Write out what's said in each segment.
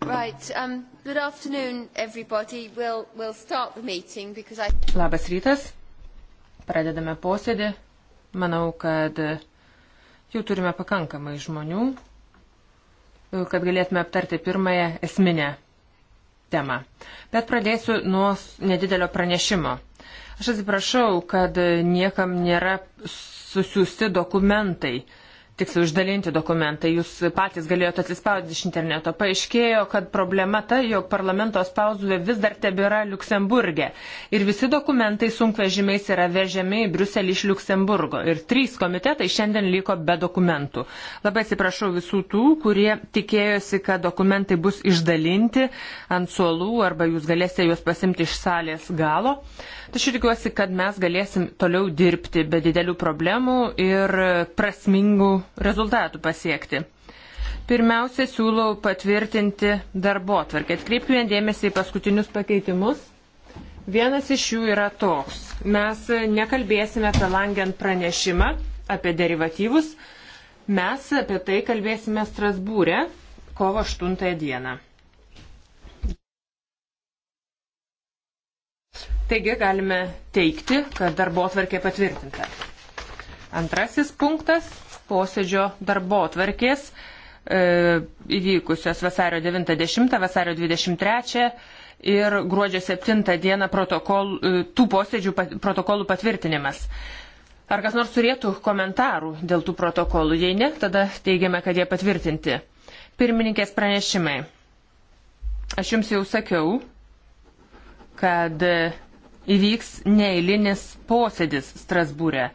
Right, um, good afternoon everybody. We'll, we'll start the meeting because I... Labas rytas. Pradedame posėdį. Manau, kad jau turime pakankamai žmonių, kad galėtume aptarti pirmąją esminę temą. Bet pradėsiu nuo nedidelio pranešimo. Aš atsiprašau, kad niekam nėra susiusti dokumentai. Uh, tiksliau išdalinti dokumentai, jūs patys galėjote atsispausdinti iš interneto. Paaiškėjo, kad problema ta, jog parlamento spausduvė vis dar tebėra Luksemburgė. Ir visi dokumentai sunkvežimiais yra vežiami į Briuselį iš Luksemburgo. Ir trys komitetai šiandien liko be dokumentų. Labai atsiprašau visų tų, kurie tikėjosi, kad dokumentai bus išdalinti ant suolų arba jūs galėsite juos pasimti iš salės galo. Tačiau tikiuosi, kad mes galėsim toliau dirbti be didelių problemų ir prasmingų rezultatų pasiekti. Pirmiausia, siūlau patvirtinti darbo atvarkę. Atkreipkime dėmesį į paskutinius pakeitimus. Vienas iš jų yra toks. Mes nekalbėsime apie langiant pranešimą, apie derivatyvus. Mes apie tai kalbėsime Strasbūrė kovo 8 dieną. Taigi galime teikti, kad darbo atvarkė patvirtinta. Antrasis punktas posėdžio darbo tvarkės e, įvykusios vasario 90, vasario 23 ir gruodžio 7 dieną protokol, e, tų posėdžių protokolų patvirtinimas. Ar kas nors turėtų komentarų dėl tų protokolų? Jei ne, tada teigiame, kad jie patvirtinti. Pirmininkės pranešimai. Aš jums jau sakiau, kad e, įvyks neįlinis posėdis Strasbūrė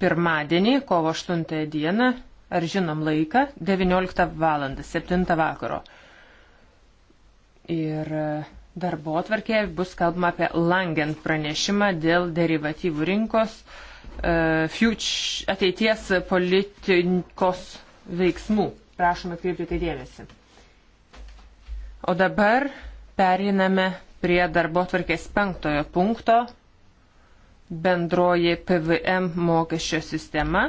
pirmadienį, kovo 8 dieną, ar žinom laiką, 19 val. 7 vakaro. Ir e, darbo atvarkėje bus kalbama apie Langen pranešimą dėl derivatyvų rinkos e, future, ateities politikos veiksmų. Prašome kreipti tai dėmesį. O dabar periname prie darbo atvarkės penktojo punkto bendroji PVM mokesčio sistema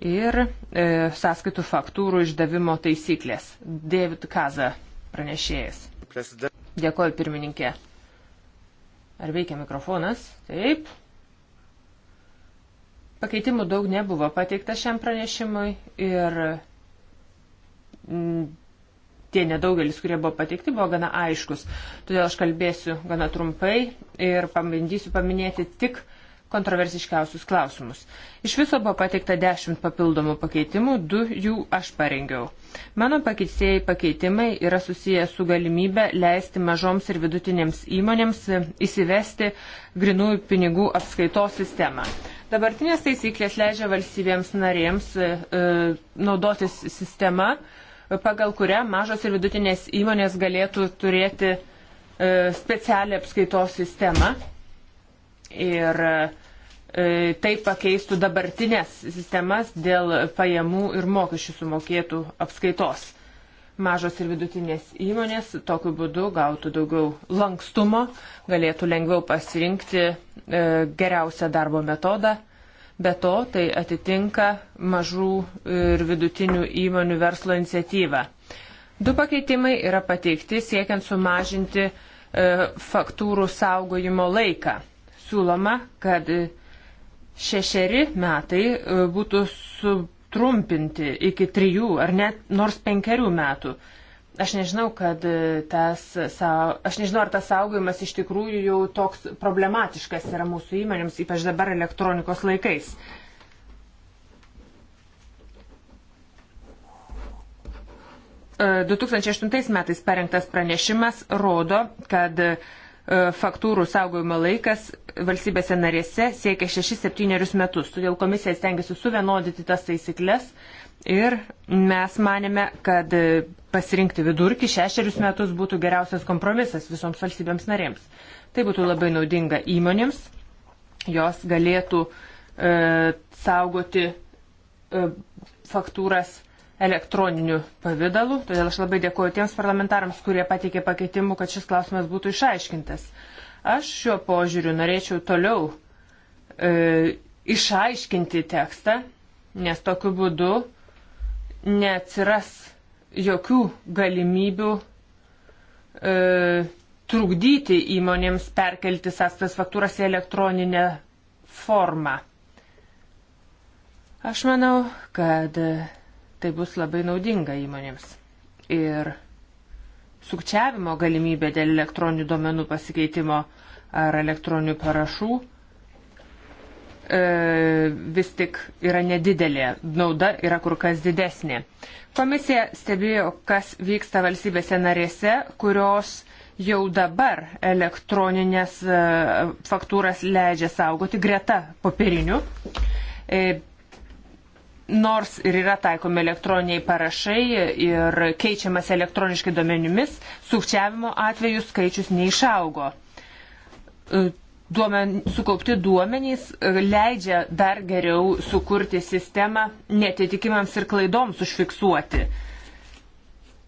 ir e, sąskaitų faktūrų išdavimo taisyklės. David Kaza pranešėjas. Dėkoju pirmininkė. Ar veikia mikrofonas? Taip. Pakeitimų daug nebuvo pateikta šiam pranešimui ir mm, tie nedaugelis, kurie buvo pateikti, buvo gana aiškus. Todėl aš kalbėsiu gana trumpai ir pabandysiu paminėti tik e, kontroversiškiausius klausimus. Iš viso buvo pateikta 10 papildomų pakeitimų, 2 jų aš parengiau. Mano pakeitėjai pakeitimai yra susiję su galimybė leisti mažoms ir vidutinėms įmonėms įsivesti grinųjų pinigų apskaitos sistemą. Dabartinės taisyklės leidžia valstybėms narėms e, e naudotis sistema, pagal kurią mažos ir vidutinės įmonės galėtų turėti e, specialią apskaitos sistemą ir e, tai pakeistų dabartinės sistemas dėl pajamų ir mokesčių sumokėtų apskaitos. Mažos ir vidutinės įmonės tokiu būdu gautų daugiau lankstumo, galėtų lengviau pasirinkti e, geriausią darbo metodą. Be to, tai atitinka mažų ir vidutinių įmonių verslo iniciatyvą. Du pakeitimai yra pateikti siekiant sumažinti e, faktūrų saugojimo laiką siūloma, kad šešeri metai e, būtų sutrumpinti iki trijų ar net nors penkerių metų. Aš nežinau, kad e, tas, aš nežinau, ar tas saugojimas iš tikrųjų jau toks problematiškas yra mūsų įmonėms, ypač dabar elektronikos laikais. E, 2008 metais parengtas pranešimas rodo, kad E, faktūrų saugojimo laikas valstybėse narėse siekia 6-7 metus. Todėl komisija stengiasi suvienodyti tas taisyklės ir mes manėme, kad e, pasirinkti vidurkį 6 metus būtų geriausias kompromisas visoms valstybėms narėms. Tai būtų labai naudinga įmonėms, jos galėtų e, saugoti e, faktūras elektroniniu pavydalu, todėl aš labai dėkuoju tiems parlamentarams, kurie pateikė pakeitimų, kad šis klausimas būtų išaiškintas. Aš šiuo požiūriu norėčiau toliau e, išaiškinti tekstą, nes tokiu būdu neatsiras jokių galimybių e, trukdyti įmonėms perkelti sąskaitas faktūras į elektroninę formą. Aš manau, kad Tai bus labai naudinga įmonėms. Ir sukčiavimo galimybė dėl elektroninių duomenų pasikeitimo ar elektroninių parašų e, vis tik yra nedidelė, nauda yra kur kas didesnė. Komisija stebėjo, kas vyksta valstybėse narėse, kurios jau dabar elektroninės e, faktūras leidžia saugoti greta popierinių. E, nors ir yra taikomi elektroniniai parašai ir keičiamas elektroniškai duomenimis, sukčiavimo atvejų skaičius neišaugo. E, duomen, sukaupti duomenys e, leidžia dar geriau sukurti sistemą netitikimams ir klaidoms užfiksuoti.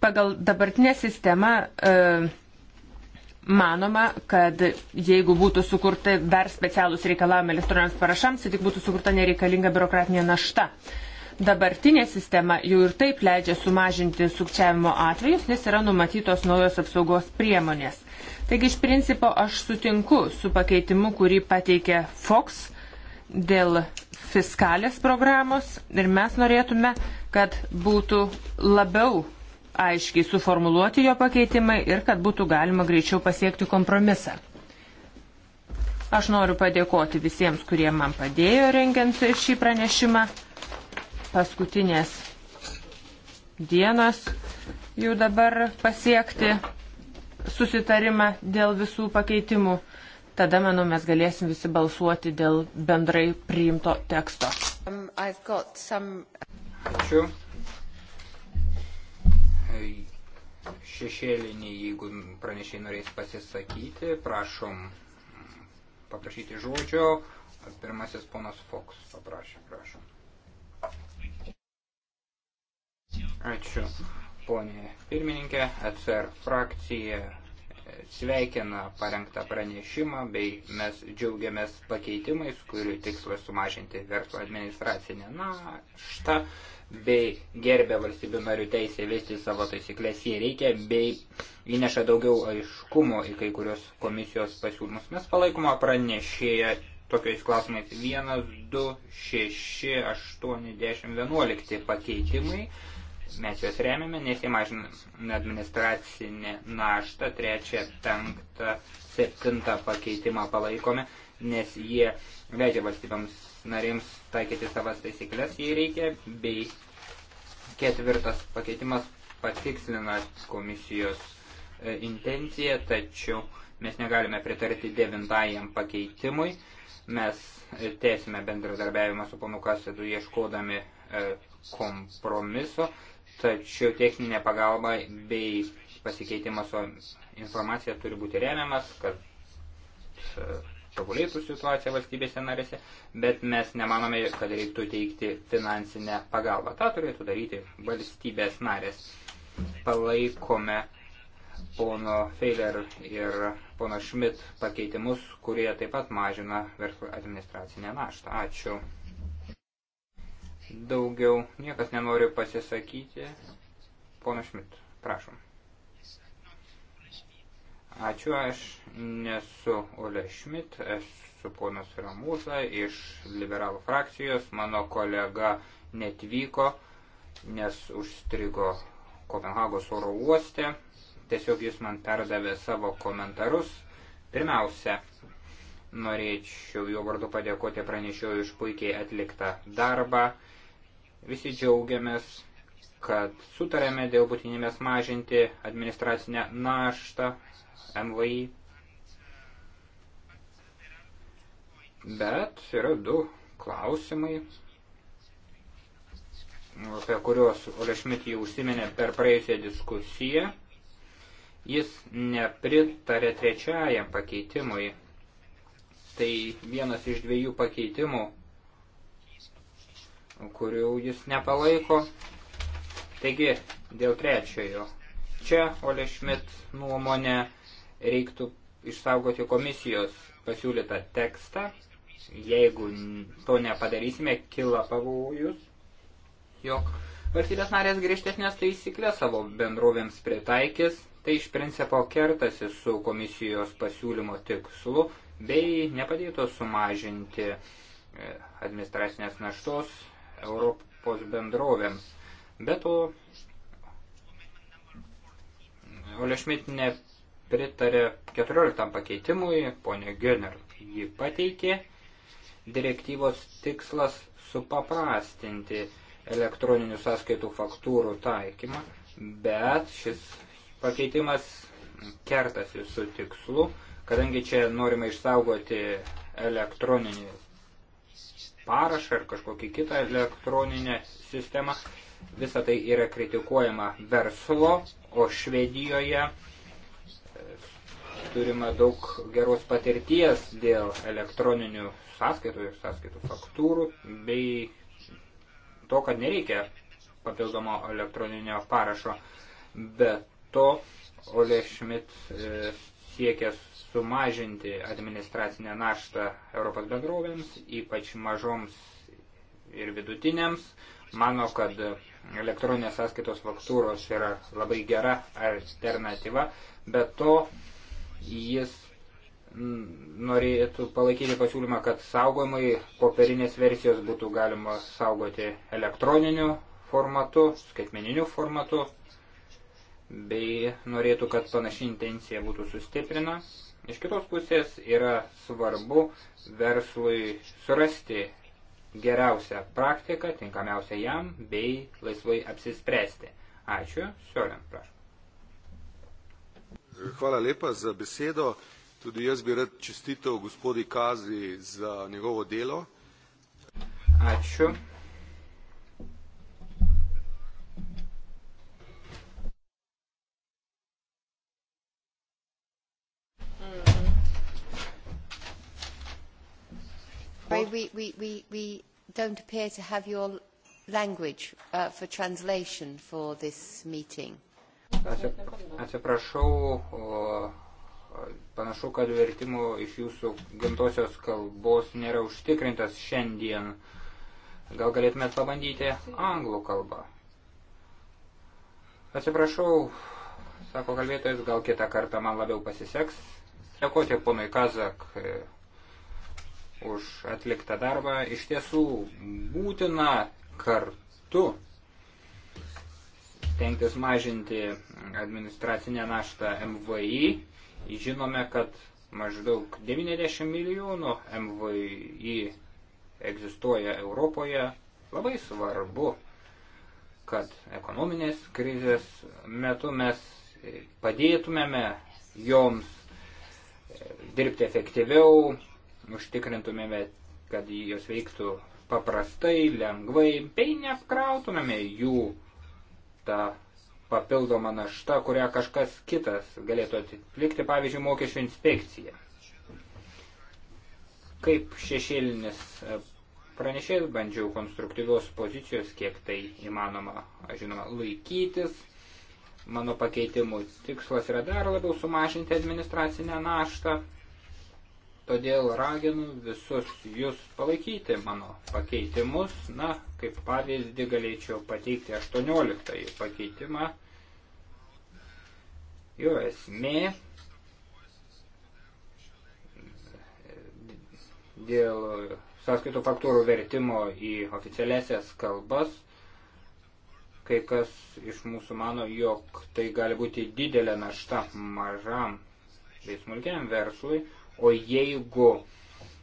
Pagal dabartinę sistemą e, manoma, kad jeigu būtų sukurti dar specialūs reikalavimai elektroniniams parašams, tai tik būtų sukurta nereikalinga biurokratinė našta. E, Dabartinė sistema jau ir taip leidžia sumažinti sukčiavimo atvejus, nes yra numatytos naujos apsaugos priemonės. Taigi iš principo aš sutinku su pakeitimu, kurį pateikė Fox dėl fiskalės programos ir mes norėtume, kad būtų labiau aiškiai suformuluoti jo pakeitimai ir kad būtų galima greičiau pasiekti kompromisą. Aš noriu padėkoti visiems, kurie man padėjo rengiant šį pranešimą paskutinės dienos jau dabar pasiekti susitarimą dėl visų pakeitimų. Tada, manau, mes galėsim visi balsuoti dėl bendrai priimto teksto. Um, some... Ačiū. Šešėlinį, jeigu pranešiai norės pasisakyti, prašom paprašyti žodžio. Pirmasis ponas Fox paprašė, prašom. Ačiū, ponė pirmininkė. ECR frakcija e, sveikina parengtą pranešimą, bei mes džiaugiamės pakeitimais, kurių tikslas sumažinti verslo administracinę naštą, bei gerbė valstybių narių teisę vesti savo taisyklės, jie reikia, bei įneša daugiau aiškumo į kai kurios komisijos pasiūlymus. Mes palaikoma pranešėja tokiais klausimais 1, 2, 6, 8, 10, 11 pakeitimai Mes juos remiame, nes jie mažina administracinę naštą, trečią, penktą, septintą pakeitimą palaikome, nes jie leidžia valstybėms narėms taikyti savas taisyklės, jei reikia, bei ketvirtas pakeitimas patikslina komisijos e, intenciją, tačiau mes negalime pritarti devintajam pakeitimui. Mes e, tęsime bendradarbiavimą su ponu Kasedu ieškodami e, kompromiso tačiau techninė pagalba bei pasikeitimas informacija turi būti remiamas, kad e, tobulėtų situacija valstybėse narėse, bet mes nemanome, kad reiktų teikti finansinę pagalbą. Ta turėtų daryti valstybės narės. Palaikome pono Feiler ir pono Schmidt pakeitimus, kurie taip pat mažina verslo administracinę naštą. Ačiū. Daugiau niekas nenori pasisakyti. Pono Šmit, prašom. Ačiū, aš nesu Ole Šmit, esu ponas Ramūsa iš liberalų frakcijos. Mano kolega netvyko, nes užstrigo Kopenhagos oro uoste. Tiesiog jis man perdavė savo komentarus. Pirmiausia, norėčiau jo vardu padėkoti pranešėjui už puikiai atliktą darbą. Visi džiaugiamės, kad sutarėme dėl būtinybės mažinti administracinę naštą MVI. Bet yra du klausimai, apie kuriuos Ole Schmidt jau užsiminė per praėjusią diskusiją. Jis nepritarė trečiajam pakeitimui. Tai vienas iš dviejų pakeitimų, kurių jis nepalaiko. Taigi, dėl trečiojo. Čia Ole Schmidt nuomonė reiktų išsaugoti komisijos pasiūlytą tekstą. Jeigu to nepadarysime, kila pavojus, jog valstybės narės griežtesnės taisyklės savo bendrovėms pritaikys. Tai iš principo kertasi su komisijos pasiūlymo tikslu bei nepadėtų sumažinti e, administracinės naštos Europos bendrovėms. Be to, Ole Schmidt nepritarė 14 pakeitimui, ponė Gönner jį pateikė. Direktyvos tikslas supaprastinti elektroninių sąskaitų faktūrų taikymą, bet šis pakeitimas kertasi su tikslu, kadangi čia norima išsaugoti elektroninį parašą ar kažkokį kitą elektroninę sistemą. Visa tai yra kritikuojama verslo, o Švedijoje e, turime daug geros patirties dėl elektroninių sąskaitų ir sąskaitų faktūrų, bei to, kad nereikia papildomo elektroninio parašo. Be to, Ole Schmidt e, siekęs sumažinti administracinę naštą Europos bendrovėms, ypač mažoms ir vidutinėms. Mano, kad elektroninės sąskaitos faktūros yra labai gera alternatyva, bet to jis norėtų palaikyti pasiūlymą, kad saugojimai popierinės versijos būtų galima saugoti elektroniniu formatu, skaitmeniniu formatu, bei norėtų, kad panaši intencija būtų sustiprina. Iš kitos pusės yra svarbu verslui surasti geriausią praktiką, tinkamiausią jam, bei laisvai apsispręsti. Ačiū. Siorin, prašom. Hvala lepa za besedo. Tudi jaz bi rad čestitev gospodi Kazi za njegovo delo. Ačiū. report. Sorry, we, we, we, we don't appear to have your language uh, for translation for this meeting. Atsiprašau, panašu, kad vertimo iš jūsų gimtosios kalbos nėra užtikrintas šiandien. Gal galėtumėt pabandyti anglų kalbą? Atsiprašau, sako kalbėtojas, gal kitą kartą man labiau pasiseks. Dėkoti ponui Kazak už atliktą darbą. Iš tiesų būtina kartu tenktis mažinti administracinę naštą MVI. Žinome, kad maždaug 90 milijonų MVI egzistuoja Europoje. Labai svarbu, kad ekonominės krizės metu mes padėtumėme joms dirbti efektyviau, užtikrintumėme, kad jos veiktų paprastai, lengvai, bei neapkrautumėme jų tą papildomą naštą, kurią kažkas kitas galėtų atlikti, pavyzdžiui, mokesčių inspekcija. Kaip šešėlinis pranešėjas bandžiau konstruktyvios pozicijos, kiek tai įmanoma, žinoma, laikytis. Mano pakeitimų tikslas yra dar labiau sumažinti administracinę naštą. Todėl raginu visus jūs palaikyti mano pakeitimus. Na, kaip pavyzdį galėčiau pateikti 18 pakeitimą. Jo esmė dėl sąskaitų faktūrų vertimo į oficialiasias kalbas. Kai kas iš mūsų mano, jog tai gali būti didelė našta mažam bei smulkiam verslui o jeigu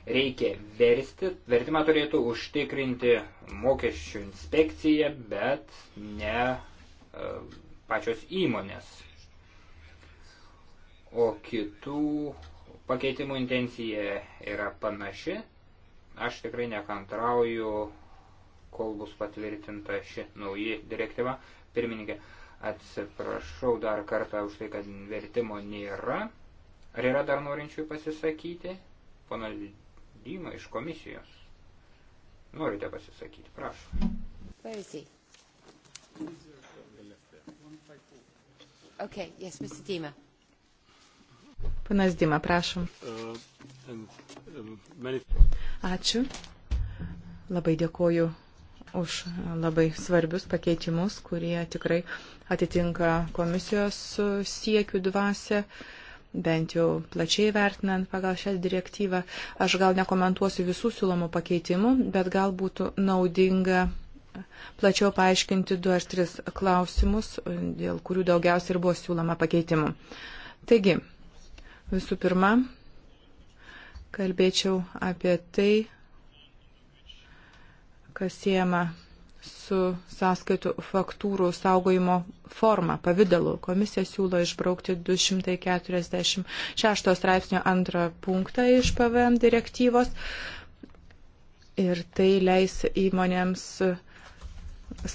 reikia versti, vertimą turėtų užtikrinti mokesčių inspekcija, bet ne e, pačios įmonės. O kitų pakeitimų intencija yra panaši. Aš tikrai nekantrauju, kol bus patvirtinta ši nauji direktyva. Pirmininkė, atsiprašau dar kartą už tai, kad vertimo nėra. Ar yra dar norinčių pasisakyti? Pana Dyma iš komisijos. Norite pasisakyti, prašau. Pavyzdžiai. Okay, yes, Mr. Dima. Panas Dima, prašom. Ačiū. Labai dėkoju už labai svarbius pakeitimus, kurie tikrai atitinka komisijos siekių dvasę. Uh, bent jau plačiai vertinant pagal šią direktyvą. Aš gal nekomentuosiu visų siūlomų pakeitimų, bet gal būtų naudinga plačiau paaiškinti du ar tris klausimus, dėl kurių daugiausiai ir buvo siūloma pakeitimų. Taigi, visų pirma, kalbėčiau apie tai, kas siejama su sąskaitų faktūrų saugojimo forma, pavydalu. Komisija siūlo išbraukti 246 straipsnio antrą punktą iš PVM direktyvos ir tai leis įmonėms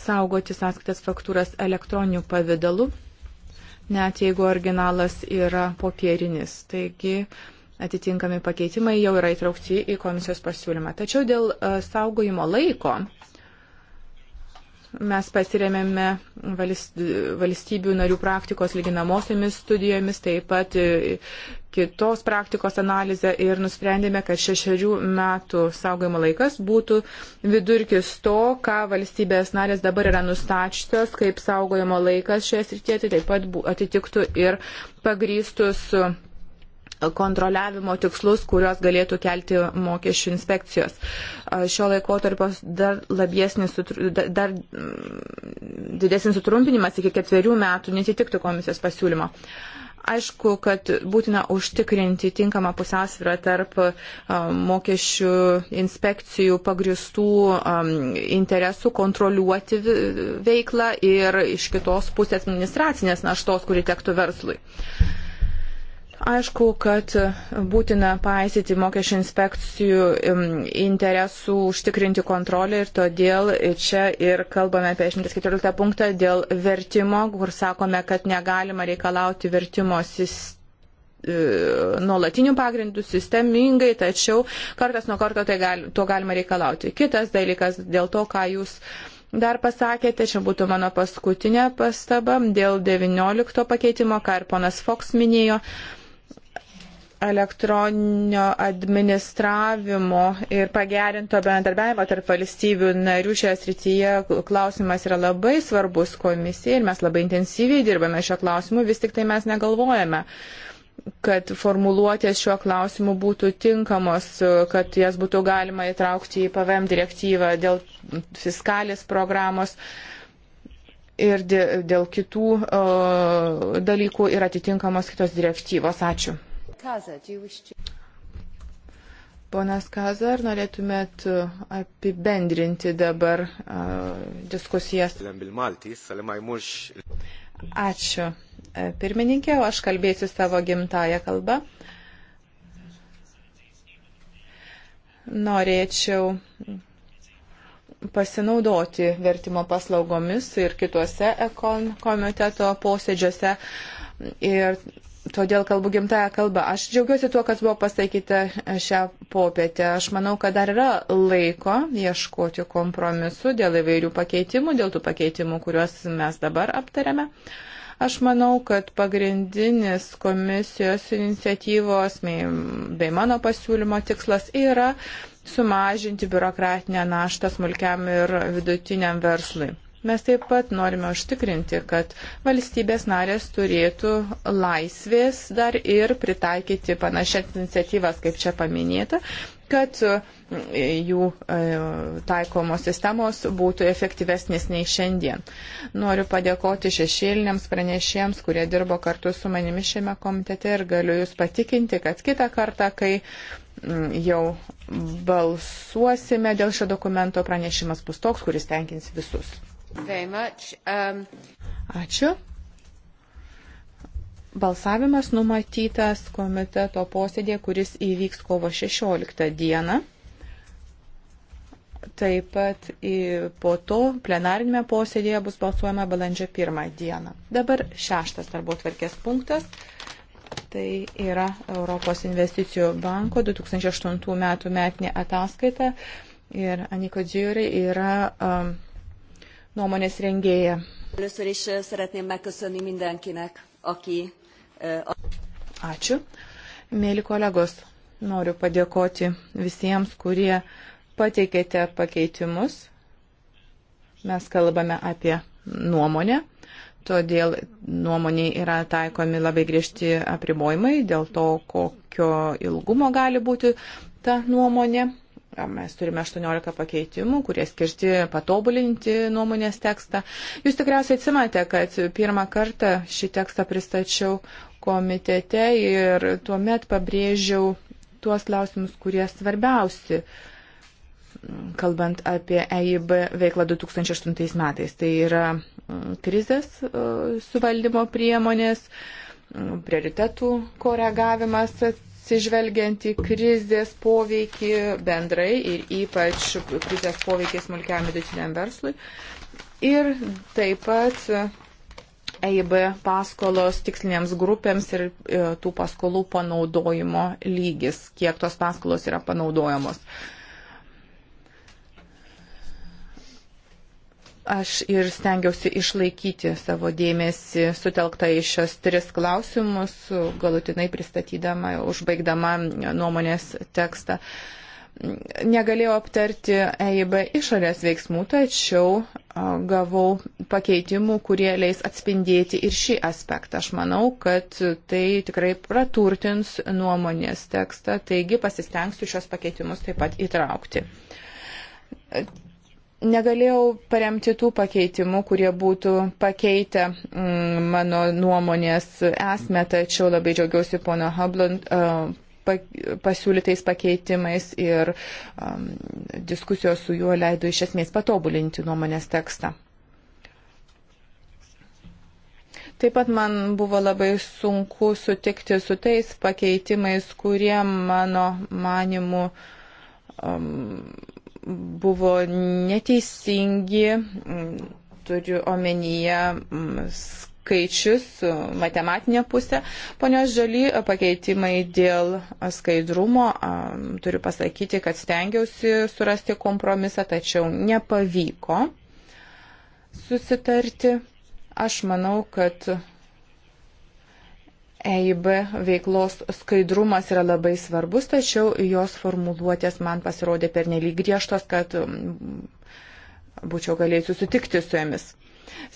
saugoti sąskaitas faktūras elektroniniu pavydalu, net jeigu originalas yra popierinis. Taigi, atitinkami pakeitimai jau yra įtraukti į komisijos pasiūlymą. Tačiau dėl e, saugojimo laiko mes pasiremėme valstybių narių praktikos lyginamosiamis studijomis, taip pat e, kitos praktikos analizę ir nusprendėme, kad šešerių metų saugojimo laikas būtų vidurkis to, ką valstybės narės dabar yra nustačiusios, kaip saugojimo laikas šioje srityje, tai taip pat atitiktų ir pagrystus kontroliavimo tikslus, kuriuos galėtų kelti mokesčių inspekcijos. Šio laiko tarpos dar, dar mm, didesnis sutrumpinimas iki ketverių metų netitiktų komisijos pasiūlymo. Aišku, kad būtina užtikrinti tinkamą pusiausvyrą tarp mokesčių inspekcijų pagristų interesų kontroliuoti veiklą ir iš kitos pusės administracinės naštos, kuri tektų verslui. Aišku, kad būtina paaisyti mokesčių inspekcijų interesų užtikrinti kontrolę ir todėl čia ir kalbame apie 114 punktą dėl vertimo, kur sakome, kad negalima reikalauti vertimo sistemą nuolatinių pagrindų, sistemingai, tačiau kartas nuo karto tai gal, to galima reikalauti. Kitas dalykas dėl to, ką jūs dar pasakėte, čia būtų mano paskutinė pastaba dėl 19 pakeitimo, ką ir ponas Fox minėjo. Uh, elektroninio administravimo ir pagerinto bendarbiavimo tarp valstybių narių šioje srityje klausimas yra labai svarbus komisijai ir mes labai intensyviai dirbame šio klausimu, vis tik tai mes negalvojame kad formuluotės šiuo klausimu būtų tinkamos, kad jas būtų galima įtraukti į PVM direktyvą dėl fiskalės programos ir dėl kitų dalykų ir atitinkamos kitos direktyvos. Ačiū. Kaza, do you wish to... Ponas Kaza, ar norėtumėt uh, apibendrinti dabar uh, diskusijas? Ačiū. Uh, pirmininkė, o aš kalbėsiu savo gimtają kalbą. Norėčiau pasinaudoti vertimo paslaugomis ir kituose komiteto posėdžiuose. Ir todėl kalbu gimtają kalbą. Aš džiaugiuosi tuo, kas buvo pasakyta šią popietę. Aš manau, kad dar yra laiko ieškoti kompromisu dėl įvairių pakeitimų, dėl tų pakeitimų, kuriuos mes dabar aptarėme. Aš manau, kad pagrindinis komisijos iniciatyvos bei mano pasiūlymo tikslas yra sumažinti biurokratinę naštą smulkiam ir vidutiniam verslui. Mes taip pat norime užtikrinti, kad valstybės narės turėtų laisvės dar ir pritaikyti panašias iniciatyvas, kaip čia paminėta, kad e, jų e, taikomos sistemos būtų efektyvesnės nei šiandien. Noriu padėkoti šešėliniams pranešėjams, kurie dirbo kartu su manimi šiame komitete ir galiu Jūs patikinti, kad kitą kartą, kai jau balsuosime dėl šio dokumento, pranešimas bus toks, kuris tenkins visus. Um... Ačiū. Balsavimas numatytas komiteto posėdė, kuris įvyks kovo 16 dieną. Taip pat po to plenarinėme posėdėje bus balsuojama balandžio 1 dieną. Dabar šeštas darbo tvarkės punktas. Tai yra Europos investicijų banko 2008 metų metinė ataskaita. Ir Aniko Džiūri yra. Um, nuomonės rengėja. Ačiū. Mėly kolegos, noriu padėkoti visiems, kurie pateikėte pakeitimus. Mes kalbame apie nuomonę, todėl nuomoniai yra taikomi labai griežti apribojimai dėl to, kokio ilgumo gali būti ta nuomonė. Mes turime 18 pakeitimų, kurie skirti patobulinti nuomonės tekstą. Jūs tikriausiai atsimate, kad pirmą kartą šį tekstą pristačiau komitete ir tuomet pabrėžiau tuos klausimus, kurie svarbiausi, kalbant apie EIB veiklą 2008 metais. Tai yra mm, krizės mm, suvaldymo priemonės, mm, prioritetų koregavimas atsižvelgiant į krizės poveikį bendrai ir ypač krizės poveikį smulkiam vidutiniam verslui. Ir taip pat EIB paskolos tikslinėms grupėms ir e, tų paskolų panaudojimo lygis, kiek tos paskolos yra panaudojamos. Uh, Aš ir stengiausi išlaikyti savo dėmesį sutelktą į šios tris klausimus, galutinai pristatydama, užbaigdama nuomonės tekstą. Negalėjau aptarti EIB išorės veiksmų, tačiau gavau pakeitimų, kurie leis atspindėti ir šį aspektą. Aš manau, kad tai tikrai praturtins nuomonės tekstą, taigi pasistengsiu šios pakeitimus taip pat įtraukti negalėjau paremti tų pakeitimų, kurie būtų pakeitę mm, mano nuomonės esmę, tačiau labai džiaugiausi pono Hablant pasiūlytais pakeitimais ir um, diskusijos su juo leido iš esmės patobulinti nuomonės tekstą. Taip pat man buvo labai sunku sutikti su tais pakeitimais, kurie mano manimu um, buvo neteisingi, turiu omenyje skaičius, matematinę pusę. Ponios Žaly pakeitimai dėl skaidrumo, turiu pasakyti, kad stengiausi surasti kompromisą, tačiau nepavyko susitarti. Aš manau, kad EIB veiklos skaidrumas yra labai svarbus, tačiau jos formuluotės man pasirodė pernelyg griežtos, kad mm, būčiau galėjusi sutikti su jomis.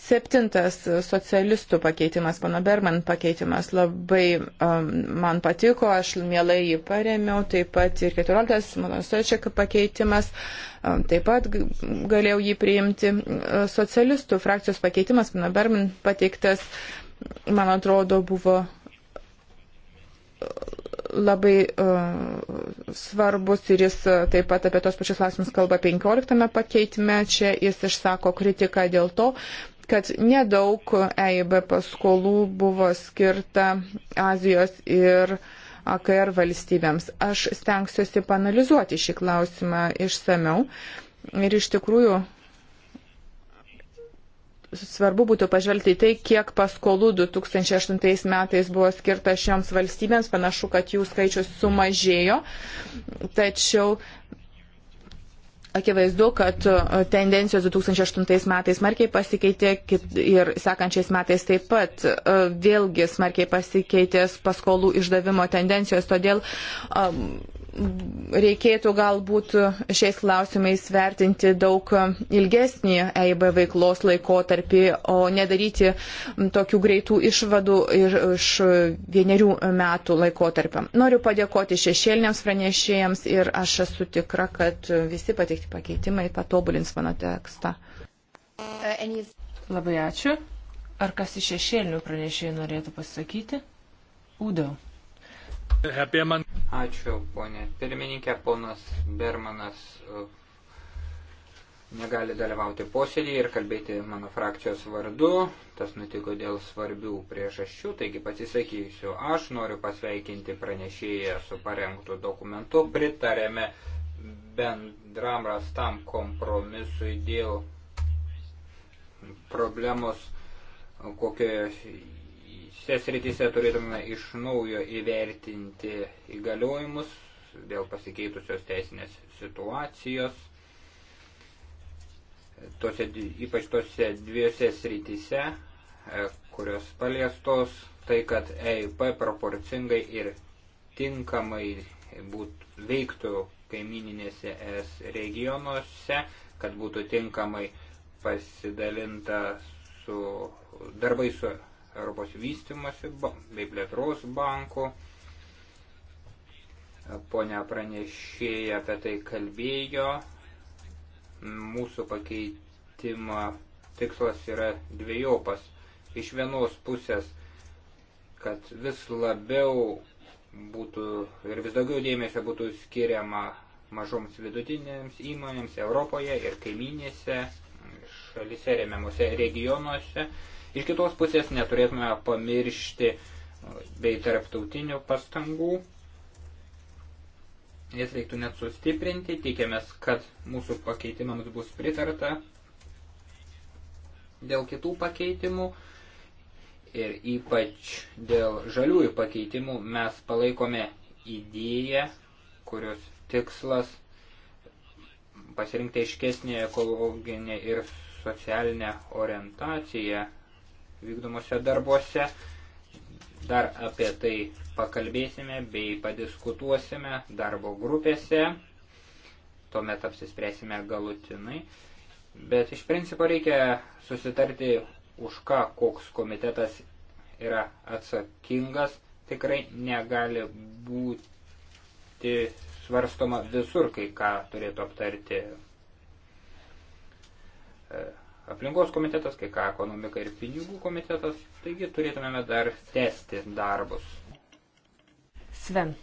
Septintas socialistų pakeitimas, pana Berman pakeitimas, labai um, man patiko, aš mielai jį paremiau, taip pat ir keturioliktas, mano Sočiak pakeitimas, um, taip pat galėjau jį priimti. Socialistų frakcijos pakeitimas, pana Berman pateiktas, man atrodo, buvo labai uh, svarbus ir jis e, taip pat apie tos pačius klausimus kalba 15 pakeitime. Čia jis išsako kritiką dėl to, kad nedaug EIB paskolų buvo skirta Azijos ir AKR valstybėms. Aš stengsiuosi panalizuoti šį klausimą išsameu. Ir iš tikrųjų svarbu būtų pažvelgti į tai, kiek paskolų 2008 metais buvo skirta šioms valstybėms. Panašu, kad jų skaičius sumažėjo. Tačiau akivaizdu, kad e, tendencijos 2008 metais smarkiai pasikeitė ir sekančiais metais taip pat e, vėlgi smarkiai pasikeitė paskolų išdavimo tendencijos, todėl um, reikėtų galbūt šiais klausimais vertinti daug ilgesnį EIB veiklos laikotarpį, o nedaryti tokių greitų išvadų ir iš vienerių metų laikotarpio. Noriu padėkoti šešėliniams pranešėjams ir aš esu tikra, kad visi pateikti pakeitimai patobulins mano tekstą. Labai ačiū. Ar kas iš šešėlinių pranešėjų norėtų pasakyti? Udau. Ačiū, ponė. Pirmininkė, ponas Bermanas uh, negali dalyvauti posėdėje ir kalbėti mano frakcijos vardu. Tas nutiko dėl svarbių priežasčių, taigi pasisakysiu. Aš noriu pasveikinti pranešėją su parengtu dokumentu. Pritarėme bendram rastam kompromisui dėl problemos, kokioje šias rytise turėtume iš naujo įvertinti įgaliojimus dėl pasikeitusios teisinės situacijos. Tose, ypač tose dviejose srityse, e, kurios paliestos, tai kad EIP proporcingai ir tinkamai būt, veiktų kaimininėse ES regionuose, kad būtų tinkamai pasidalinta su darbai su Europos vystimasi bei plėtros banko. Pone pranešėja apie tai kalbėjo. Mūsų pakeitimo tikslas yra dviejopas. Iš vienos pusės, kad vis labiau būtų ir vis daugiau dėmesio būtų skiriama mažoms vidutinėms įmonėms Europoje ir kaiminėse šalise remiamuose regionuose. Iš kitos pusės neturėtume pamiršti uh, bei tarptautinių pastangų. Jas reiktų net sustiprinti, tikėmės, kad mūsų pakeitimams bus pritarta dėl kitų pakeitimų ir ypač dėl žaliųjų pakeitimų mes palaikome idėją, kurios tikslas pasirinkti aiškesnį ekologinę ir socialinę orientaciją vykdomose darbuose. Dar apie tai pakalbėsime bei padiskutuosime darbo grupėse. Tuomet apsispręsime galutinai. Bet iš principo reikia susitarti, už ką koks komitetas yra atsakingas. Tikrai negali būti svarstoma visur, kai ką turėtų aptarti aplinkos komitetas, kai ką ekonomika ir pinigų komitetas, taigi turėtumėme dar tęsti darbus. Sven.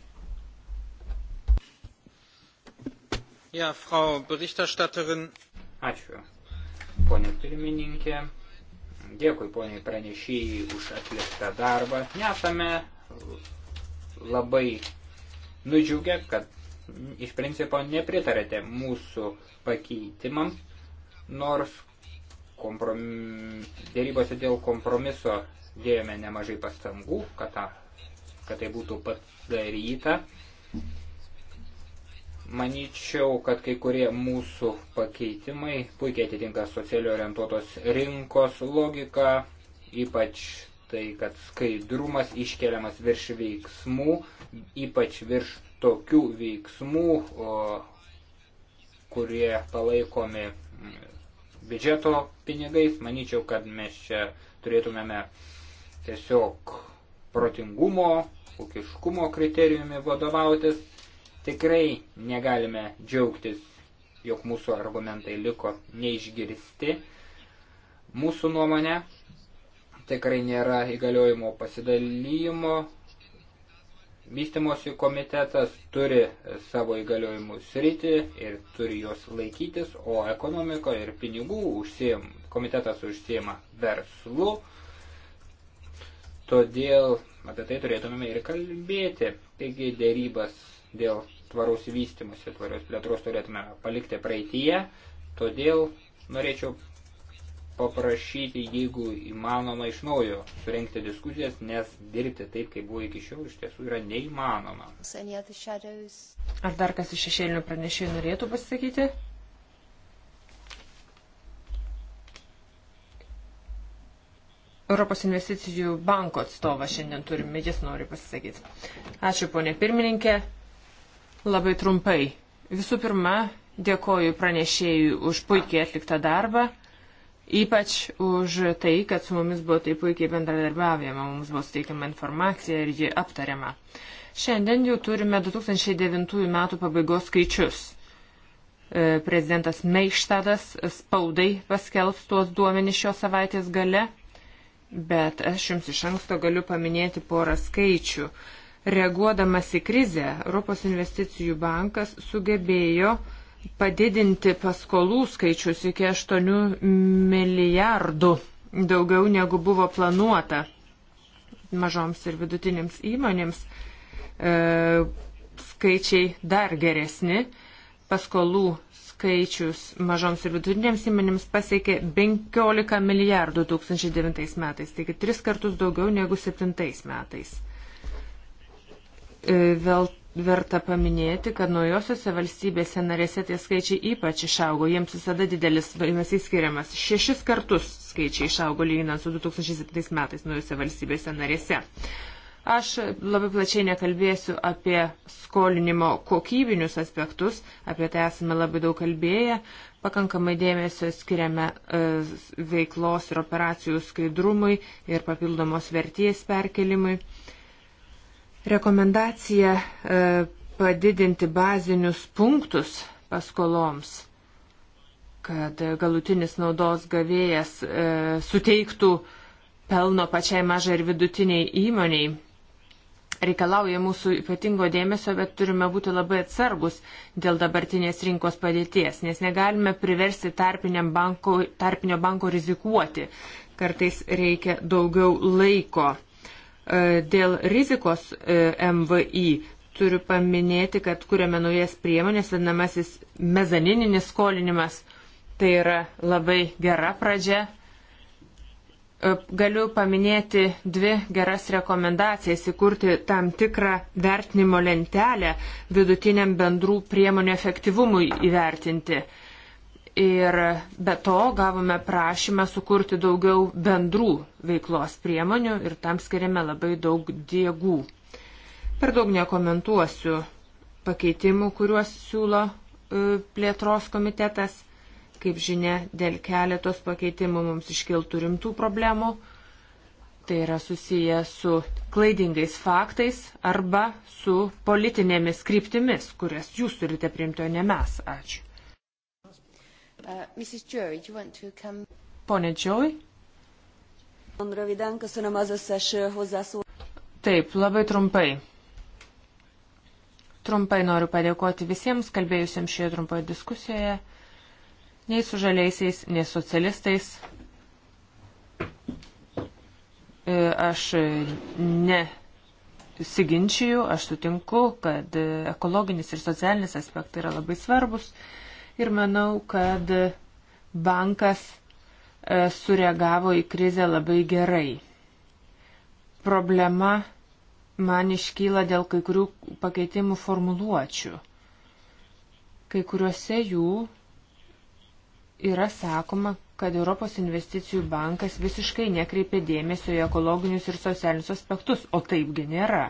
Ja, Frau Berichterstatterin. Ačiū, ponė pirmininkė. Dėkui, poniai pranešėjai, už atliktą darbą. Nesame labai nudžiugę, kad iš principo nepritarėte mūsų pakeitimams, nors komprom... dėrybose dėl kompromiso dėjome nemažai pastangų, kad, ta, kad tai būtų padaryta. Manyčiau, kad kai kurie mūsų pakeitimai puikiai atitinka socialiai orientuotos rinkos logiką, ypač tai, kad skaidrumas iškeliamas virš veiksmų, ypač virš tokių veiksmų, o, kurie palaikomi biudžeto pinigais. Manyčiau, kad mes čia turėtumėme tiesiog protingumo, ūkiškumo kriterijumi vadovautis. Tikrai negalime džiaugtis, jog mūsų argumentai liko neišgirsti. Mūsų nuomonė tikrai nėra įgaliojimo pasidalymo Vystimosi komitetas turi savo įgaliojimų sritį ir turi jos laikytis, o ekonomika ir pinigų užsiem, komitetas užsiema verslu, todėl apie tai turėtumėme ir kalbėti. Taigi dėrybas dėl tvaraus vystimusi, tvarios plėtros turėtumėme palikti praeitie, todėl norėčiau paprašyti, jeigu įmanoma iš naujo surenkti diskusijas, nes dirbti taip, kaip buvo iki šiol, iš tiesų yra neįmanoma. Ar dar kas iš šešėlinių pranešėjų norėtų pasakyti? Europos investicijų banko atstovą šiandien turime, jis nori pasisakyti. Ačiū, ponė pirmininkė. Labai trumpai. Visų pirma, dėkoju pranešėjui už puikiai atliktą darbą. Ypač už tai, kad su mumis buvo taip puikiai bendradarbiavima, mums buvo suteikiama informacija ir ji aptariama. Šiandien jau turime 2009 metų pabaigos skaičius. E, prezidentas Meištadas spaudai paskelbs tuos duomenys šios savaitės gale, bet aš jums iš anksto galiu paminėti porą skaičių. Reaguodamas į krizę, Europos investicijų bankas sugebėjo uh, padidinti paskolų skaičius iki 8 milijardų daugiau negu buvo planuota mažoms ir vidutinėms įmonėms. E, skaičiai dar geresni. Paskolų skaičius mažoms ir vidutinėms įmonėms pasiekė 15 milijardų 2009 metais, taigi tris kartus daugiau negu 2007 metais. E, vėl Verta paminėti, kad naujosiuose valstybėse narėse tie skaičiai ypač išaugo, jiems visada didelis dėmesys skiriamas. Šešis kartus skaičiai išaugo lyginant su 2007 metais naujosiuose valstybėse narėse. Aš labai plačiai nekalbėsiu apie skolinimo kokybinius aspektus, apie tai esame labai daug kalbėję, pakankamai dėmesio skiriame e, veiklos ir operacijų skaidrumui ir papildomos verties perkelimui. Rekomendacija e, padidinti bazinius punktus paskoloms, kad galutinis naudos gavėjas e, suteiktų pelno pačiai mažai ir vidutiniai įmoniai reikalauja mūsų ypatingo dėmesio, bet turime būti labai atsargus dėl dabartinės rinkos padėties, nes negalime priversti banko, tarpinio banko rizikuoti. Kartais reikia daugiau laiko. E, dėl rizikos e, MVI turiu paminėti, kad kuriame naujas priemonės, vadinamasis mezanininis skolinimas. Tai yra labai gera pradžia. E, galiu paminėti dvi geras rekomendacijas įkurti tam tikrą vertinimo lentelę vidutiniam bendrų priemonių efektyvumui įvertinti. Ir be to gavome prašymą sukurti daugiau bendrų veiklos priemonių ir tam skiriame labai daug diegų. Per daug nekomentuosiu pakeitimų, kuriuos siūlo e, plėtros komitetas. Kaip žinia, dėl keletos pakeitimų mums iškiltų rimtų problemų. Tai yra susiję su klaidingais faktais arba su politinėmis kryptimis, kurias jūs turite priimti, o ne mes. Ačiū. Uh, Pone Džioj. Taip, labai trumpai. Trumpai noriu padėkoti visiems kalbėjusiems šioje trumpoje diskusijoje, nei su žaliaisiais, nei socialistais. E, aš e, ne siginčiju, aš sutinku, kad e, ekologinis ir socialinis aspektai yra labai svarbus ir manau, kad bankas e, sureagavo į krizę labai gerai. Problema man iškyla dėl kai kurių pakeitimų formuluočių. Kai kuriuose jų yra sakoma, kad Europos investicijų bankas visiškai nekreipia dėmesio į ekologinius ir socialinius aspektus, o taipgi nėra.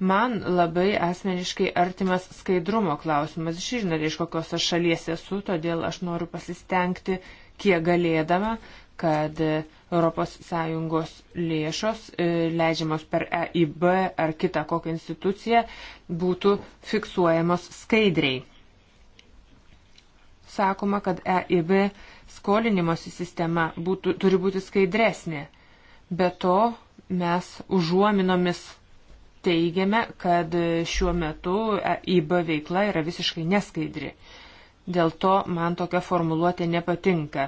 Man labai asmeniškai artimas skaidrumo klausimas. Žinai, iš kokios aš šalies esu, todėl aš noriu pasistengti, kiek galėdama, kad ES lėšos e, leidžiamos per EIB ar kitą kokią instituciją būtų fiksuojamos skaidriai. Sakoma, kad EIB skolinimosi sistema būtų, turi būti skaidresnė. Be to mes užuominomis teigiame, kad šiuo metu e IB veikla yra visiškai neskaidri. Dėl to man tokia formuluotė nepatinka.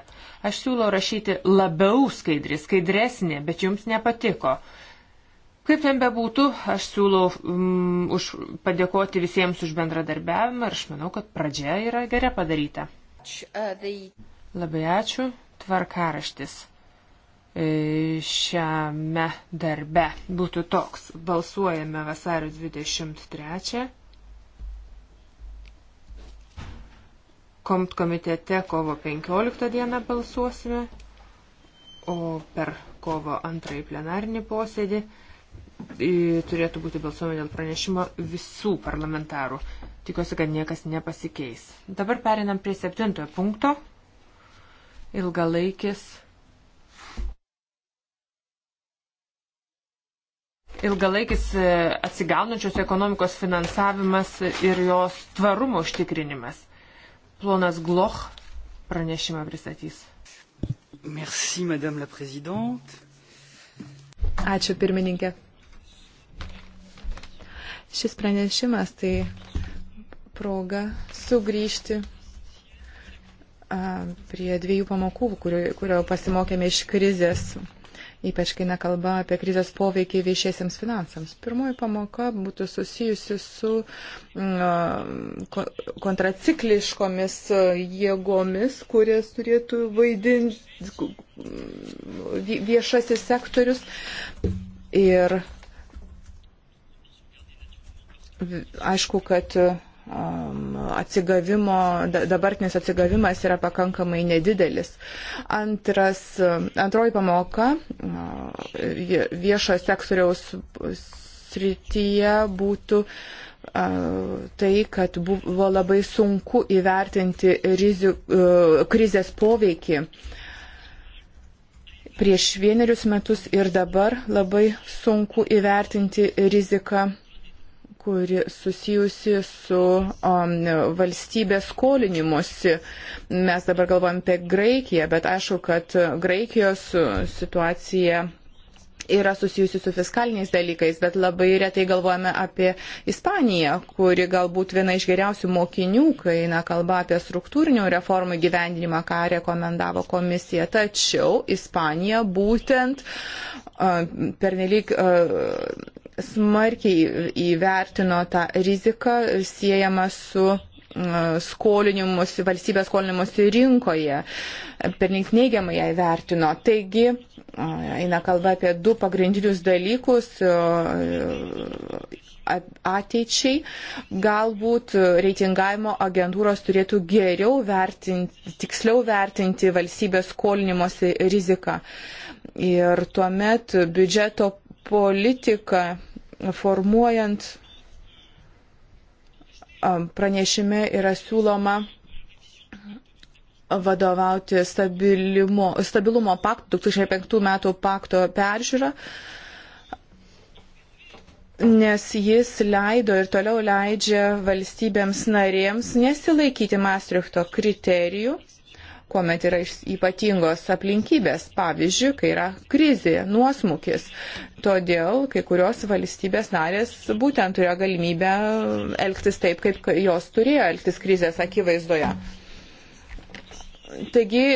Aš siūlau rašyti labiau skaidri, skaidresnė, bet jums nepatiko. Kaip ten bebūtų, aš siūlau mm, už, padėkoti visiems už bendradarbiavimą ir aš manau, kad pradžia yra gerai padaryta. Uh, Labai ačiū. Tvarkaraštis. E, šiame darbe būtų toks. Balsuojame vasario 23. Komt komitete kovo 15 dieną balsuosime, o per kovo antrąjį plenarinį posėdį e, turėtų būti balsuojama dėl pranešimo visų parlamentarų. Tikiuosi, kad niekas nepasikeis. Dabar perinam prie septintojo punkto. Ilgalaikis ilgalaikis e, atsigaunančios ekonomikos finansavimas ir jos tvarumo užtikrinimas. Plonas Gloch pranešimą pristatys. Merci, Madame la Présidente. Ačiū, pirmininkė. Šis pranešimas tai proga sugrįžti prie dviejų pamokų, kurio, kurio pasimokėme iš krizės ypač kai nekalba apie krizės poveikį viešiesiems finansams. Pirmoji pamoka būtų susijusi su mm, kontracikliškomis jėgomis, kurias turėtų vaidinti mm, viešasis sektorius. Ir aišku, kad atsigavimo, dabartinis atsigavimas yra pakankamai nedidelis. Antras, antroji pamoka viešo sektoriaus srityje būtų tai, kad buvo labai sunku įvertinti rizik, krizės poveikį prieš vienerius metus ir dabar labai sunku įvertinti riziką kuri susijusi su um, valstybės skolinimusi. Mes dabar galvojam apie Graikiją, bet aišku, kad Graikijos situacija yra susijusi su fiskaliniais dalykais, bet labai retai galvojame apie Ispaniją, kuri galbūt viena iš geriausių mokinių, kai eina kalba apie struktūrinių reformų gyvendinimą, ką rekomendavo komisija. Tačiau Ispanija būtent pernelyg smarkiai įvertino tą riziką siejamą su mm, skolinimus, valstybės skolinimus rinkoje, pernink neigiamai ją įvertino. Taigi, mm, eina kalba apie du pagrindinius dalykus mm, ateičiai. Galbūt reitingavimo agentūros turėtų geriau vertinti, tiksliau vertinti valstybės skolinimuose riziką. Ir tuomet biudžeto politiką formuojant pranešime yra siūloma vadovauti stabilimo, stabilumo pakto, 2005 metų pakto peržiūrą, nes jis leido ir toliau leidžia valstybėms narėms nesilaikyti Maastrichto kriterijų kuomet yra ypatingos aplinkybės, pavyzdžiui, kai yra krizė, nuosmukis. Todėl kai kurios valstybės narės būtent turėjo galimybę elgtis taip, kaip jos turėjo elgtis krizės akivaizdoje. Taigi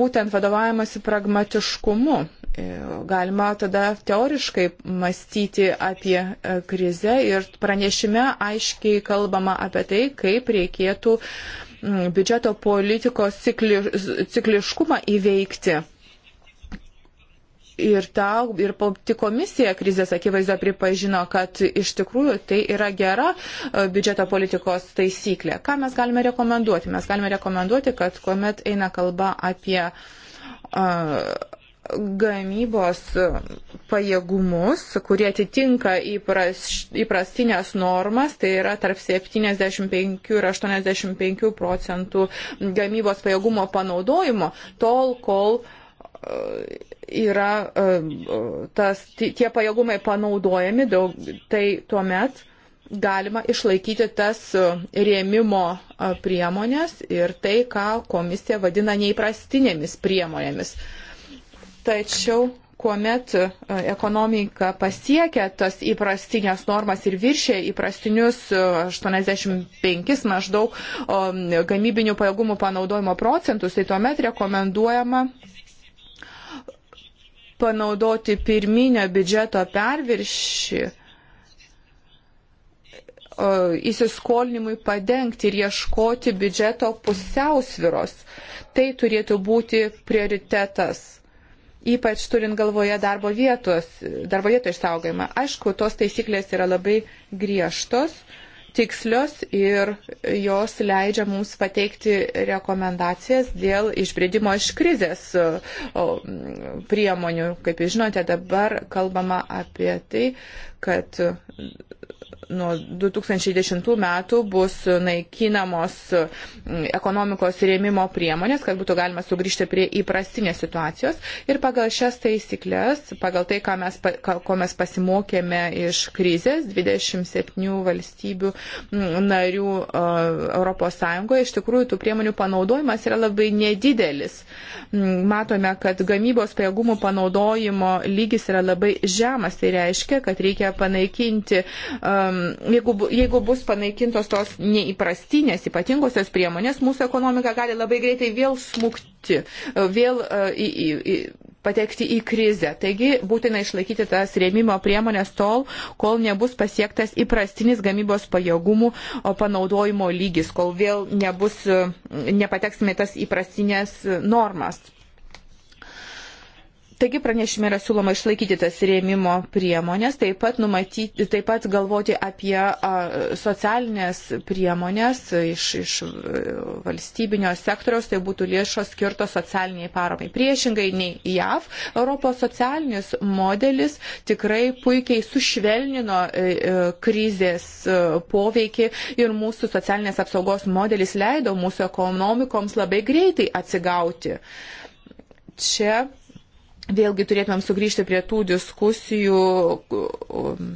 būtent vadovavimasi pragmatiškumu. E, galima tada teoriškai mąstyti apie e, krizę ir pranešime aiškiai kalbama apie tai, kaip reikėtų uh, Mm, biudžeto politikos cikli, cikliškumą įveikti. Ir, ta, ir pati komisija krizės akivaizdo pripažino, kad iš tikrųjų tai yra gera e, biudžeto politikos taisyklė. Ką mes galime rekomenduoti? Mes galime rekomenduoti, kad kuomet eina kalba apie uh, gamybos pajėgumus, kurie atitinka įpras, įprastinės normas, tai yra tarp 75 ir 85 procentų gamybos pajėgumo panaudojimo, tol kol e, yra e, tas, tie pajėgumai panaudojami, daug, tai tuomet galima išlaikyti tas e, rėmimo priemonės ir tai, ką komisija vadina neįprastinėmis priemonėmis. Tačiau kuomet e, ekonomika pasiekia tas įprastinės normas ir viršė įprastinius 85 e, maždaug gamybinių pajėgumų panaudojimo procentus, tai tuomet rekomenduojama panaudoti pirminio biudžeto perviršį įsiskolinimui padengti ir ieškoti biudžeto pusiausviros. Tai turėtų būti prioritetas ypač turint galvoje darbo vietos, darbo vietų išsaugojimą. Aišku, tos taisyklės yra labai griežtos, tikslios ir jos leidžia mums pateikti rekomendacijas dėl išbridimo iš krizės priemonių. Kaip jūs žinote, dabar kalbama apie tai, kad nuo 2010 metų bus naikinamos mm, ekonomikos rėmimo priemonės, kad būtų galima sugrįžti prie įprastinės situacijos. Ir pagal šias taisyklės, pagal tai, ką mes, ko mes pasimokėme iš krizės, 27 valstybių mm, narių ES, iš tikrųjų tų priemonių panaudojimas yra labai nedidelis. Mm, matome, kad gamybos pajėgumų panaudojimo lygis yra labai žemas. Tai reiškia, kad reikia panaikinti um, jeigu, jeigu bus panaikintos tos neįprastinės, ypatingosios priemonės, mūsų ekonomika gali labai greitai vėl smukti, vėl e, į, į, į, patekti į krizę. Taigi būtina išlaikyti tas rėmimo priemonės tol, kol nebus pasiektas įprastinis gamybos pajėgumų panaudojimo lygis, kol vėl nebus, e, nepateksime tas įprastinės e, normas. Taigi pranešime yra siūloma išlaikyti tas rėmimo priemonės, taip pat, numatyti, taip pat galvoti apie a, socialinės priemonės iš, iš valstybinio sektoriaus, tai būtų lėšos skirtos socialiniai paramai. Priešingai nei JAV, Europos socialinis modelis tikrai puikiai sušvelnino e, e, krizės e, poveikį ir mūsų socialinės apsaugos modelis leido mūsų ekonomikoms labai greitai atsigauti. Čia vėlgi turėtumėm sugrįžti prie tų diskusijų, um,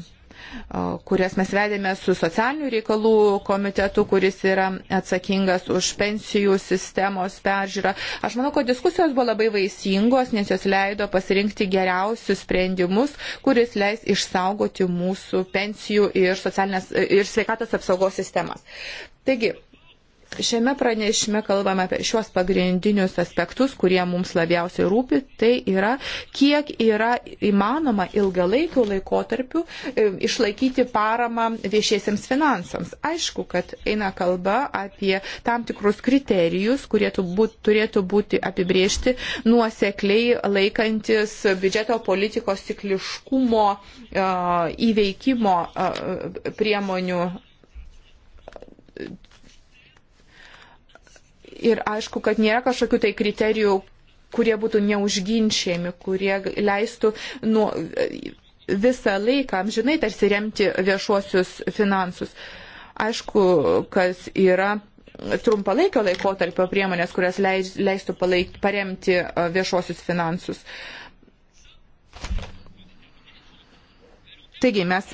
kurias mes vedėme su socialinių reikalų komitetu, kuris yra atsakingas už pensijų sistemos peržiūrą. Aš manau, kad diskusijos buvo labai vaisingos, nes jos leido pasirinkti geriausius sprendimus, kuris leis išsaugoti mūsų pensijų ir, ir sveikatos apsaugos sistemas. Taigi, Šiame pranešime kalbame apie šios pagrindinius aspektus, kurie mums labiausiai rūpi. Tai yra, kiek yra įmanoma ilgalaikiu laikotarpiu e, išlaikyti paramą viešiesiems finansams. Aišku, kad eina kalba apie tam tikrus kriterijus, kurie turėtų būti apibriežti nuosekliai laikantis biudžeto politikos cikliškumo e, įveikimo e, priemonių Ir aišku, kad nėra kažkokių tai kriterijų, kurie būtų neužginčiami, kurie leistų nuo, visą laiką amžinai tarsi remti viešuosius finansus. Aišku, kas yra trumpalaikio laikotarpio priemonės, kurias leis, leistų palaik, paremti viešuosius finansus. Taigi mes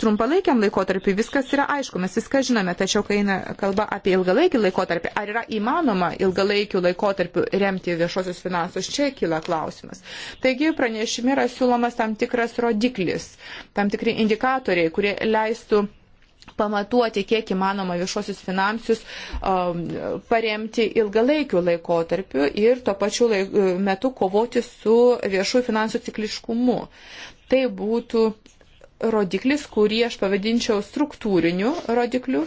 trumpalaikiam laikotarpiu viskas yra aišku, mes viską žinome, tačiau kai eina kalba apie ilgalaikį laikotarpį, ar yra įmanoma ilgalaikių laikotarpių remti viešosius finansus, čia kyla klausimas. Taigi pranešime yra siūlomas tam tikras rodiklis, tam tikri indikatoriai, kurie leistų pamatuoti, kiek įmanoma viešosius finansus um, paremti ilgalaikiu laikotarpiu ir tuo pačiu laik, metu kovoti su viešųjų finansų cikliškumu. Tai būtų rodiklis, kurį aš pavadinčiau struktūriniu rodikliu,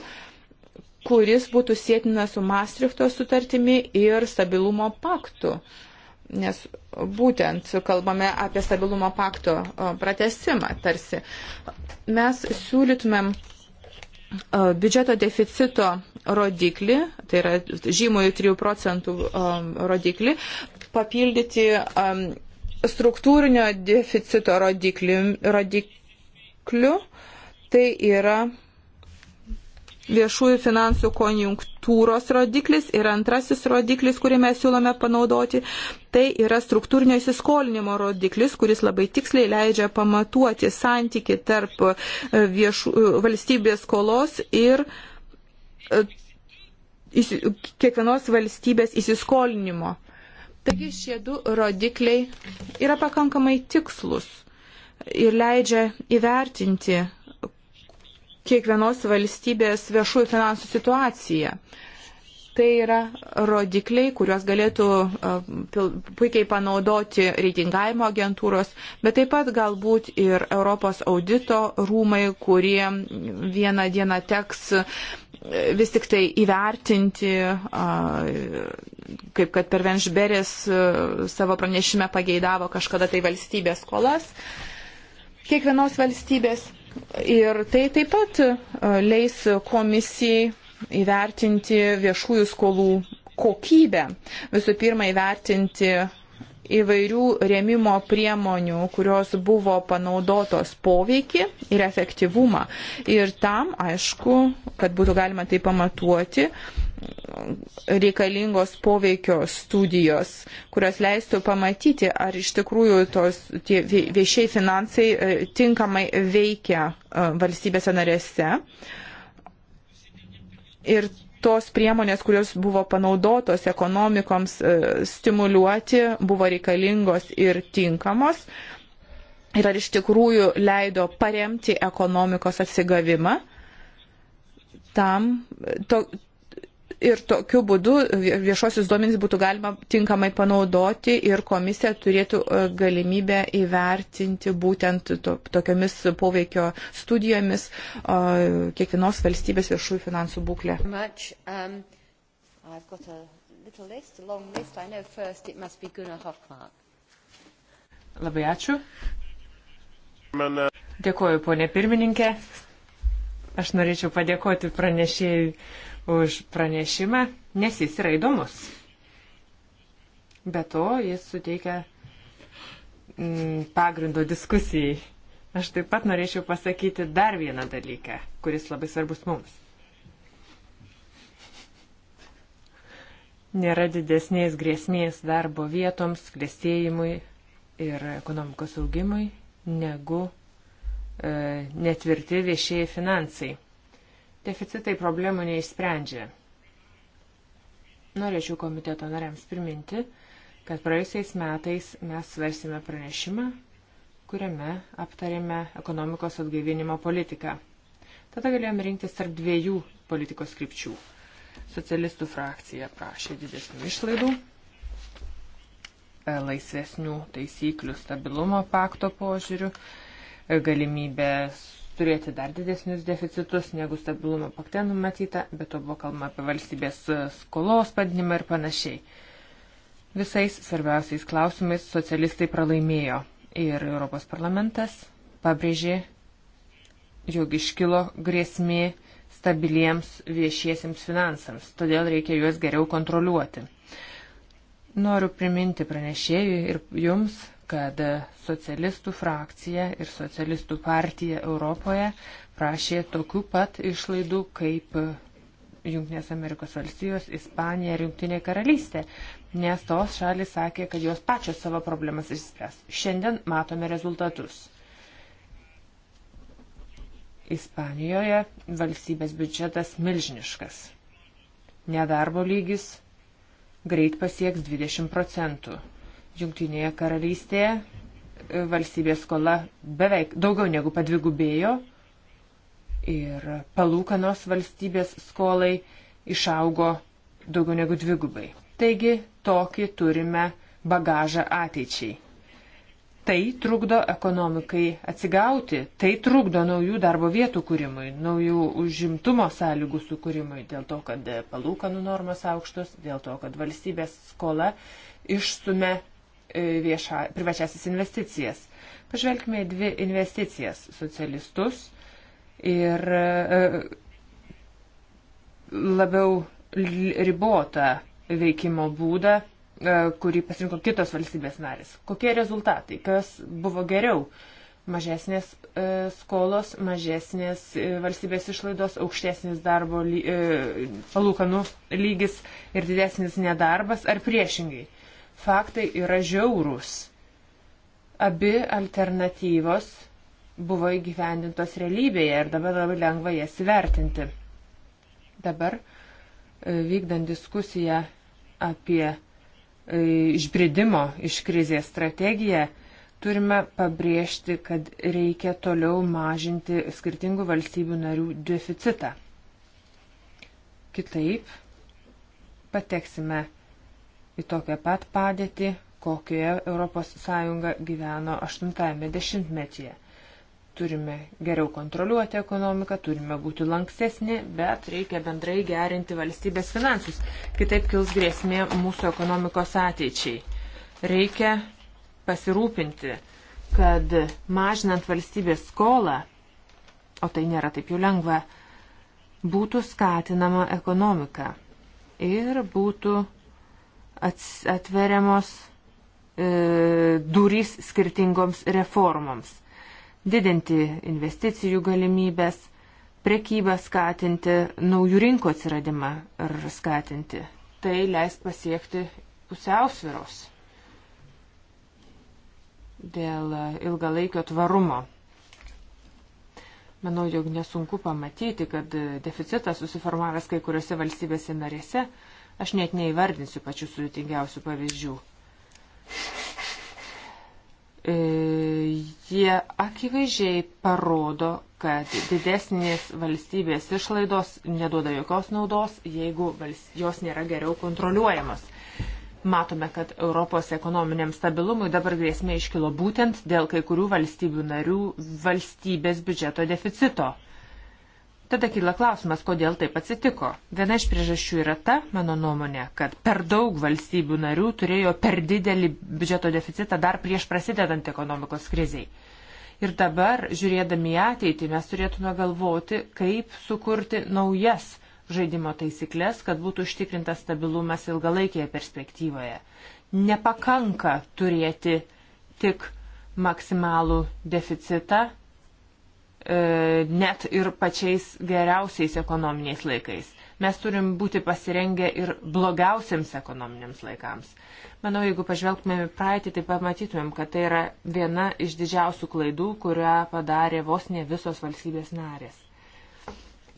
kuris būtų sėtina su Maastrichto sutartimi ir stabilumo paktu. Nes būtent kalbame apie stabilumo pakto pratesimą tarsi. Mes siūlytumėm biudžeto deficito rodiklį, tai yra žymųjų 3 procentų rodiklį, papildyti struktūrinio deficito rodiklį, rodik, rodiklių, tai yra viešųjų finansų konjunktūros rodiklis ir antrasis rodiklis, kurį mes siūlome panaudoti, tai yra struktūrinio įsiskolinimo rodiklis, kuris labai tiksliai leidžia pamatuoti santyki tarp e, viešų, e, valstybės skolos ir e, kiekvienos valstybės įsiskolinimo. Taigi šie du rodikliai yra pakankamai tikslus ir leidžia įvertinti kiekvienos valstybės viešųjų finansų situaciją. Tai yra rodikliai, kuriuos galėtų puikiai panaudoti reitingavimo agentūros, bet taip pat galbūt ir Europos audito rūmai, kurie vieną dieną teks vis tik tai įvertinti, kaip kad per Venžberis savo pranešime pageidavo kažkada tai valstybės skolas kiekvienos valstybės. Ir tai taip pat e, leis komisijai įvertinti viešųjų skolų kokybę. Visų pirma, įvertinti įvairių rėmimo priemonių, kurios buvo panaudotos poveikį ir efektyvumą. Ir tam, aišku, kad būtų galima tai pamatuoti, reikalingos poveikio studijos, kurios leistų pamatyti, ar iš tikrųjų tos tie viešiai finansai e, tinkamai veikia e, valstybėse narėse. Ir tos priemonės, kurios buvo panaudotos ekonomikoms e, stimuliuoti, buvo reikalingos ir tinkamos. Ir ar iš tikrųjų leido paremti ekonomikos atsigavimą. Tam to, Ir tokiu būdu viešosius duomenys būtų galima tinkamai panaudoti ir komisija turėtų e, galimybę įvertinti būtent to, tokiamis poveikio studijomis o, kiekvienos valstybės viešųjų finansų būklę. Um, Labai ačiū. Uh, Dėkuoju, ponė pirmininkė. Aš norėčiau padėkoti pranešėjai už pranešimą, nes jis yra įdomus. Be to, jis suteikia mm, pagrindo diskusijai. Aš taip pat norėčiau pasakyti dar vieną dalyką, kuris labai svarbus mums. Nėra didesnės grėsmės darbo vietoms, klėstėjimui ir ekonomikos augimui negu e, netvirti viešieji finansai. Deficitai problemų neišsprendžia. Norėčiau komiteto nariams priminti, kad praėjusiais metais mes svarsime pranešimą, kuriame aptarėme ekonomikos atgaivinimo politiką. Tada galėjome rinktis tarp dviejų politikos krypčių. Socialistų frakcija prašė didesnių išlaidų, e, laisvesnių taisyklių stabilumo pakto požiūrių, e, galimybės turėti dar didesnius deficitus negu stabilumo pakte numatyta, bet to buvo kalbama apie valstybės e, skolos padinimą ir panašiai. Visais svarbiausiais klausimais socialistai pralaimėjo ir Europos parlamentas pabrėžė, jog iškilo grėsmė stabiliems viešiesiems finansams, todėl reikia juos geriau kontroliuoti. Noriu priminti pranešėjui ir jums, kad socialistų frakcija ir socialistų partija Europoje prašė tokių pat išlaidų kaip Junktinės Amerikos valstijos, Ispanija ir Junktinė karalystė, nes tos šalis sakė, kad jos pačios savo problemas išspręs. Šiandien matome rezultatus. Ispanijoje valstybės biudžetas milžiniškas. Nedarbo lygis greit pasieks 20 procentų. Junktinėje karalystėje e, valstybės skola beveik daugiau negu padvigubėjo ir palūkanos valstybės skolai išaugo daugiau negu dvigubai. Taigi tokį turime bagažą ateičiai. Tai trukdo ekonomikai atsigauti, tai trukdo naujų darbo vietų kūrimui, naujų užimtumo sąlygų sukūrimui, dėl to, kad palūkanų normos aukštos, dėl to, kad valstybės skola išsume vieša, privačiasis investicijas. Pažvelkime į dvi investicijas - socialistus ir e, labiau ribotą veikimo būdą, e, kurį pasirinko kitos valstybės narės. Kokie rezultatai? Kas buvo geriau? mažesnės e, skolos, mažesnės valstybės išlaidos, aukštesnis darbo palūkanų lygis ir didesnis nedarbas ar priešingai. Faktai yra žiaurūs. Abi alternatyvos buvo įgyvendintos realybėje ir dabar labai lengva jas įvertinti. Dabar e, vykdant diskusiją apie e, išbridimo iš krizės strategiją, turime pabrėžti, kad reikia toliau mažinti skirtingų valstybių narių deficitą. Kitaip pateksime į tokią pat padėtį, kokioje ES gyveno 80-ame dešimtmetyje. Turime geriau kontroliuoti ekonomiką, turime būti lanksesni, bet reikia bendrai gerinti valstybės finansus, kitaip kils grėsmė mūsų ekonomikos ateičiai. Reikia pasirūpinti, kad mažinant valstybės skolą, o tai nėra taip jau lengva, būtų skatinama ekonomika ir būtų atveriamos e, durys skirtingoms reformoms, didinti investicijų galimybės, prekybą skatinti, naujų rinkų atsiradimą ir skatinti. Tai leis pasiekti pusiausviros dėl ilgalaikio tvarumo. Manau, jog nesunku pamatyti, kad deficitas susiformavęs kai kuriuose valstybėse narėse Aš net neįvardinsiu pačių sudėtingiausių pavyzdžių. E, jie akivaizdžiai parodo, kad didesnės valstybės išlaidos neduoda jokios naudos, jeigu jos nėra geriau kontroliuojamos. Matome, kad Europos ekonominiam stabilumui dabar grėsmė iškilo būtent dėl kai kurių valstybių narių valstybės biudžeto deficito. Tada kyla klausimas, kodėl taip atsitiko. Viena iš priežasčių yra ta, mano nuomonė, kad per daug valstybių narių turėjo per didelį biudžeto deficitą dar prieš prasidedant ekonomikos kriziai. Ir dabar, žiūrėdami į ateitį, mes turėtume galvoti, kaip sukurti naujas žaidimo taisyklės, kad būtų užtikrintas stabilumas ilgalaikėje perspektyvoje. Nepakanka turėti tik maksimalų deficitą E, net ir pačiais geriausiais ekonominiais laikais. Mes turim būti pasirengę ir blogiausiams ekonominiams laikams. Manau, jeigu pažvelgtumėm į praeitį, tai pamatytumėm, kad tai yra viena iš didžiausių klaidų, kurią padarė vos ne visos valstybės narės.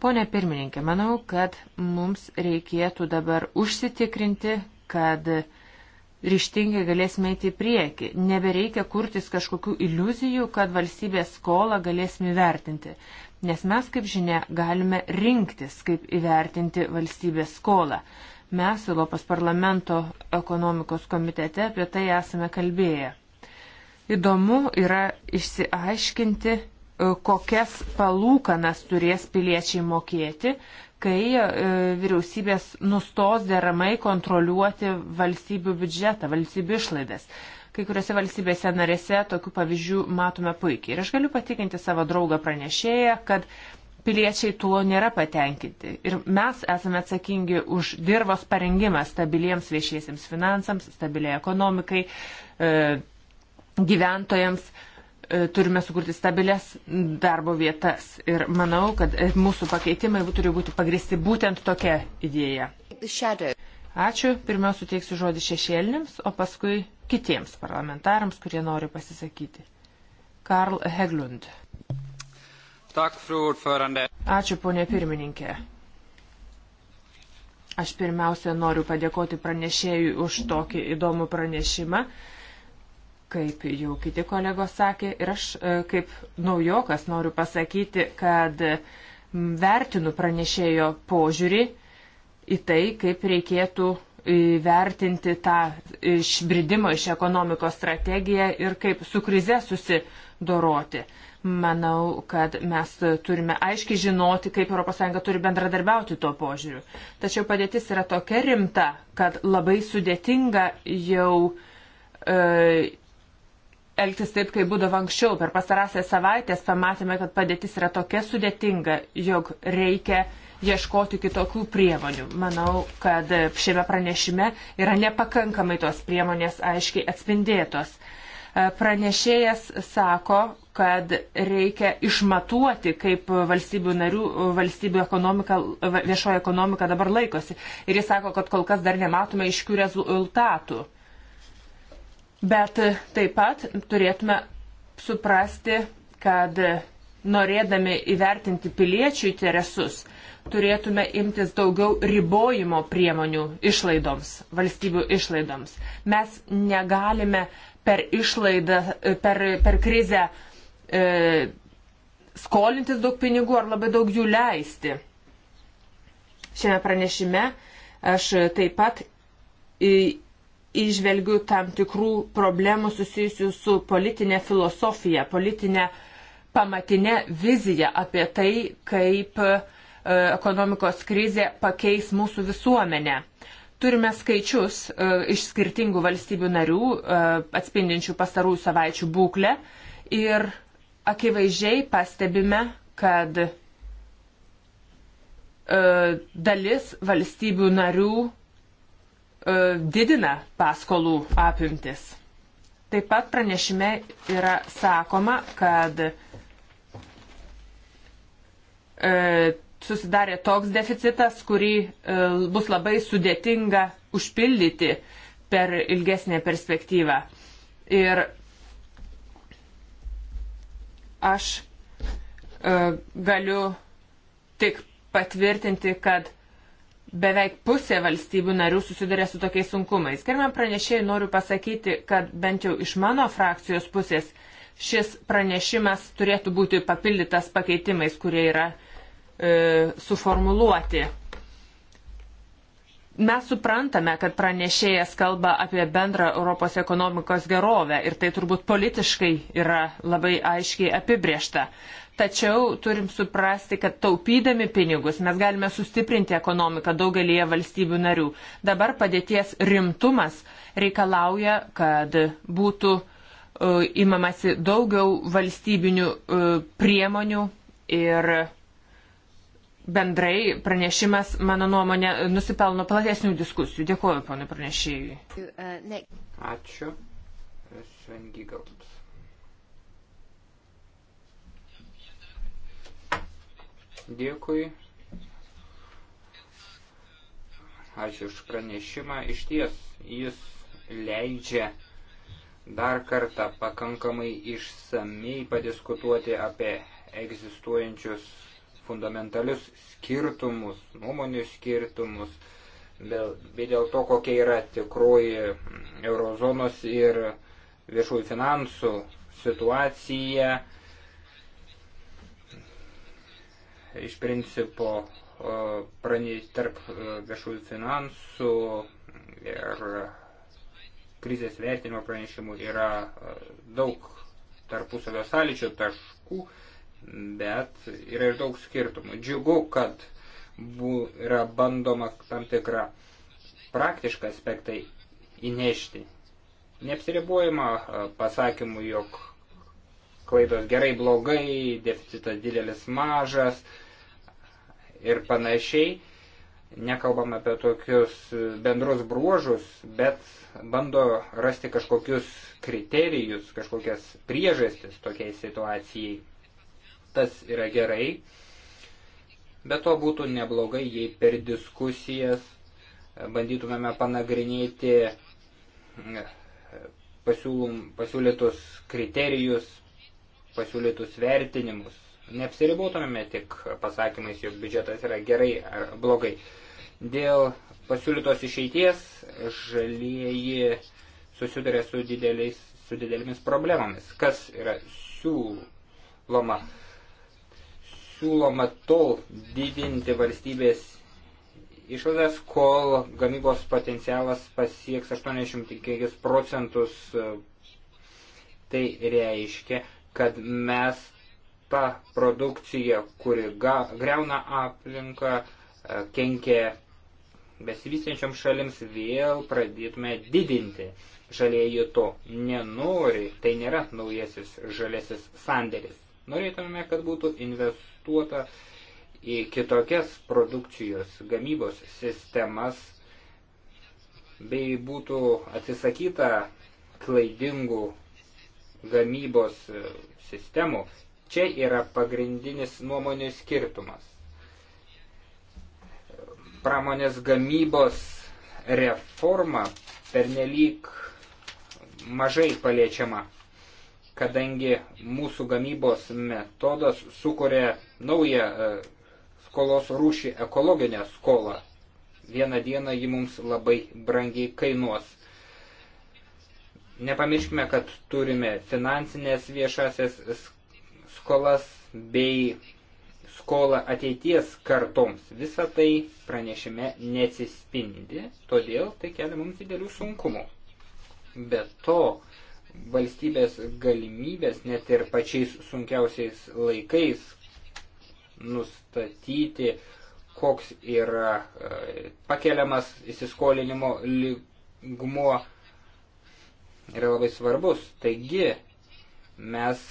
Pone pirmininkė, manau, kad mums reikėtų dabar užsitikrinti, kad uh, ryštingai galėsime eiti į priekį. Nebereikia kurtis kažkokių iliuzijų, kad valstybės skolą galėsime įvertinti. Nes mes, kaip žinia, galime rinktis, kaip įvertinti valstybės skolą. Mes Europos parlamento ekonomikos komitete apie tai esame kalbėję. Įdomu yra išsiaiškinti, e, kokias palūkanas turės piliečiai mokėti, kai e, vyriausybės nustos deramai kontroliuoti valstybių biudžetą, valstybių išlaidas. Kai kuriuose valstybėse narėse tokių pavyzdžių matome puikiai. Ir aš galiu patikinti savo draugą pranešėją, kad piliečiai tuo nėra patenkinti. Ir mes esame atsakingi už dirbos parengimą stabiliems viešiesiems finansams, stabiliai ekonomikai, e, gyventojams. E, E, turime sukurti stabilės darbo vietas. Ir manau, kad e, mūsų pakeitimai turi būti pagristi būtent tokia idėja. Ačiū. Pirmiausia, suteiksiu žodį šešėlinėms, o paskui kitiems parlamentarams, kurie nori pasisakyti. Karl Heglund. Tak, Ačiū, ponė pirmininkė. Aš pirmiausia noriu padėkoti pranešėjui už tokį įdomų pranešimą. Uh, Kaip jau kiti kolegos sakė, ir aš e, kaip naujokas noriu pasakyti, kad vertinu pranešėjo požiūrį į tai, kaip reikėtų vertinti tą išbridimo iš ekonomikos strategiją ir kaip su krize susidoroti. Manau, kad mes turime aiškiai žinoti, kaip ES turi bendradarbiauti tuo požiūriu. Tačiau padėtis yra tokia rimta, kad labai sudėtinga jau e, elgtis taip, kaip būdavo anksčiau. Per pastarąsias savaitės pamatėme, kad padėtis yra tokia sudėtinga, jog reikia ieškoti kitokių priemonių. Manau, kad šiame pranešime yra nepakankamai tos priemonės aiškiai atspindėtos. E, pranešėjas sako, kad reikia išmatuoti, kaip valstybių narių, valstybių ekonomika, viešoji ekonomika dabar laikosi. Ir jis sako, kad kol kas dar nematome iškių rezultatų Bet e, taip pat turėtume suprasti, kad norėdami įvertinti piliečių interesus, turėtume imtis daugiau ribojimo priemonių išlaidoms, valstybių išlaidoms. Mes negalime per išlaidą, e, per, per krizę e, skolintis daug pinigų ar labai daug jų leisti. Šiame pranešime aš taip pat išvelgiu tam tikrų problemų susijusių su politinė filosofija, politinė pamatinė vizija apie tai, kaip e, ekonomikos krizė pakeis mūsų visuomenę. Turime skaičius e, iš skirtingų valstybių narių e, atspindinčių pastarųjų savaičių būklę ir akivaizdžiai pastebime, kad dalis valstybių narių E, didina paskolų apimtis. Taip pat pranešime yra sakoma, kad e, susidarė toks deficitas, kurį e, bus labai sudėtinga užpildyti per ilgesnę perspektyvą. Ir aš galiu tik patvirtinti, kad beveik pusė valstybių narių susiduria su tokiais sunkumais. Gerbiam pranešėjai, noriu pasakyti, kad bent jau iš mano frakcijos pusės šis pranešimas turėtų būti papildytas pakeitimais, kurie yra e, suformuluoti. Mes suprantame, kad pranešėjas kalba apie bendrą Europos ekonomikos gerovę ir tai turbūt politiškai yra labai aiškiai apibriešta. Tačiau turim suprasti, kad taupydami pinigus mes galime sustiprinti ekonomiką daugelie valstybių narių. Dabar padėties rimtumas reikalauja, kad būtų uh, imamasi daugiau valstybinių uh, priemonių ir bendrai pranešimas, mano nuomonė, nusipelno platesnių diskusijų. Dėkuoju, ponui pranešėjui. Uh, Ačiū. Sven Gigaltas. Dėkui. Ačiū už pranešimą. Iš ties, jis leidžia dar kartą pakankamai išsamei padiskutuoti apie egzistuojančius fundamentalius skirtumus, nuomonių skirtumus, bei dėl to, kokia yra tikroji eurozonos ir viešųjų finansų situacija iš principo e, praneš tarp e, viešųjų finansų ir krizės vertinimo pranešimų yra e, daug tarpusavio sąlyčio taškų, bet yra ir daug skirtumų. Džiugu, kad bu, yra bandoma tam tikrą praktišką aspektą įnešti. Neapsiribuojama pasakymu, jog klaidos gerai, blogai, deficitas didelis, mažas, uh, ir panašiai. Nekalbam apie tokius bendrus bruožus, bet bando rasti kažkokius kriterijus, kažkokias priežastis tokiai situacijai. Tas yra gerai, bet to būtų neblogai, jei per diskusijas bandytumėme panagrinėti e, pasiūlum, pasiūlytus kriterijus, pasiūlytus vertinimus neapsiribotumėme tik pasakymais, jog biudžetas yra gerai ar blogai. Dėl pasiūlytos išeities žalieji susiduria su, dideliais, su didelėmis problemomis. Kas yra siūloma? Siūloma tol didinti valstybės išlaidas, kol gamybos potencialas pasieks 85 procentus. Tai reiškia, kad mes ta produkcija, kuri ga, greuna aplinką, e, kenkia besivystančiom šalims, vėl pradėtume didinti. Žalieji to nenori, tai nėra naujasis žalėsis sandėlis. Norėtume, kad būtų investuota į kitokias produkcijos gamybos sistemas, bei būtų atsisakyta klaidingų gamybos e, sistemų, Čia yra pagrindinis nuomonių skirtumas. Pramonės gamybos reforma pernelyg mažai paliečiama, kadangi mūsų gamybos metodas sukuria naują e, skolos rūšį ekologinę skolą. Vieną dieną ji mums labai brangiai kainuos. Nepamirškime, kad turime finansinės viešasias paskolas bei skolą ateities kartoms. Visa tai pranešime nesispindi, todėl tai kelia mums didelių sunkumų. Be to, valstybės galimybės net ir pačiais sunkiausiais laikais nustatyti, koks yra e, pakeliamas įsiskolinimo lygmuo yra labai svarbus. Taigi mes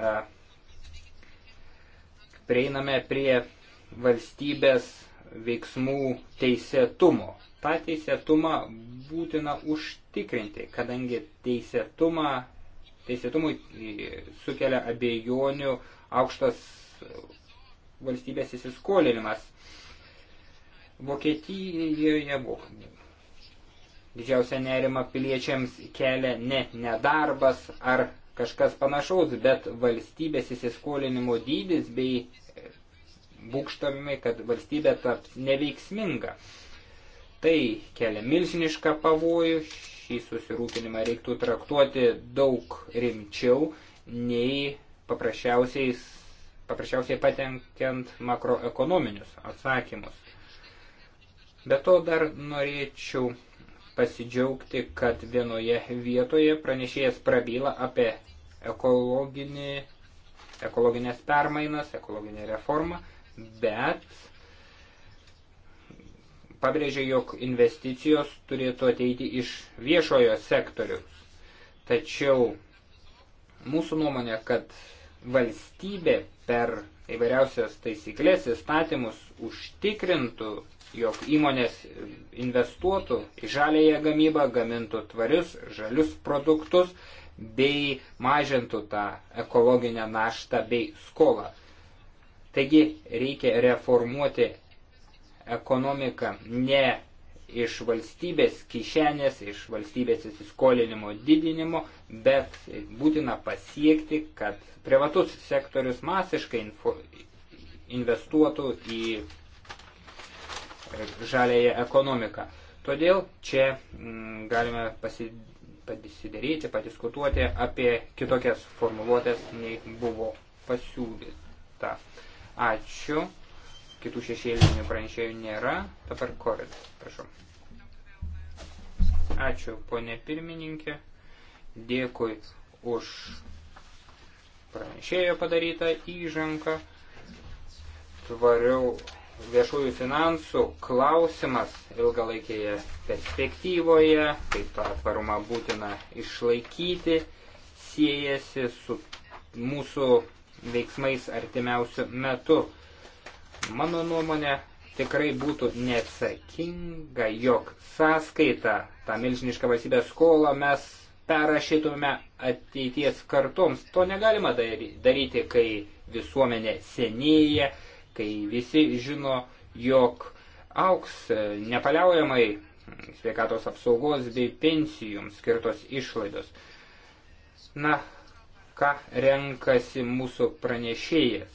e, prieiname prie valstybės veiksmų teisėtumo. Ta teisėtumą būtina užtikrinti, kadangi teisėtumą, teisėtumui sukelia abejonių aukštas valstybės įsiskolinimas. Vokietijoje buvo. Didžiausia nerima piliečiams kelia ne nedarbas ar kažkas panašaus, bet valstybės įsiskolinimo dydis bei būkštamai, kad valstybė taps neveiksminga. Tai kelia milžinišką pavojų, šį susirūpinimą reiktų traktuoti daug rimčiau nei paprasčiausiai, paprasčiausiai patenkiant makroekonominius atsakymus. Be to dar norėčiau pasidžiaugti, kad vienoje vietoje pranešėjas prabyla apie ekologinį, ekologinės permainas, ekologinę reformą, bet pabrėžė, jog investicijos turėtų ateiti iš viešojo sektoriaus. Tačiau mūsų nuomonė, kad valstybė per įvairiausias taisyklės, įstatymus užtikrintų, jog įmonės investuotų į žalėją gamybą, gamintų tvarius, žalius produktus bei mažintų tą ekologinę naštą bei skolą. Taigi reikia reformuoti ekonomiką ne iš valstybės kišenės, iš valstybės įsiskolinimo didinimo, bet būtina pasiekti, kad privatus sektorius masiškai info, investuotų į žalėje ekonomiką. Todėl čia mm, galime pasidėti pasiderėti, padiskutuoti apie kitokias formuluotės, nei buvo pasiūlyta. Ačiū. Kitų šešėlinių pranešėjų nėra. Dabar COVID. Prašau. Ačiū, ponė pirmininkė. Dėkui už pranešėjo padarytą įžanką. Tvariau viešųjų finansų klausimas ilgalaikėje perspektyvoje, kaip tą tvarumą būtina išlaikyti, siejasi su mūsų veiksmais artimiausių metų. Mano nuomonė, tikrai būtų neatsakinga, jog sąskaitą, tą milžinišką valstybės skolą mes perrašytume ateities kartoms. To negalima daryti, kai visuomenė senėja, kai visi žino, jog auks e, nepaliaujamai sveikatos apsaugos bei pensijoms skirtos išlaidos. Na, ką renkasi mūsų pranešėjas?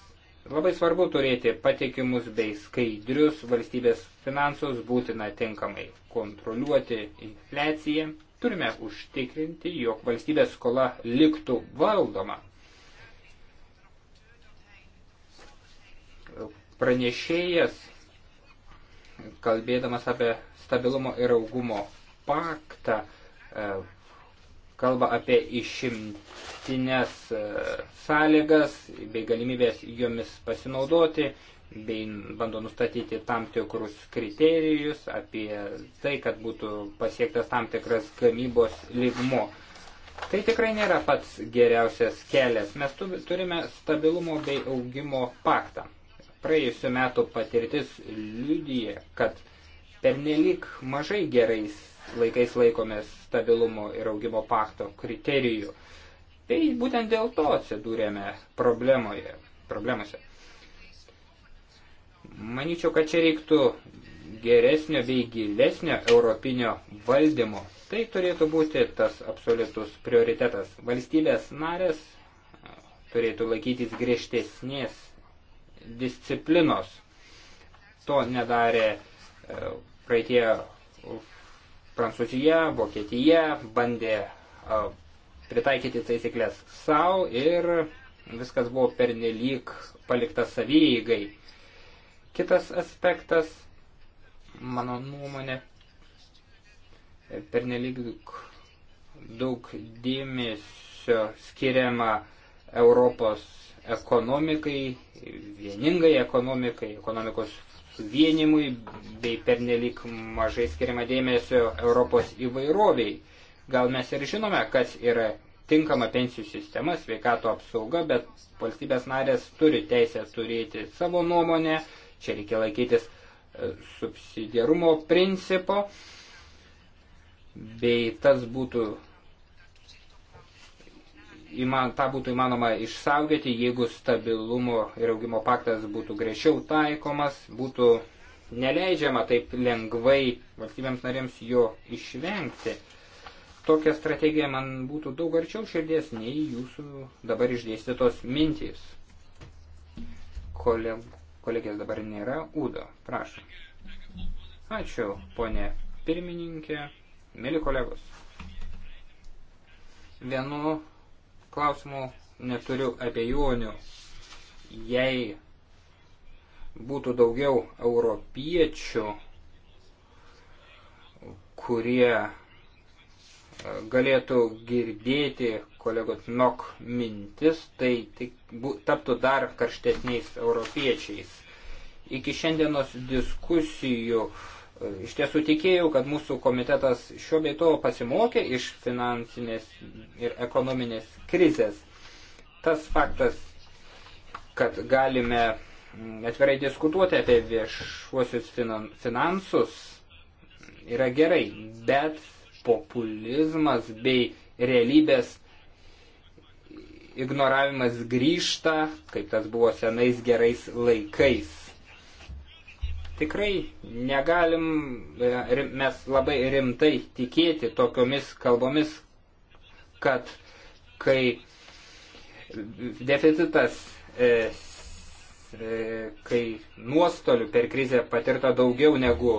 Labai svarbu turėti patikimus bei skaidrius valstybės finansus, būtina tinkamai kontroliuoti infliaciją, turime užtikrinti, jog valstybės skola liktų valdoma. pranešėjas, kalbėdamas apie stabilumo ir augumo paktą, e, kalba apie išimtinės e, sąlygas bei galimybės jomis pasinaudoti, bei bando nustatyti tam tikrus kriterijus apie tai, kad būtų pasiektas tam tikras gamybos lygmo. Tai tikrai nėra pats geriausias kelias. Mes turime stabilumo bei augimo paktą praėjusiu metu patirtis liudyje, kad pernelik mažai gerais laikais laikomės stabilumo ir augimo pakto kriterijų. Tai būtent dėl to atsidūrėme problemoje, problemose. Manyčiau, kad čia reiktų geresnio bei gilesnio europinio valdymo. Tai turėtų būti tas absoliutus prioritetas. Valstybės narės turėtų laikytis griežtesnės disciplinos. To nedarė e, praeitie Prancūzija, Vokietija, bandė e, pritaikyti taisyklės savo ir viskas buvo pernelyg palikta savyjeigai. Kitas aspektas, mano nuomonė, pernelyg daug dėmesio skiriama Europos ekonomikai, vieningai ekonomikai, ekonomikos suvienimui bei pernelyg mažai skiriama dėmesio Europos įvairoviai. Gal mes ir žinome, kas yra tinkama pensijų sistema, sveikato apsauga, bet valstybės narės turi teisę turėti savo nuomonę, čia reikia laikytis e, subsidiarumo principo, bei tas būtų įman, tą būtų įmanoma išsaugoti, jeigu stabilumo ir augimo paktas būtų greičiau taikomas, būtų neleidžiama taip lengvai valstybėms narėms jo išvengti. Tokia strategija man būtų daug arčiau širdies nei jūsų dabar išdėstytos mintys. Kole, kolegės dabar nėra. Udo, prašom. Ačiū, ponė pirmininkė, mėly kolegos. Vienu klausimų neturiu abejonių. Jei būtų daugiau europiečių, kurie e, galėtų girdėti kolegos NOK mintis, tai tik, bu, taptų dar karštesniais europiečiais. Iki šiandienos diskusijų uh, Iš tiesų tikėjau, kad mūsų komitetas šio bei to pasimokė iš finansinės ir ekonominės krizės. Tas faktas, kad galime mm, atvirai diskutuoti apie viešuosius finansus, yra gerai, bet populizmas bei realybės ignoravimas grįžta, kaip tas buvo senais gerais laikais. Tikrai negalim e, mes labai rimtai tikėti tokiomis kalbomis, kad kai deficitas, e, e, kai nuostolių per krizę patirta daugiau negu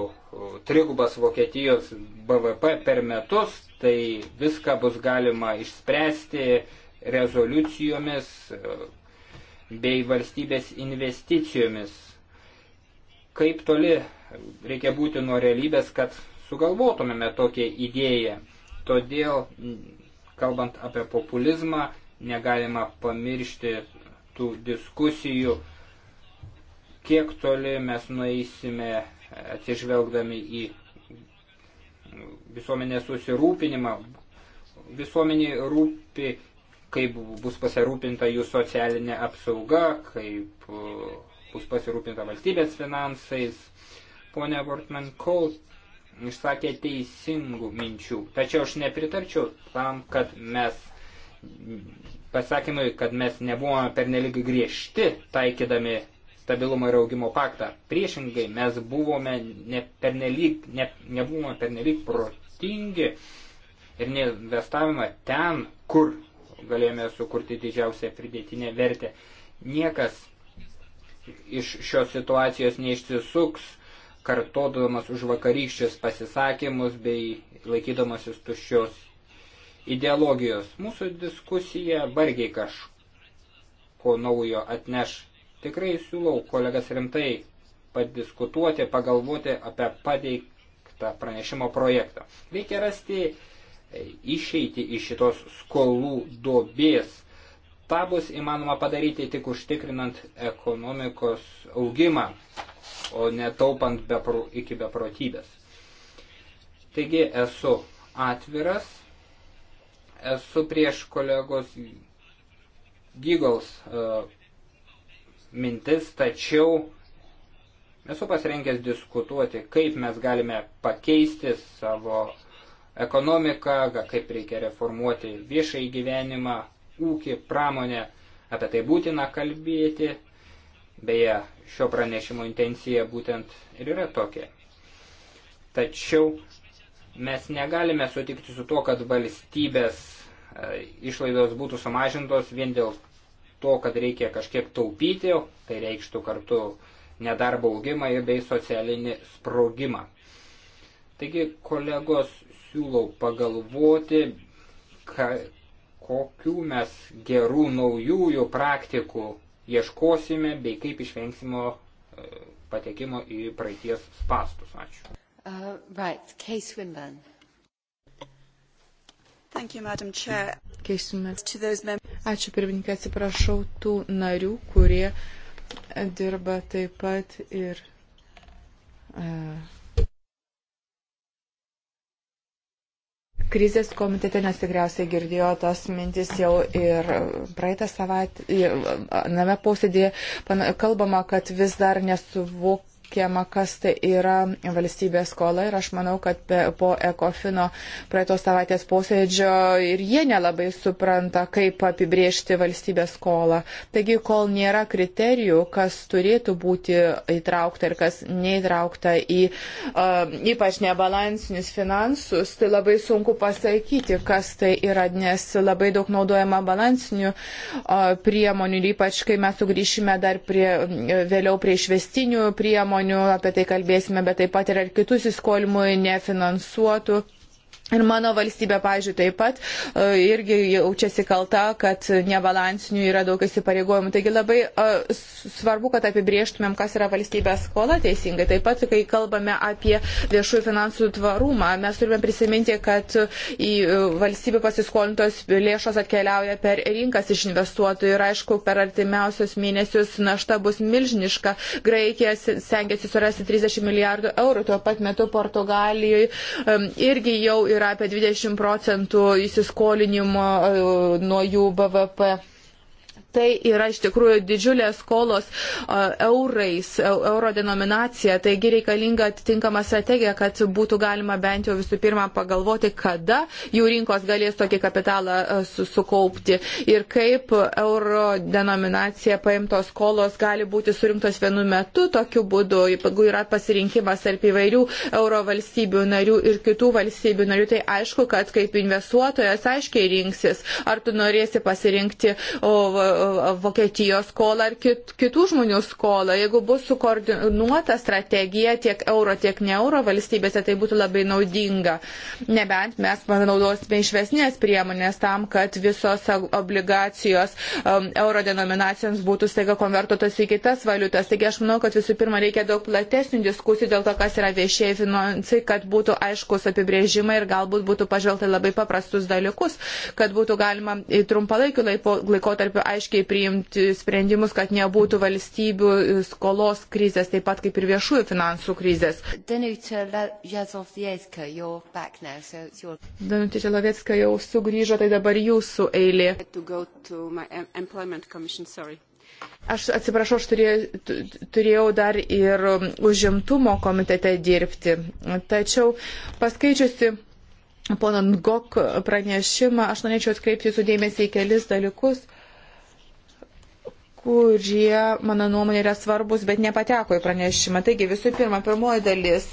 trigubas Vokietijos BVP per metus, tai viską bus galima išspręsti rezoliucijomis bei valstybės investicijomis kaip toli reikia būti nuo realybės, kad sugalvotumėme tokią idėją. Todėl, kalbant apie populizmą, negalima pamiršti tų diskusijų, kiek toli mes nueisime atsižvelgdami į visuomenės susirūpinimą. Visuomeniai rūpi, kaip bus pasirūpinta jų socialinė apsauga, kaip bus pasirūpinta valstybės finansais. Pone Bortman Kohl išsakė teisingų minčių, tačiau aš nepritarčiau tam, kad mes pasakymui, kad mes nebuvome pernelyg griežti taikydami stabilumo ir augimo paktą. Priešingai, mes buvome ne pernelyg, ne, nebuvome pernelyg protingi ir neinvestavome ten, kur galėjome sukurti didžiausią pridėtinę vertę. Niekas iš šios situacijos neišsisuks, kartodamas už vakarykščius pasisakymus bei laikydamasis tuščios ideologijos. Mūsų diskusija vargiai kažko naujo atneš. Tikrai siūlau kolegas rimtai padiskutuoti, pagalvoti apie pateiktą pranešimo projektą. Reikia rasti išeiti iš šitos skolų dobės Ta bus įmanoma padaryti tik užtikrinant ekonomikos augimą, o netaupant bepro, iki beprotybės. Taigi esu atviras, esu prieš kolegos Gygals uh, e, mintis, tačiau esu pasirengęs diskutuoti, kaip mes galime pakeisti savo ekonomiką, kaip reikia reformuoti viešai gyvenimą, ūkį, pramonę, apie tai būtina kalbėti. Beje, šio pranešimo intencija būtent ir yra tokia. Tačiau mes negalime sutikti su to, kad valstybės e, išlaidos būtų sumažintos vien dėl to, kad reikia kažkiek taupyti, tai reikštų kartu nedarbo augimą ir bei socialinį sprogimą. Taigi, kolegos, siūlau pagalvoti, ka, kokių mes gerų naujųjų praktikų ieškosime bei kaip išvengsimo e, patekimo į praeities spastus. Ačiū. Uh, right. Case Winburn. Thank you, Madam Chair. Case Winburn. Ačiū pirmininkai, atsiprašau tų narių, kurie dirba taip pat ir uh, Krizės komitete nes tikriausiai girdėjo tos mintis jau ir praeitą savaitę, name posėdėje kalbama, kad vis dar nesuvok, aiškiama, kas tai yra valstybės skola ir aš manau, kad po Ekofino praeitos savaitės posėdžio ir jie nelabai supranta, kaip apibriežti valstybės skolą. Taigi, kol nėra kriterijų, kas turėtų būti įtraukta ir kas neįtraukta į uh, ypač nebalansinius finansus, tai labai sunku pasakyti, kas tai yra, nes labai daug naudojama balansinių uh, priemonių ir ypač, kai mes sugrįšime dar prie, vėliau prie išvestinių priemonių priemonių, apie tai kalbėsime, bet taip pat yra ir kitų įsiskolimų nefinansuotų Ir mano valstybė, pažiūrėjau, taip pat e, irgi jaučiasi kalta, kad nebalansinių yra daug įsipareigojimų. Taigi labai e, svarbu, kad apibrieštumėm, kas yra valstybės skola teisingai. Taip pat, kai kalbame apie viešųjų finansų tvarumą, mes turime prisiminti, kad į e, valstybę pasiskolintos lėšos atkeliauja per rinkas iš investuotojų ir, aišku, per artimiausius mėnesius našta bus milžiniška. Graikija sengiasi surasti 30 milijardų eurų, tuo pat metu Portugalijoje irgi jau yra yra apie 20 procentų įsiskolinimo e, nuo jų BVP. Tai yra iš tikrųjų didžiulės skolos eurais, euro denominacija, taigi reikalinga atitinkama strategija, kad būtų galima bent jau visų pirma pagalvoti, kada jų rinkos galės tokį kapitalą sukaupti ir kaip euro denominacija paimtos skolos gali būti surinktos vienu metu tokiu būdu, jeigu yra pasirinkimas tarp įvairių euro valstybių narių ir kitų valstybių narių, tai aišku, kad kaip investuotojas aiškiai rinksis, ar tu norėsi pasirinkti o, Vokietijos skolą ar kit, kitų žmonių skolą. Jeigu bus sukoordinuota strategija tiek euro, tiek ne euro valstybėse, tai būtų labai naudinga. Nebent mes panaudosime išvesnės priemonės tam, kad visos obligacijos um, euro denominacijoms būtų staiga konvertuotos į kitas valiutas. Taigi aš manau, kad visų pirma reikia daug platesnių diskusijų dėl to, kas yra viešieji finansai, kad būtų aiškus apibrėžimai ir galbūt būtų pažvelgta labai paprastus dalykus, kad būtų galima trumpalaikiu laikotarpiu aiškiai aiškiai priimti sprendimus, kad nebūtų valstybių e, skolos krizės, taip pat kaip ir viešųjų finansų krizės. Danutė Želovetska jau sugrįžo, tai dabar jūsų eilė. Aš atsiprašau, aš turėjau, turėjau dar ir užimtumo komitete dirbti. Tačiau paskaičiusi pono Ngok pranešimą, aš norėčiau atkreipti jūsų dėmesį į kelis dalykus kurie, mano nuomonė, yra svarbus, bet nepateko į pranešimą. Taigi, visų pirma, pirmoji dalis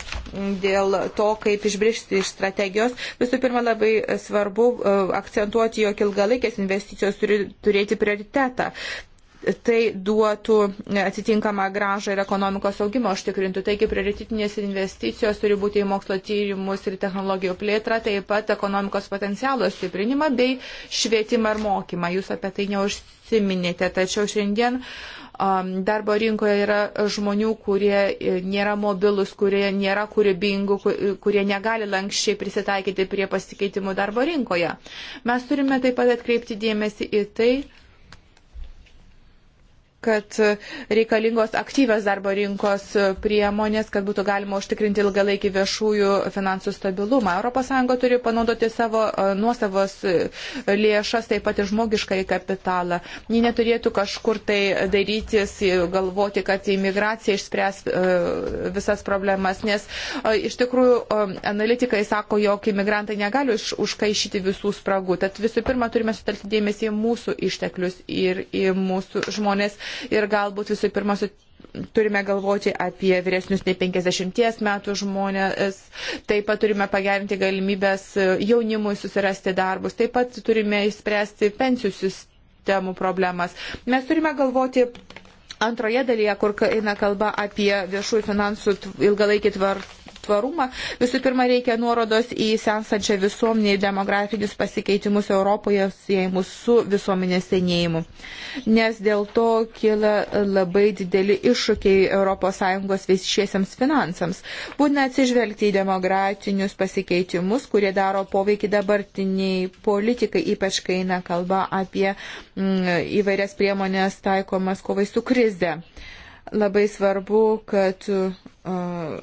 dėl to, kaip išbrišti iš strategijos. Visų pirma, labai svarbu e, akcentuoti, jog ilgalaikės investicijos turi turėti prioritetą. Tai duotų atitinkamą gražą ir ekonomikos augimą užtikrintų. Taigi prioritetinės investicijos turi būti į mokslo tyrimus ir technologijų plėtrą, taip pat ekonomikos potencialo stiprinimą bei švietimą ir mokymą. Jūs apie tai neužsitikrinate užsiminėte, tačiau šiandien darbo rinkoje yra žmonių, kurie e, nėra mobilus, kurie nėra kūrybingų, kurie negali lankščiai prisitaikyti prie pasikeitimų darbo rinkoje. Mes turime taip pat atkreipti dėmesį į tai, kad e, reikalingos aktyvios darbo rinkos e, priemonės, kad būtų galima užtikrinti ilgalaikį viešųjų finansų stabilumą. ES turi panaudoti savo e, nuosavos lėšas, taip pat ir žmogiškai kapitalą. Ji neturėtų kažkur tai darytis, galvoti, kad imigracija išspręs visas problemas, nes iš tikrųjų analitikai sako, jog imigrantai negali už, užkaišyti visų spragų. Tad visų pirma, turime sutelkti dėmesį į mūsų išteklius ir į mūsų žmonės ir galbūt visų pirma turime galvoti apie vyresnius nei 50 metų žmonės, taip pat turime pagerinti galimybės jaunimui susirasti darbus, taip pat turime išspręsti pensijų sistemų problemas. Mes turime galvoti antroje dalyje, kur eina kalba apie viešųjų finansų ilgalaikį tvartą tvarumą, visų pirma reikia nuorodos į sensančią visuomenį, demografinius pasikeitimus Europoje siejimus su visuomenės senėjimu. Nes dėl to kila labai dideli iššūkiai ES viešiesiams finansams. Būtina atsižvelgti į demografinius pasikeitimus, kurie daro poveikį dabartiniai politikai, ypač kai eina kalba apie m, mm, įvairias priemonės taikomas kovai su krize. Uh, Labai svarbu, kad uh,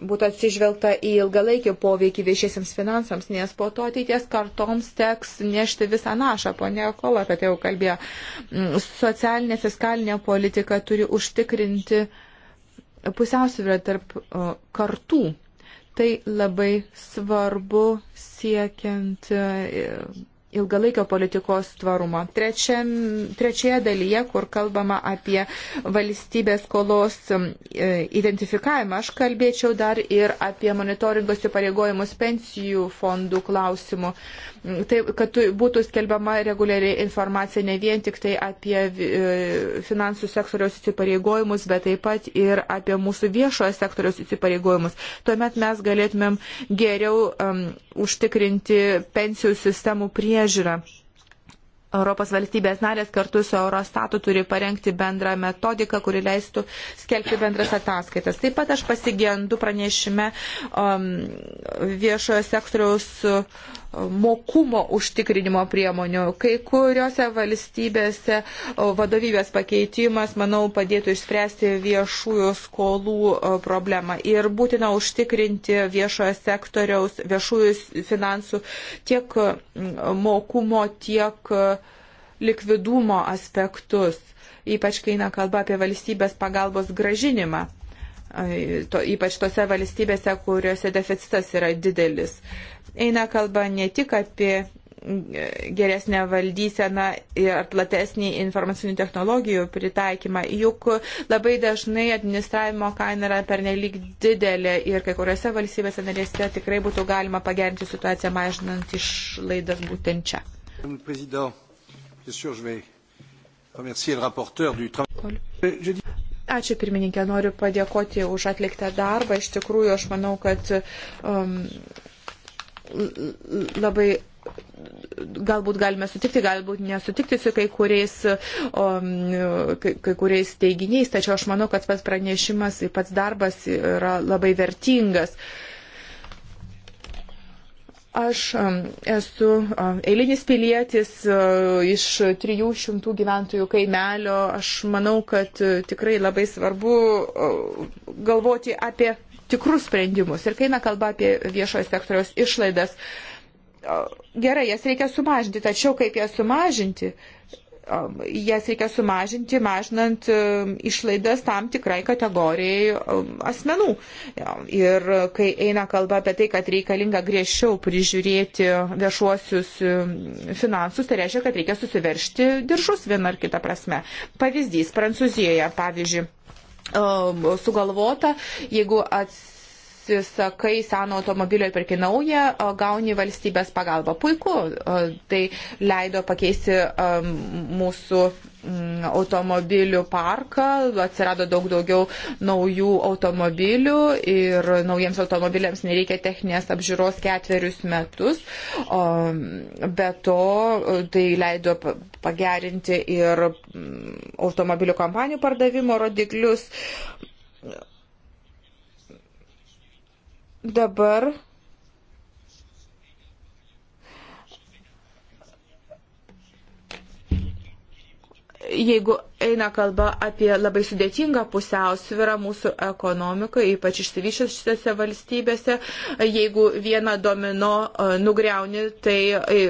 būtų atsižvelgta į ilgalaikį poveikį viešiesiams finansams, nes po to ateities kartoms teks nešti visą našą. Pone Kola apie tai jau kalbėjo. Mm, socialinė fiskalinė politika turi užtikrinti pusiausvyrą tarp uh, kartų. Tai labai svarbu siekiant uh, ilgalaikio politikos tvarumą. Trečia, trečioje dalyje, kur kalbama apie valstybės skolos um, e, identifikavimą, aš kalbėčiau dar ir apie monitoringos įpareigojimus pensijų fondų klausimų tai, kad būtų skelbiama reguliariai informacija ne vien tik tai apie e, finansų sektoriaus įsipareigojimus, bet taip pat ir apie mūsų viešojo sektoriaus įsipareigojimus. Tuomet mes galėtumėm geriau um, užtikrinti pensijų sistemų priežiūrą. Europos valstybės narės kartu su Eurostatu turi parengti bendrą metodiką, kuri leistų skelbti bendras ataskaitas. Taip pat aš pasigendu pranešime um, viešojo sektoriaus uh, mokumo užtikrinimo priemonių. Kai kuriuose valstybėse vadovybės pakeitimas, manau, padėtų išspręsti viešųjų skolų problemą. Ir būtina užtikrinti viešojo sektoriaus, viešųjų finansų tiek mokumo, tiek e, likvidumo aspektus, ypač kai eina kalba apie valstybės pagalbos gražinimą e, to, ypač tose valstybėse, kuriuose deficitas yra didelis eina kalba ne tik apie geresnę valdyseną ir platesnį informacinių technologijų pritaikymą. Juk labai dažnai administravimo kaina yra pernelyg didelė ir kai kuriuose valstybėse narėse tikrai būtų galima pagerinti situaciją, mažinant išlaidas būtent čia. Kol. Ačiū pirmininkė, noriu padėkoti už atliktą darbą. Iš tikrųjų, aš manau, kad um, labai galbūt galime sutikti, galbūt nesutikti su kai kuriais, o, um, kai, kai kuriais teiginiais, tačiau aš manau, kad pats pranešimas, pats darbas yra labai vertingas. Aš um, esu um, eilinis pilietis uh, iš 300 gyventojų kaimelio. Aš manau, kad uh, tikrai labai svarbu uh, galvoti apie tikrus sprendimus. Ir kai eina kalba apie viešojo sektoriaus išlaidas, gerai, jas reikia sumažinti, tačiau kaip jas sumažinti? Jas reikia sumažinti, mažinant e, išlaidas tam tikrai kategorijai asmenų. Ir kai eina kalba apie tai, kad reikalinga griežčiau prižiūrėti viešuosius e, finansus, tai reiškia, kad reikia susiveršti diržus vieną ar kitą prasme. Pavyzdys Prancūzijoje, pavyzdžiui Um, sugalvota, jeigu atsitiktų atsisakai seno automobilio ir perki naują, gauni valstybės pagalbą. Puiku, tai leido pakeisti um, mūsų mm, automobilių parką, atsirado daug daugiau naujų automobilių ir naujiems automobiliams nereikia techninės apžiūros ketverius metus. Be to, tai leido pagerinti ir mm, automobilių kompanijų pardavimo rodiklius dabar jeigu eina kalba apie labai sudėtingą pusiausvyrą mūsų ekonomikoje, ypač išsivyščiusiose valstybėse. Jeigu vieną domino e, nugriauni, tai e,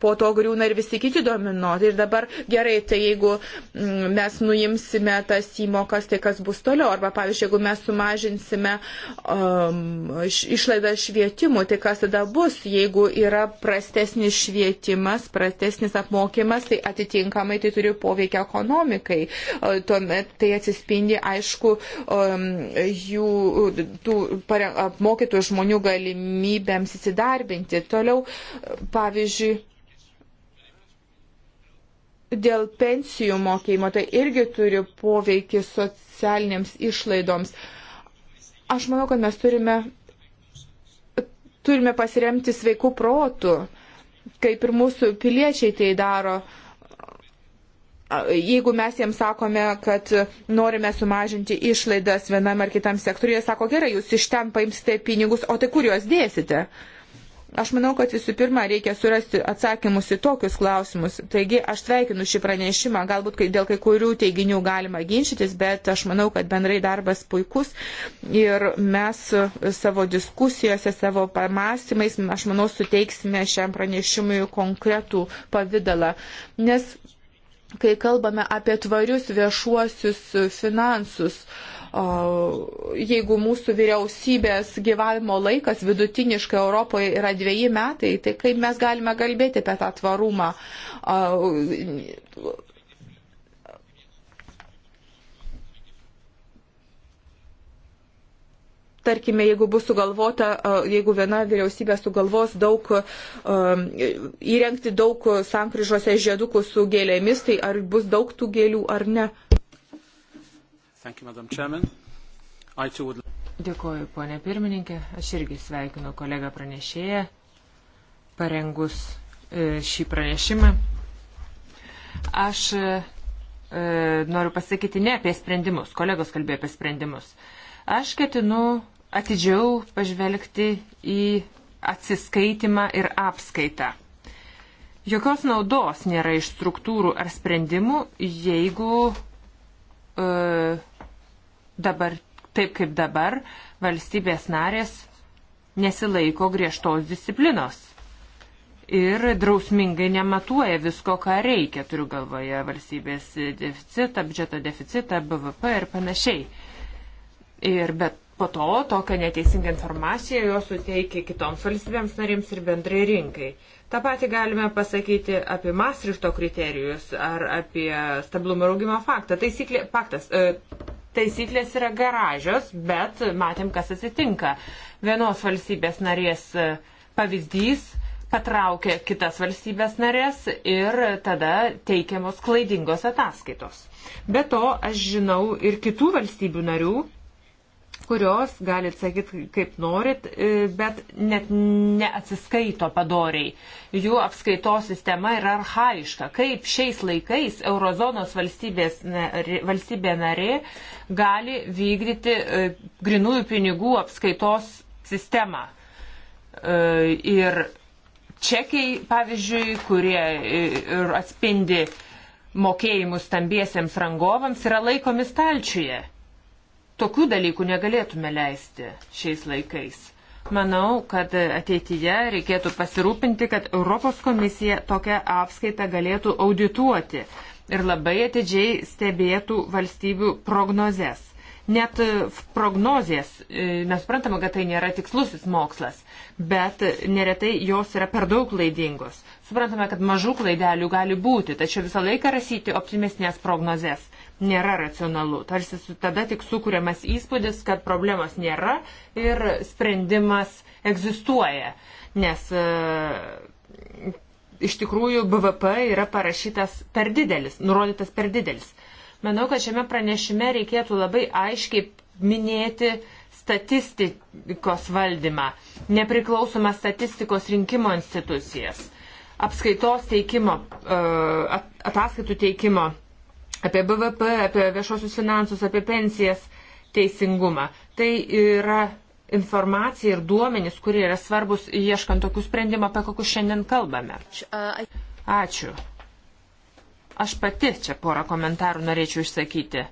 po to griūna ir visi kiti domino. Ir dabar gerai, tai jeigu mm, mes nuimsime tas įmokas, tai kas bus toliau? Arba, pavyzdžiui, jeigu mes sumažinsime um, išlaidą švietimu, tai kas tada bus? Jeigu yra prastesnis švietimas, prastesnis apmokymas, tai atitinkamai tai turi poveikį ekonomikai ekonomikai. Tuomet tai atsispindi, aišku, jų tų apmokytų žmonių galimybėms įsidarbinti. Toliau, pavyzdžiui, dėl pensijų mokėjimo, tai irgi turi poveikį socialinėms išlaidoms. Aš manau, kad mes turime, turime pasiremti sveikų protų, kaip ir mūsų piliečiai tai daro. Uh, jeigu mes jiems sakome, kad norime sumažinti išlaidas vienam ar kitam sektoriui, jie sako, gerai, jūs iš ten paimsite pinigus, o tai kur juos dėsite? Aš manau, kad visų pirma reikia surasti atsakymus į tokius klausimus. Taigi aš sveikinu šį pranešimą, galbūt dėl kai kurių teiginių galima ginčytis, bet aš manau, kad bendrai darbas puikus ir mes savo diskusijose, savo pamastymais, aš manau, suteiksime šiam pranešimui konkretų pavydalą. Nes kai kalbame apie tvarius viešuosius finansus, jeigu mūsų vyriausybės gyvavimo laikas vidutiniškai Europoje yra dviejai metai, tai kaip mes galime kalbėti apie tą tvarumą? tarkime, jeigu bus sugalvota, jeigu viena vyriausybė sugalvos daug įrengti daug sankryžose žiedukų su gėlėmis, tai ar bus daug tų gėlių ar ne? Dėkuoju, ponė pirmininkė. Aš irgi sveikinu kolegą pranešėją, parengus e, šį pranešimą. Aš e, e, noriu pasakyti ne apie sprendimus, kolegos kalbėjo apie sprendimus. Aš ketinu atidžiau pažvelgti į atsiskaitimą ir apskaitą. Jokios naudos nėra iš struktūrų ar sprendimų, jeigu e, dabar, taip kaip dabar, valstybės narės nesilaiko griežtos disciplinos ir drausmingai nematuoja visko, ką reikia, turiu galvoje valstybės deficitą, biudžeto deficitą, BVP ir panašiai. Ir bet Po to tokią neteisingą informaciją jos suteikia kitoms valstybėms narims ir bendrai rinkai. Ta pati galime pasakyti apie Maastrichto kriterijus ar apie stabilumo ir augimo faktą. Taisyklė, faktas, e, taisyklės yra garažios, bet matėm, kas atsitinka. Vienos valstybės narės e, pavyzdys patraukia kitas valstybės narės ir tada teikiamos klaidingos ataskaitos. Be to, aš žinau ir kitų valstybių narių, kurios, galit sakyti, kaip norit, e, bet net neatsiskaito padoriai. Jų apskaitos sistema yra arhaiška. Kaip šiais laikais eurozonos valstybė narė gali vykdyti e, grinųjų pinigų apskaitos sistemą. E, ir čekiai, pavyzdžiui, kurie atspindi mokėjimus stambiesiems rangovams, yra laikomi stalčiuje Tokių dalykų negalėtume leisti šiais laikais. Manau, kad ateityje reikėtų pasirūpinti, kad Europos komisija tokią apskaitą galėtų audituoti ir labai atidžiai stebėtų valstybių prognozes. Net prognozijas, e, mes suprantame, kad tai nėra tikslusis mokslas, bet neretai jos yra per daug klaidingos. Suprantame, kad mažų klaidelių gali būti, tačiau visą laiką rasyti optimesnės prognozes nėra racionalu. Tarsi su, tada tik sukūriamas įspūdis, kad problemos nėra ir sprendimas egzistuoja. Nes e, iš tikrųjų BVP yra parašytas per didelis, nurodytas per didelis. Manau, kad šiame pranešime reikėtų labai aiškiai minėti statistikos valdymą, nepriklausomą statistikos rinkimo institucijas, apskaitos teikimo, e, ataskaitų teikimo apie BVP, apie viešosius finansus, apie pensijas, teisingumą. Tai yra informacija ir duomenys, kurie yra svarbus ieškant tokių sprendimų, apie kokius šiandien kalbame. Ačiū. Aš pati čia porą komentarų norėčiau išsakyti.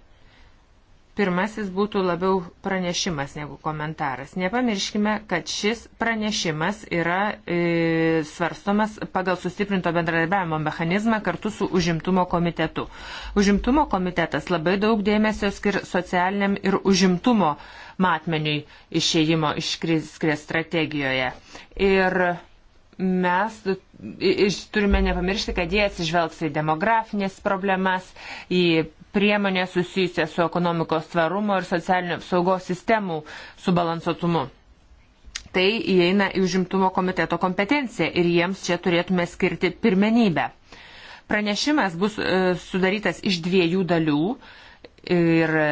Pirmasis būtų labiau pranešimas negu komentaras. Nepamirškime, kad šis pranešimas yra e, svarstomas pagal sustiprinto bendradarbiavimo mechanizmą kartu su užimtumo komitetu. Užimtumo komitetas labai daug dėmesio skir socialiniam ir užimtumo matmeniui išėjimo iš krizės strategijoje. Ir mes turime nepamiršti, kad jie atsižvelgs į demografinės problemas, į priemonė susijusia su ekonomikos tvarumo ir socialinio apsaugos sistemų subalansuotumu. Tai įeina į užimtumo komiteto kompetenciją ir jiems čia turėtume skirti pirmenybę. Pranešimas bus e, sudarytas iš dviejų dalių ir e,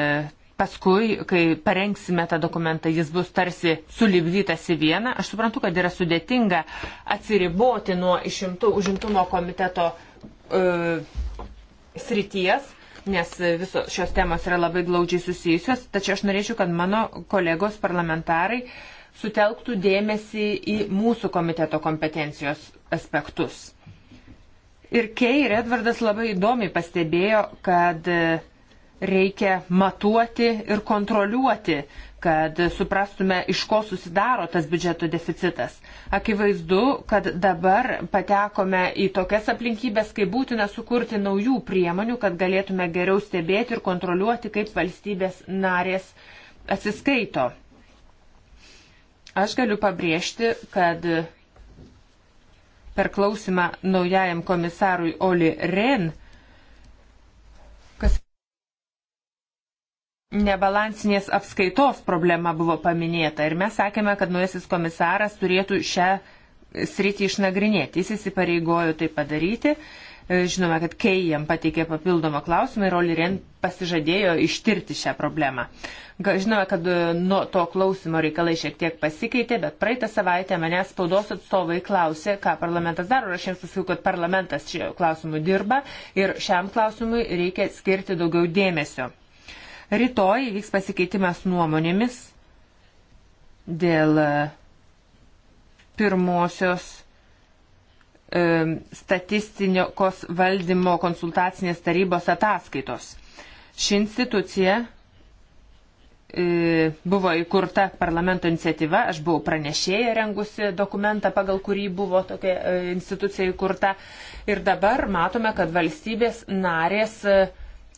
paskui, kai parengsime tą dokumentą, jis bus tarsi sulibdytas į vieną. Aš suprantu, kad yra sudėtinga atsiriboti nuo išimtų užimtumo komiteto e, srities, nes visos šios temos yra labai glaudžiai susijusios, tačiau aš norėčiau, kad mano kolegos parlamentarai sutelktų dėmesį į mūsų komiteto kompetencijos aspektus. Ir Kei ir Edvardas labai įdomiai pastebėjo, kad reikia matuoti ir kontroliuoti kad suprastume, iš ko susidaro tas biudžeto deficitas. Akivaizdu, kad dabar patekome į tokias aplinkybės, kai būtina sukurti naujų priemonių, kad galėtume geriau stebėti ir kontroliuoti, kaip valstybės narės atsiskaito. Aš galiu pabrėžti, kad per klausimą naujajam komisarui Oli Ren, Nebalansinės apskaitos problema buvo paminėta ir mes sakėme, kad naujasis komisaras turėtų šią sritį išnagrinėti. Jis įsipareigojo tai padaryti. E, žinome, kad Kei jam pateikė papildomą klausimą ir Olirien pasižadėjo ištirti šią problemą. Žinome, kad e, nuo to klausimo reikalai šiek tiek pasikeitė, bet praeitą savaitę manęs spaudos atstovai klausė, ką parlamentas daro. Aš jiems pasakiau, kad parlamentas šiuo klausimu dirba ir šiam klausimui reikia skirti daugiau dėmesio. Rytoj įvyks pasikeitimas nuomonėmis dėl e, pirmosios e, statistinės valdymo konsultacinės tarybos ataskaitos. Ši institucija e, buvo įkurta parlamento iniciatyva, aš buvau pranešėja rengusi dokumentą, pagal kurį buvo tokia e, institucija įkurta. Ir dabar matome, kad valstybės narės uh,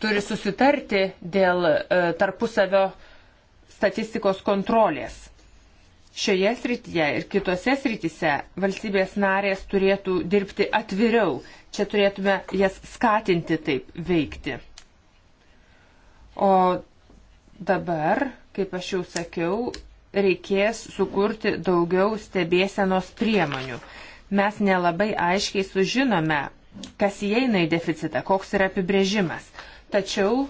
turi susitarti dėl e, tarpusavio statistikos kontrolės. Šioje srityje ir kitose srityse valstybės narės turėtų dirbti atviriau. Čia turėtume jas skatinti taip veikti. O dabar, kaip aš jau sakiau, reikės sukurti daugiau stebėsenos priemonių. Mes nelabai aiškiai sužinome, kas įeina į deficitą, koks yra apibrėžimas. Tačiau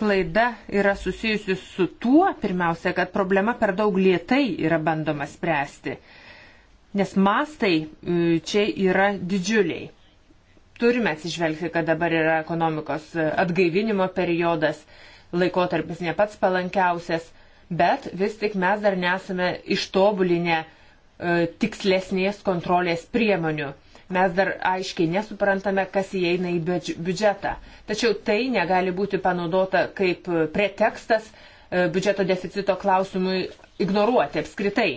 klaida yra susijusi su tuo, pirmiausia, kad problema per daug lietai yra bandoma spręsti, nes mastai e, čia yra didžiuliai. Turime atsižvelgti, kad dabar yra ekonomikos e, atgaivinimo periodas, laikotarpis ne pats palankiausias, bet vis tik mes dar nesame ištobulinę e, tikslesnės kontrolės priemonių Mes dar aiškiai nesuprantame, kas įeina į biudžetą. Tačiau tai negali būti panaudota kaip pretekstas e, biudžeto deficito klausimui ignoruoti apskritai.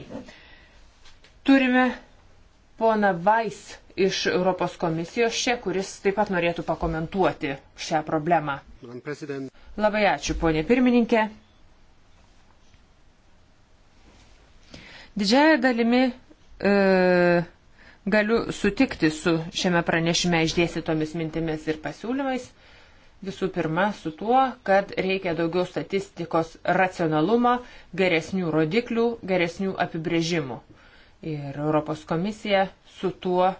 Turime poną Vais iš Europos komisijos čia, kuris taip pat norėtų pakomentuoti šią problemą. Labai ačiū, ponė pirmininkė. Didžiaja dalimi e, Galiu sutikti su šiame pranešime išdėstytomis mintimis ir pasiūlymais. Visų pirma, su tuo, kad reikia daugiau statistikos racionalumo, geresnių rodiklių, geresnių apibrėžimų. Ir Europos komisija su tuo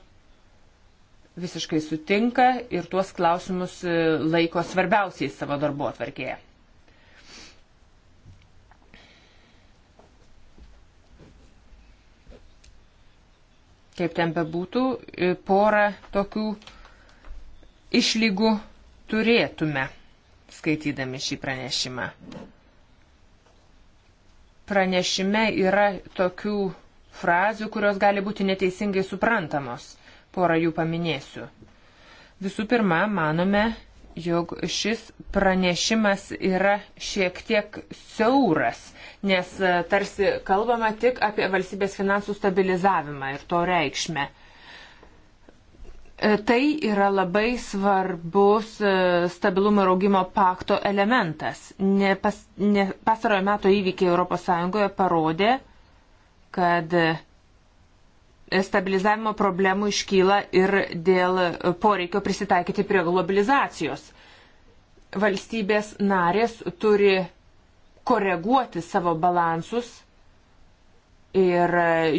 visiškai sutinka ir tuos klausimus e, laiko svarbiausiais savo darbo atvarkėje. Kaip ten bebūtų, e, porą tokių išlygų turėtume, skaitydami šį pranešimą. Pranešime yra tokių frazių, kurios gali būti neteisingai suprantamos. Porą jų paminėsiu. Visų pirma, manome, jog šis pranešimas yra šiek tiek siauras nes e, tarsi kalbama tik apie valstybės finansų stabilizavimą ir to reikšmę. E, tai yra labai svarbus e, stabilumo ir augimo pakto elementas. Ne pas, ne pastarojo meto įvykiai ES parodė, kad stabilizavimo problemų iškyla ir dėl poreikio prisitaikyti prie globalizacijos. Valstybės narės turi koreguoti savo balansus ir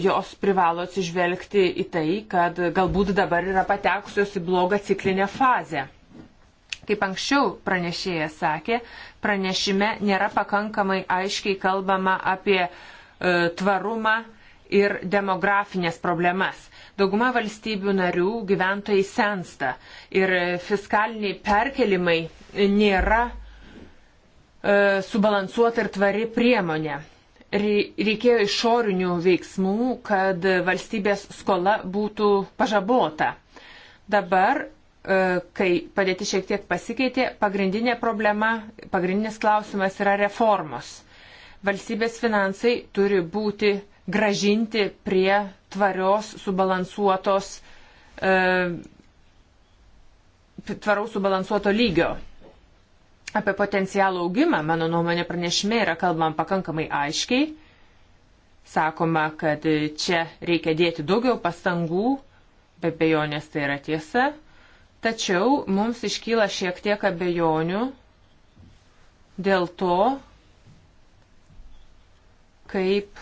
jos privalo atsižvelgti į tai, kad galbūt dabar yra patekusios į blogą ciklinę fazę. Kaip anksčiau pranešėjas sakė, pranešime nėra pakankamai aiškiai kalbama apie e, tvarumą ir demografinės problemas. Dauguma valstybių narių gyventojai sensta ir fiskaliniai perkelimai nėra e, E, subalansuota ir tvari priemonė. Reikėjo išorinių veiksmų, kad valstybės skola būtų pažabota. Dabar, e, kai padėti šiek tiek pasikeitė, pagrindinė problema, pagrindinis klausimas yra reformos. Valstybės finansai turi būti gražinti prie tvarios, subalansuotos, e, tvaraus subalansuoto lygio Apie potencialų augimą, mano nuomonė, pranešime yra kalbama pakankamai aiškiai. Sakoma, kad čia reikia dėti daugiau pastangų, be bejonės tai yra tiesa. Tačiau mums iškyla šiek tiek abejonių dėl to, kaip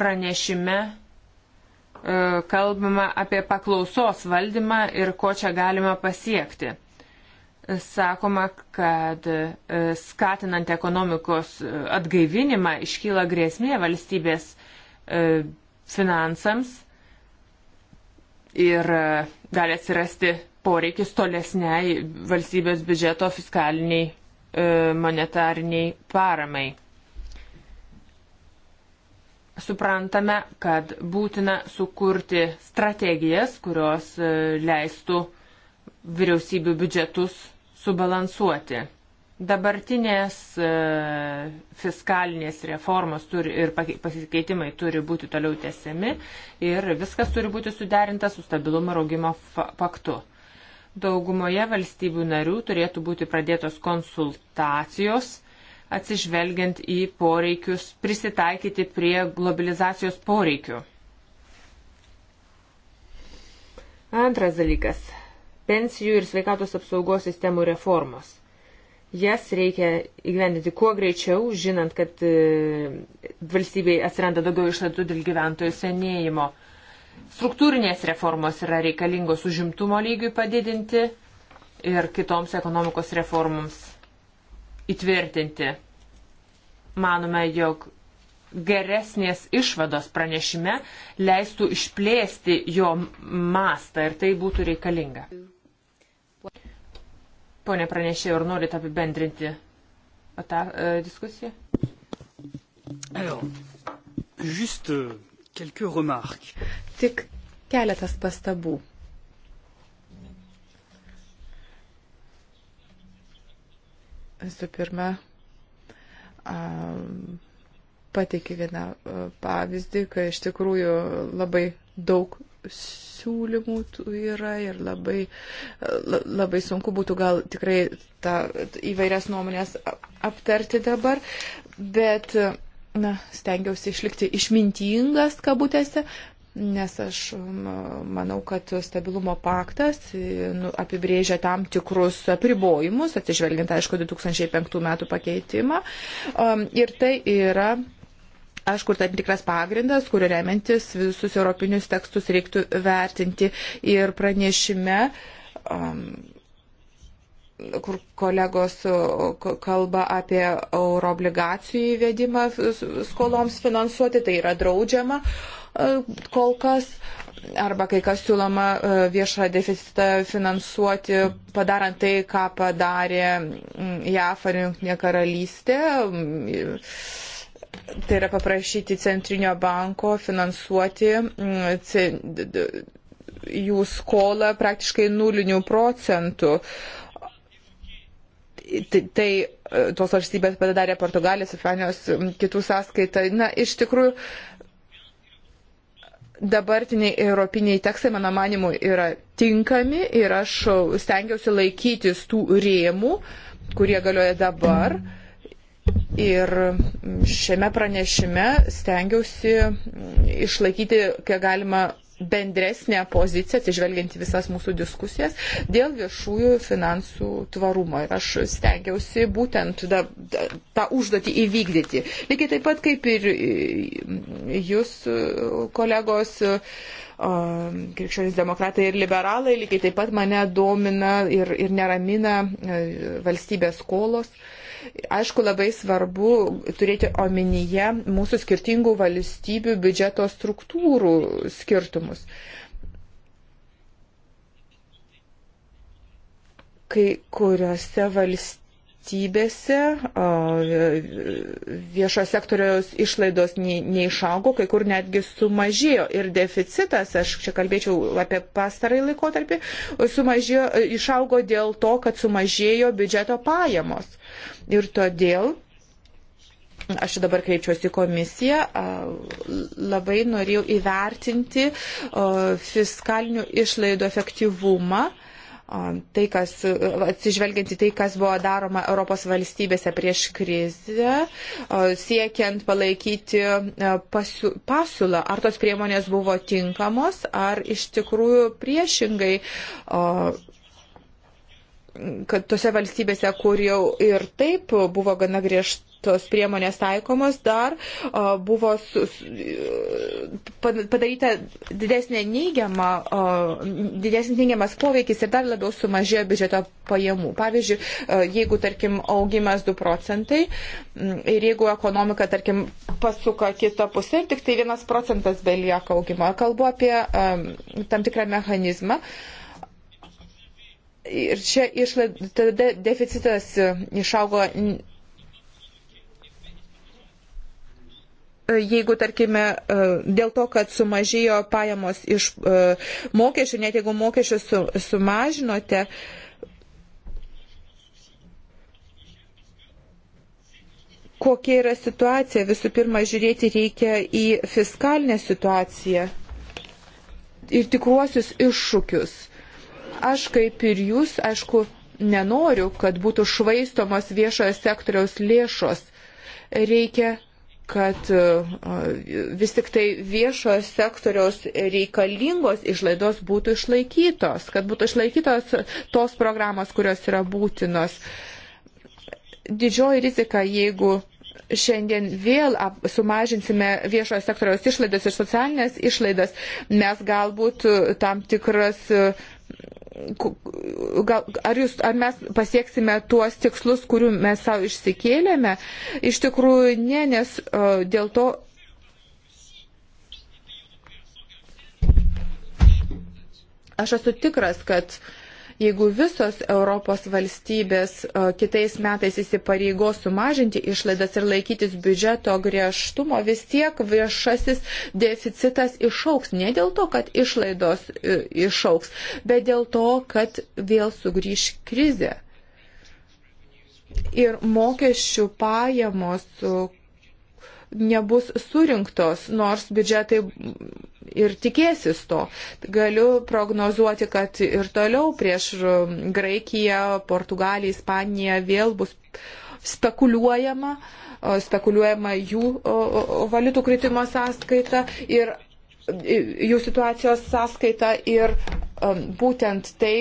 pranešime e, kalbama apie paklausos valdymą ir ko čia galima pasiekti sakoma, kad e, skatinant ekonomikos e, atgaivinimą iškyla grėsmė valstybės e, finansams ir gali atsirasti poreikis tolesniai valstybės biudžeto fiskaliniai monetariniai paramai. Suprantame, kad būtina sukurti strategijas, kurios leistų uh, vyriausybių biudžetus subalansuoti. Dabartinės e, fiskalinės reformos turi, ir pasikeitimai turi būti toliau tęsiami ir viskas turi būti suderinta su stabilumo augimo paktu. Daugumoje valstybių narių turėtų būti pradėtos konsultacijos atsižvelgiant į poreikius, prisitaikyti prie globalizacijos poreikių. Antras dalykas pensijų ir sveikatos apsaugos sistemų reformos. Jas reikia įgyvendinti kuo greičiau, žinant, kad e, valstybei atsiranda daugiau išlaidų dėl gyventojų senėjimo. Struktūrinės reformos yra reikalingos užimtumo lygiui padidinti ir kitoms ekonomikos reformoms įtvirtinti. Manome, jog geresnės išvados pranešime leistų išplėsti jo mastą ir tai būtų reikalinga. Pone pranešėjau, ar norite apibendrinti tą e, diskusiją? Alors, juste quelques remarques. Tik keletas pastabų. Visų pirma, um, pateikia vieną pavyzdį, kai iš tikrųjų labai daug siūlymų yra ir labai, labai sunku būtų gal tikrai tą įvairias nuomonės aptarti dabar, bet na, stengiausi išlikti išmintingas kabutėse. Nes aš manau, kad stabilumo paktas nu, apibrėžia tam tikrus apribojimus, atsižvelgiant, aišku, 2005 metų pakeitimą. Um, ir tai yra aišku, tam tikras pagrindas, kurio remiantis visus europinius tekstus reiktų vertinti. Ir pranešime, um, kur kolegos uh, kalba apie euroobligacijų įvedimą skoloms finansuoti, tai yra draudžiama uh, kol kas. Arba kai kas siūloma uh, viešą deficitą finansuoti, padarant tai, ką padarė mm, JAF ar Junktinė karalystė. Um, tai yra paprašyti Centrinio banko finansuoti mm, jų skolą praktiškai nulinių procentų. Tai e, tos valstybės padarė Portugalijos, Ispanijos, kitų sąskaitą. Na, iš tikrųjų, dabartiniai europiniai tekstai, mano manimu, yra tinkami ir aš stengiausi laikytis tų rėmų, kurie galioja dabar. Mm Ir šiame pranešime stengiausi išlaikyti, kiek galima, bendresnę poziciją, atsižvelgiant į visas mūsų diskusijas, dėl viešųjų finansų tvarumo. Ir aš stengiausi būtent da, da, tą užduotį įvykdyti. Lygiai taip pat kaip ir jūs, kolegos, krikščionys demokratai ir liberalai, lygiai taip pat mane domina ir, ir neramina e, valstybės skolos. Aišku, labai svarbu turėti omenyje mūsų skirtingų valstybių biudžeto struktūrų skirtumus. Kai kuriuose valstybėse valstybėse viešo sektoriaus išlaidos neišaugo, kai kur netgi sumažėjo ir deficitas, aš čia kalbėčiau apie pastarąjį laikotarpį, sumažėjo, išaugo dėl to, kad sumažėjo biudžeto pajamos. Ir todėl aš dabar kreipčiuosi į komisiją, labai norėjau įvertinti fiskalinių išlaidų efektyvumą tai, kas, atsižvelgiant į tai, kas buvo daroma Europos valstybėse prieš krizę, siekiant palaikyti pasiūlą, ar tos priemonės buvo tinkamos, ar iš tikrųjų priešingai kad tose valstybėse, kur jau ir taip buvo gana griežta tos priemonės taikomos, dar buvo padaryta didesnė neigiama, didesnis neigiamas poveikis ir dar labiau sumažėjo biudžeto pajamų. Pavyzdžiui, jeigu, tarkim, augimas 2 procentai ir jeigu ekonomika, tarkim, pasuka kitą pusę ir tik tai 1 procentas belieka augimo. Kalbu apie tam tikrą mechanizmą ir čia išlaid, tada deficitas išaugo E, jeigu, tarkime, e, dėl to, kad sumažėjo pajamos iš e, mokesčių, net jeigu mokesčius sumažinote, kokia yra situacija. Visų pirma, žiūrėti reikia į fiskalinę situaciją ir tikruosius iššūkius. Aš kaip ir jūs, aišku, nenoriu, kad būtų švaistomos viešojo sektoriaus lėšos. Reikia kad e, vis tik tai viešojo sektoriaus reikalingos išlaidos būtų išlaikytos, kad būtų išlaikytos tos programos, kurios yra būtinos. Didžioji rizika, jeigu šiandien vėl sumažinsime viešojo sektoriaus išlaidas ir socialinės išlaidas, mes galbūt e, tam tikras e, ar, jūs, ar mes pasieksime tuos tikslus, kurių mes savo išsikėlėme? Iš tikrųjų, ne, nes dėl to aš esu tikras, kad uh, Jeigu visos Europos valstybės e, kitais metais įsipareigos sumažinti išlaidas ir laikytis biudžeto griežtumo, vis tiek viešasis deficitas išauks. Ne dėl to, kad išlaidos e, išauks, bet dėl to, kad vėl sugrįž krizė. Ir mokesčių pajamos e, nebus surinktos, nors biudžetai ir tikėsis to. Galiu prognozuoti, kad ir toliau prieš um, Graikiją, Portugaliją, Ispaniją vėl bus spekuliuojama, spekuliuojama jų valiutų kritimo sąskaita ir jų situacijos sąskaita ir um, būtent tai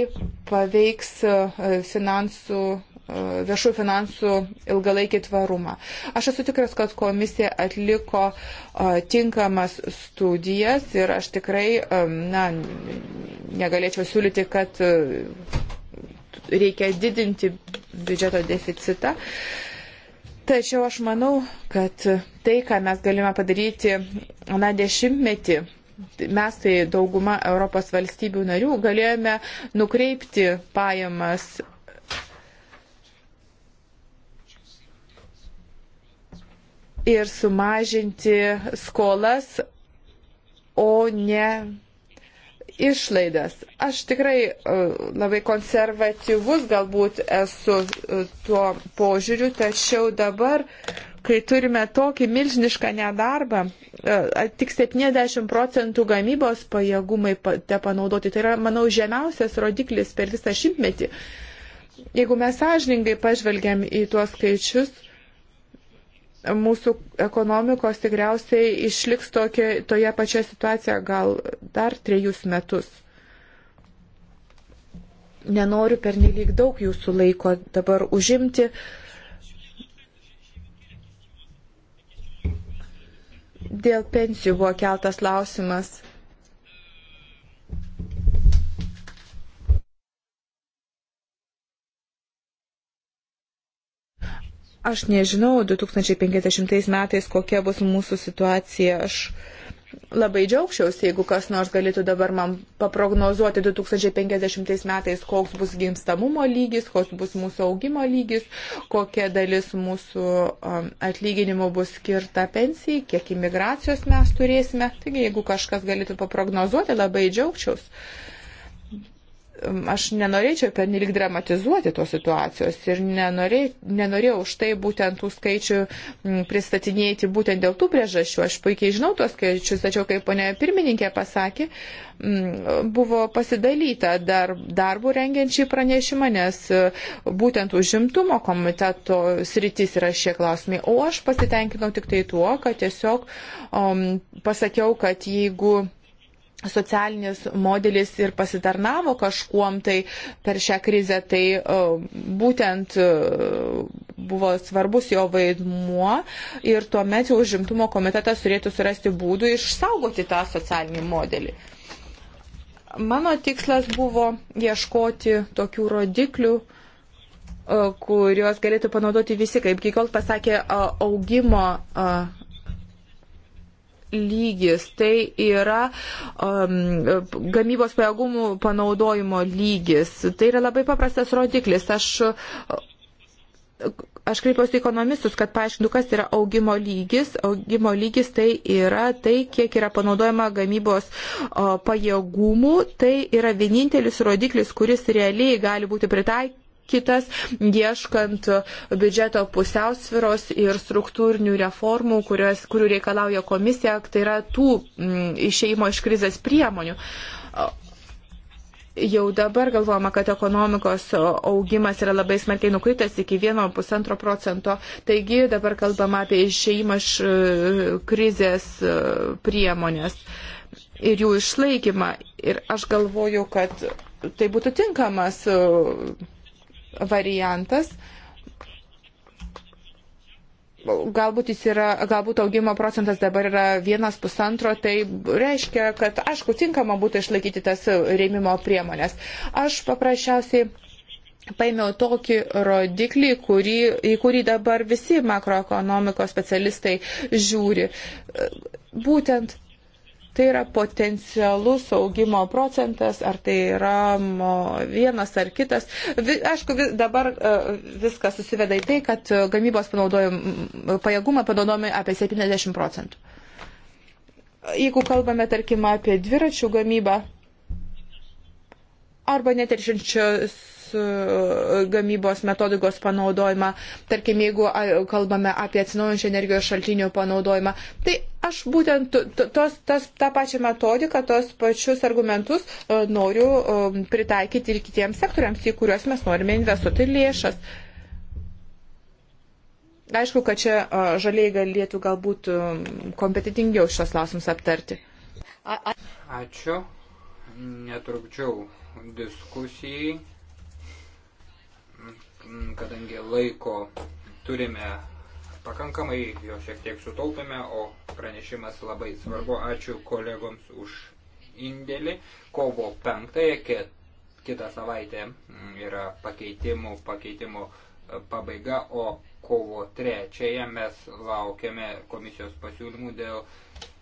paveiks uh, finansų viešų finansų ilgalaikį tvarumą. Aš esu tikras, kad komisija atliko tinkamas studijas ir aš tikrai na, negalėčiau siūlyti, kad reikia didinti biudžeto deficitą. Tačiau aš manau, kad tai, ką mes galime padaryti na dešimtmetį, mes tai dauguma Europos valstybių narių galėjome nukreipti pajamas ir sumažinti skolas, o ne išlaidas. Aš tikrai e, labai konservatyvus galbūt esu e, tuo požiūriu, tačiau dabar, kai turime tokį milžinišką nedarbą, e, tik 70 procentų gamybos pajėgumai te panaudoti, tai yra, manau, žemiausias rodiklis per visą šimtmetį. Jeigu mes sąžiningai pažvelgiam į tuos skaičius, mūsų ekonomikos tikriausiai išliks tokio, toje pačioje situacijoje gal dar trejus metus. Nenoriu pernelyg daug jūsų laiko dabar užimti. Dėl pensijų buvo keltas klausimas. Aš nežinau 2050 metais, kokia bus mūsų situacija. Aš labai džiaugčiausi, jeigu kas nors galėtų dabar man paprognozuoti 2050 metais, koks bus gimstamumo lygis, koks bus mūsų augimo lygis, kokia dalis mūsų um, atlyginimų bus skirta pensijai, kiek imigracijos mes turėsime. Taigi, jeigu kažkas galėtų paprognozuoti, labai džiaugčiausi. Aš nenorėčiau pernelik dramatizuoti tos situacijos ir nenorė, nenorėjau už tai būtent tų skaičių pristatinėti būtent dėl tų priežasčių. Aš puikiai žinau tos skaičius, tačiau kaip ponia pirmininkė pasakė, buvo pasidalyta dar, darbų rengiančiai pranešimą, nes e, būtent užimtumo komiteto sritis yra šie klausimai. O aš pasitenkinau tik tai tuo, kad tiesiog um, pasakiau, kad jeigu socialinis modelis ir pasitarnavo kažkuom tai per šią krizę, tai e, būtent e, buvo svarbus jo vaidmuo ir tuomet jau užimtumo komitetas turėtų surasti būdų išsaugoti tą socialinį modelį. Mano tikslas buvo ieškoti tokių rodiklių, e, kuriuos galėtų panaudoti visi, kaip Gikolt pasakė, augimo lygis, tai yra um, gamybos pajėgumų panaudojimo lygis. Tai yra labai paprastas rodiklis. Aš, aš kreipiuosi į ekonomistus, kad paaiškintų, kas yra augimo lygis. Augimo lygis tai yra tai, kiek yra panaudojama gamybos o, uh, pajėgumų. Tai yra vienintelis rodiklis, kuris realiai gali būti pritaikytas kitas, ieškant biudžeto pusiausviros ir struktūrinių reformų, kurios, kurių reikalauja komisija, tai yra tų mm, išeimo iš krizės priemonių jau dabar galvojama, kad ekonomikos augimas yra labai smarkiai nukritęs iki 1,5 procento. Taigi dabar kalbama apie išeimą iš e, krizės e, priemonės ir jų išlaikymą. Ir aš galvoju, kad tai būtų tinkamas e, variantas. Galbūt jis yra, galbūt augimo procentas dabar yra vienas pusantro, tai reiškia, kad aišku, tinkama būtų išlaikyti tas rėmimo priemonės. Aš paprasčiausiai paėmiau tokį rodiklį, kurį, į kurį dabar visi makroekonomikos specialistai žiūri. Būtent tai yra potencialus augimo procentas, ar tai yra vienas ar kitas. Aišku, dabar e, viskas susiveda į tai, kad gamybos pajėgumą panaudojame apie 70 procentų. Jeigu kalbame, tarkim, apie dviračių gamybą arba neteršinčius E, gamybos metodikos panaudojimą, tarkim, jeigu kalbame apie atsinaujančių energijos šaltinių panaudojimą. Tai aš būtent tos, tas, tą pačią metodiką, tos pačius argumentus e, noriu e, pritaikyti ir kitiems sektoriams, į kuriuos mes norime investuoti lėšas. Aišku, kad čia žaliai galėtų galbūt kompetitingiau šios klausimus aptarti. Ačiū. Netrukdžiau diskusijai. Mm, kadangi laiko turime pakankamai, jo šiek tiek sutaupėme, o pranešimas labai svarbu. Ačiū kolegoms už indėlį. Kovo penktąją, kitą savaitę mm, yra pakeitimų, pakeitimų e, pabaiga, o kovo trečiąją mes laukiame komisijos pasiūlymų dėl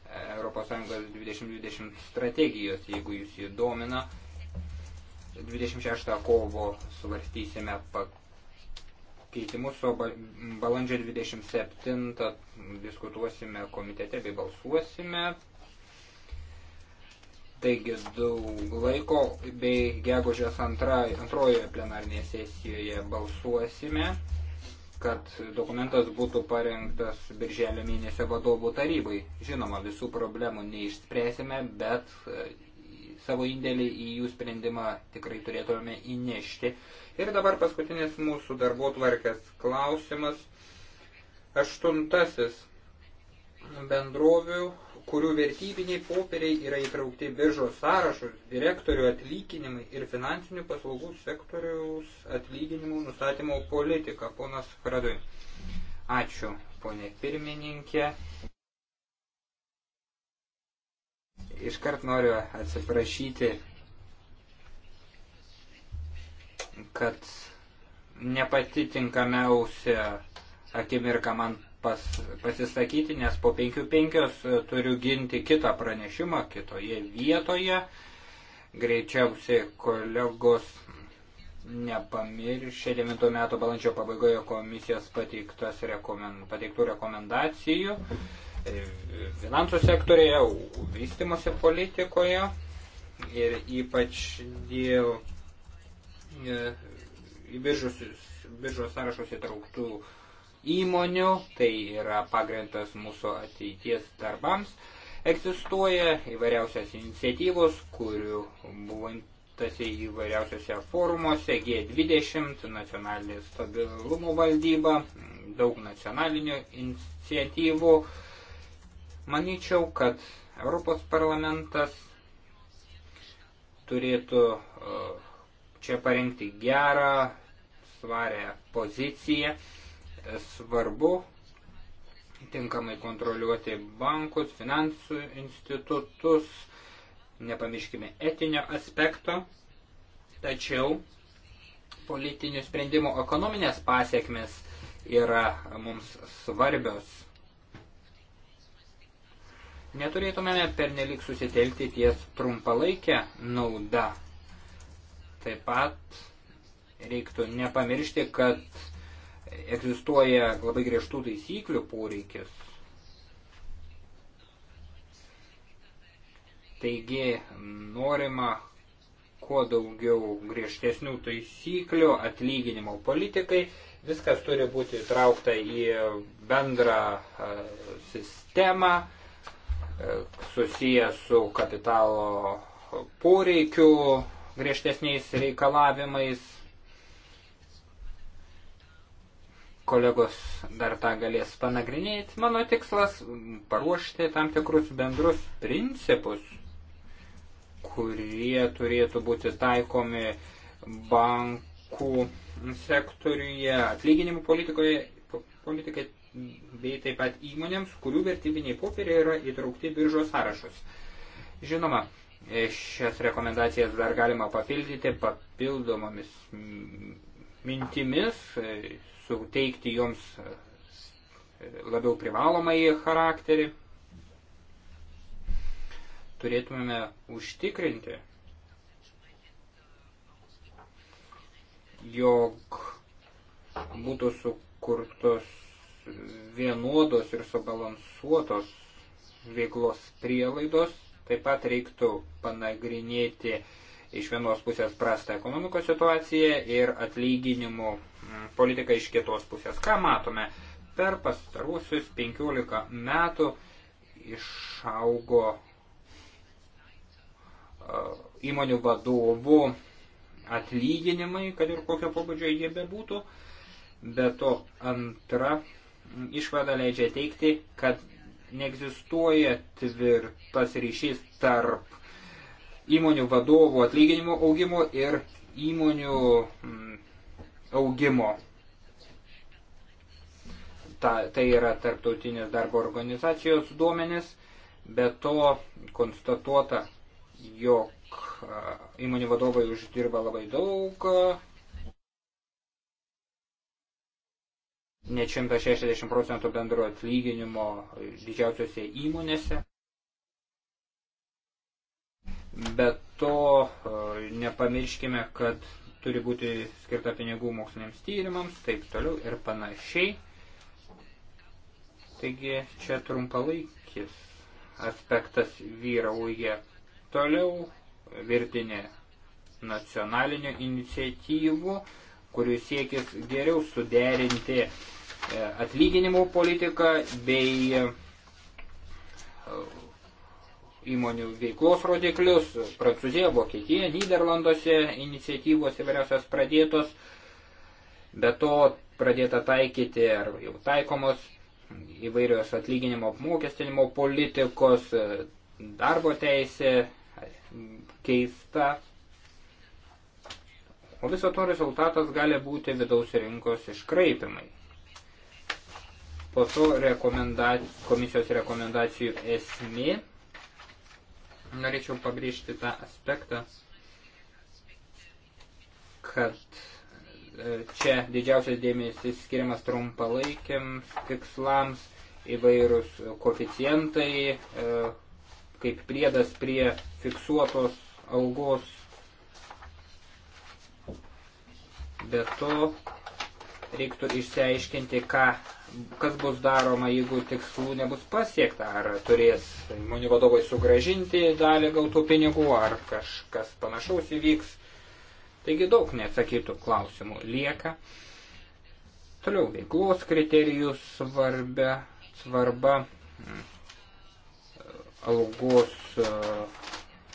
ES 2020 strategijos, jeigu jūs jį domina. 26 kovo svarstysime pakeitimą pakeitimus, o balandžio 27 diskutuosime komitete bei balsuosime. Taigi daug laiko bei gegužės antrojoje plenarnėje sesijoje balsuosime, kad dokumentas būtų parengtas birželio mėnesio vadovų tarybai. Žinoma, visų problemų neišspręsime, bet savo indėlį į jų sprendimą tikrai turėtume įnešti. Ir dabar paskutinis mūsų darbo tvarkės klausimas. Aštuntasis bendrovių, kurių vertybiniai popieriai yra įtraukti biržos sąrašus, direktorių atlyginimai ir finansinių paslaugų sektoriaus atlyginimų nustatymo politika. Ponas Fradui. Ačiū, ponė pirmininkė iškart noriu atsiprašyti, kad nepatitinkamiausia akimirka man pas, pasisakyti, nes po 5-5 e, turiu ginti kitą pranešimą kitoje vietoje. Greičiausiai kolegos nepamiršė 9 metų balandžio pabaigoje komisijos rekomen, pateiktų rekomendacijų. Mhm finansų sektorėje, vystimosi politikoje ir ypač dėl e, į biržus, biržos sąrašus įtrauktų įmonių, tai yra pagrindas mūsų ateities darbams. Egzistuoja įvairiausias iniciatyvos, kurių buvo imtasi įvairiausiose forumuose, G20, nacionalinė stabilumo valdyba, daug nacionalinių iniciatyvų. Manyčiau, kad Europos parlamentas turėtų e, čia parengti gerą, svarę poziciją. E, svarbu tinkamai kontroliuoti bankus, finansų institutus, nepamirškime etinio aspekto, tačiau politinių sprendimų ekonominės pasiekmes yra mums svarbios Neturėtumėme pernelik susitelkti ties trumpalaikę naudą. Taip pat reiktų nepamiršti, kad egzistuoja labai griežtų taisyklių poreikis. Taigi norima kuo daugiau griežtesnių taisyklių atlyginimo politikai, viskas turi būti įtraukta į bendrą sistemą, susiję su kapitalo poreikiu, griežtesniais reikalavimais. Kolegos dar tą galės panagrinėti. Mano tikslas - paruošti tam tikrus bendrus principus, kurie turėtų būti taikomi bankų sektoriuje, atlyginimų politikoje, politikai bei taip pat įmonėms, kurių vertybiniai popieriai yra įtraukti biržos sąrašus. Žinoma, e, šias rekomendacijas dar galima papildyti papildomomis mintimis, e, suteikti joms e, labiau privalomąjį charakterį. Turėtumėme užtikrinti, jog būtų sukurtos vienodos ir subalansuotos veiklos prielaidos. Taip pat reiktų panagrinėti iš vienos pusės prastą ekonomikos situaciją ir atlyginimų mm, politiką iš kitos pusės. Ką matome? Per pastarusius 15 metų išaugo įmonių vadovų atlyginimai, kad ir kokio pobūdžio jie bebūtų. Be to antra išvada leidžia teikti, kad neegzistuoja tvirtas ryšys tarp įmonių vadovų atlyginimų augimo ir įmonių mm, augimo. Ta, tai yra tarptautinės darbo organizacijos duomenis, bet to konstatuota, jog įmonių vadovai uždirba labai daug ne 160 procentų bendro atlyginimo didžiausiose įmonėse. Bet to e, nepamirškime, kad turi būti skirta pinigų moksliniams tyrimams, taip toliau ir panašiai. Taigi čia trumpalaikis aspektas vyrauja toliau virtinė nacionalinių iniciatyvų, kurių siekis geriau suderinti E, atlyginimų politiką bei e, įmonių veiklos rodiklius. Prancūzija, Vokietija, Niderlanduose iniciatyvos įvairiausios pradėtos, be to pradėta taikyti ar jau taikomos įvairios atlyginimo apmokestinimo politikos, e, darbo teisė keista. O viso to rezultatas gali būti vidaus rinkos iškraipimai. Po to rekomendac komisijos rekomendacijų esmė. Norėčiau pabrėžti tą aspektą, kad e, čia didžiausias dėmesys skiriamas trumpalaikiams tikslams, įvairūs koficientai, e, kaip priedas prie fiksuotos algos. Be to reiktų išsiaiškinti, ką kas bus daroma, jeigu tikslų nebus pasiekta, ar turės įmonių vadovai sugražinti dalį gautų pinigų, ar kažkas panašaus įvyks. Taigi daug neatsakytų klausimų lieka. Toliau veiklos kriterijų svarbia, svarba mm, algos e,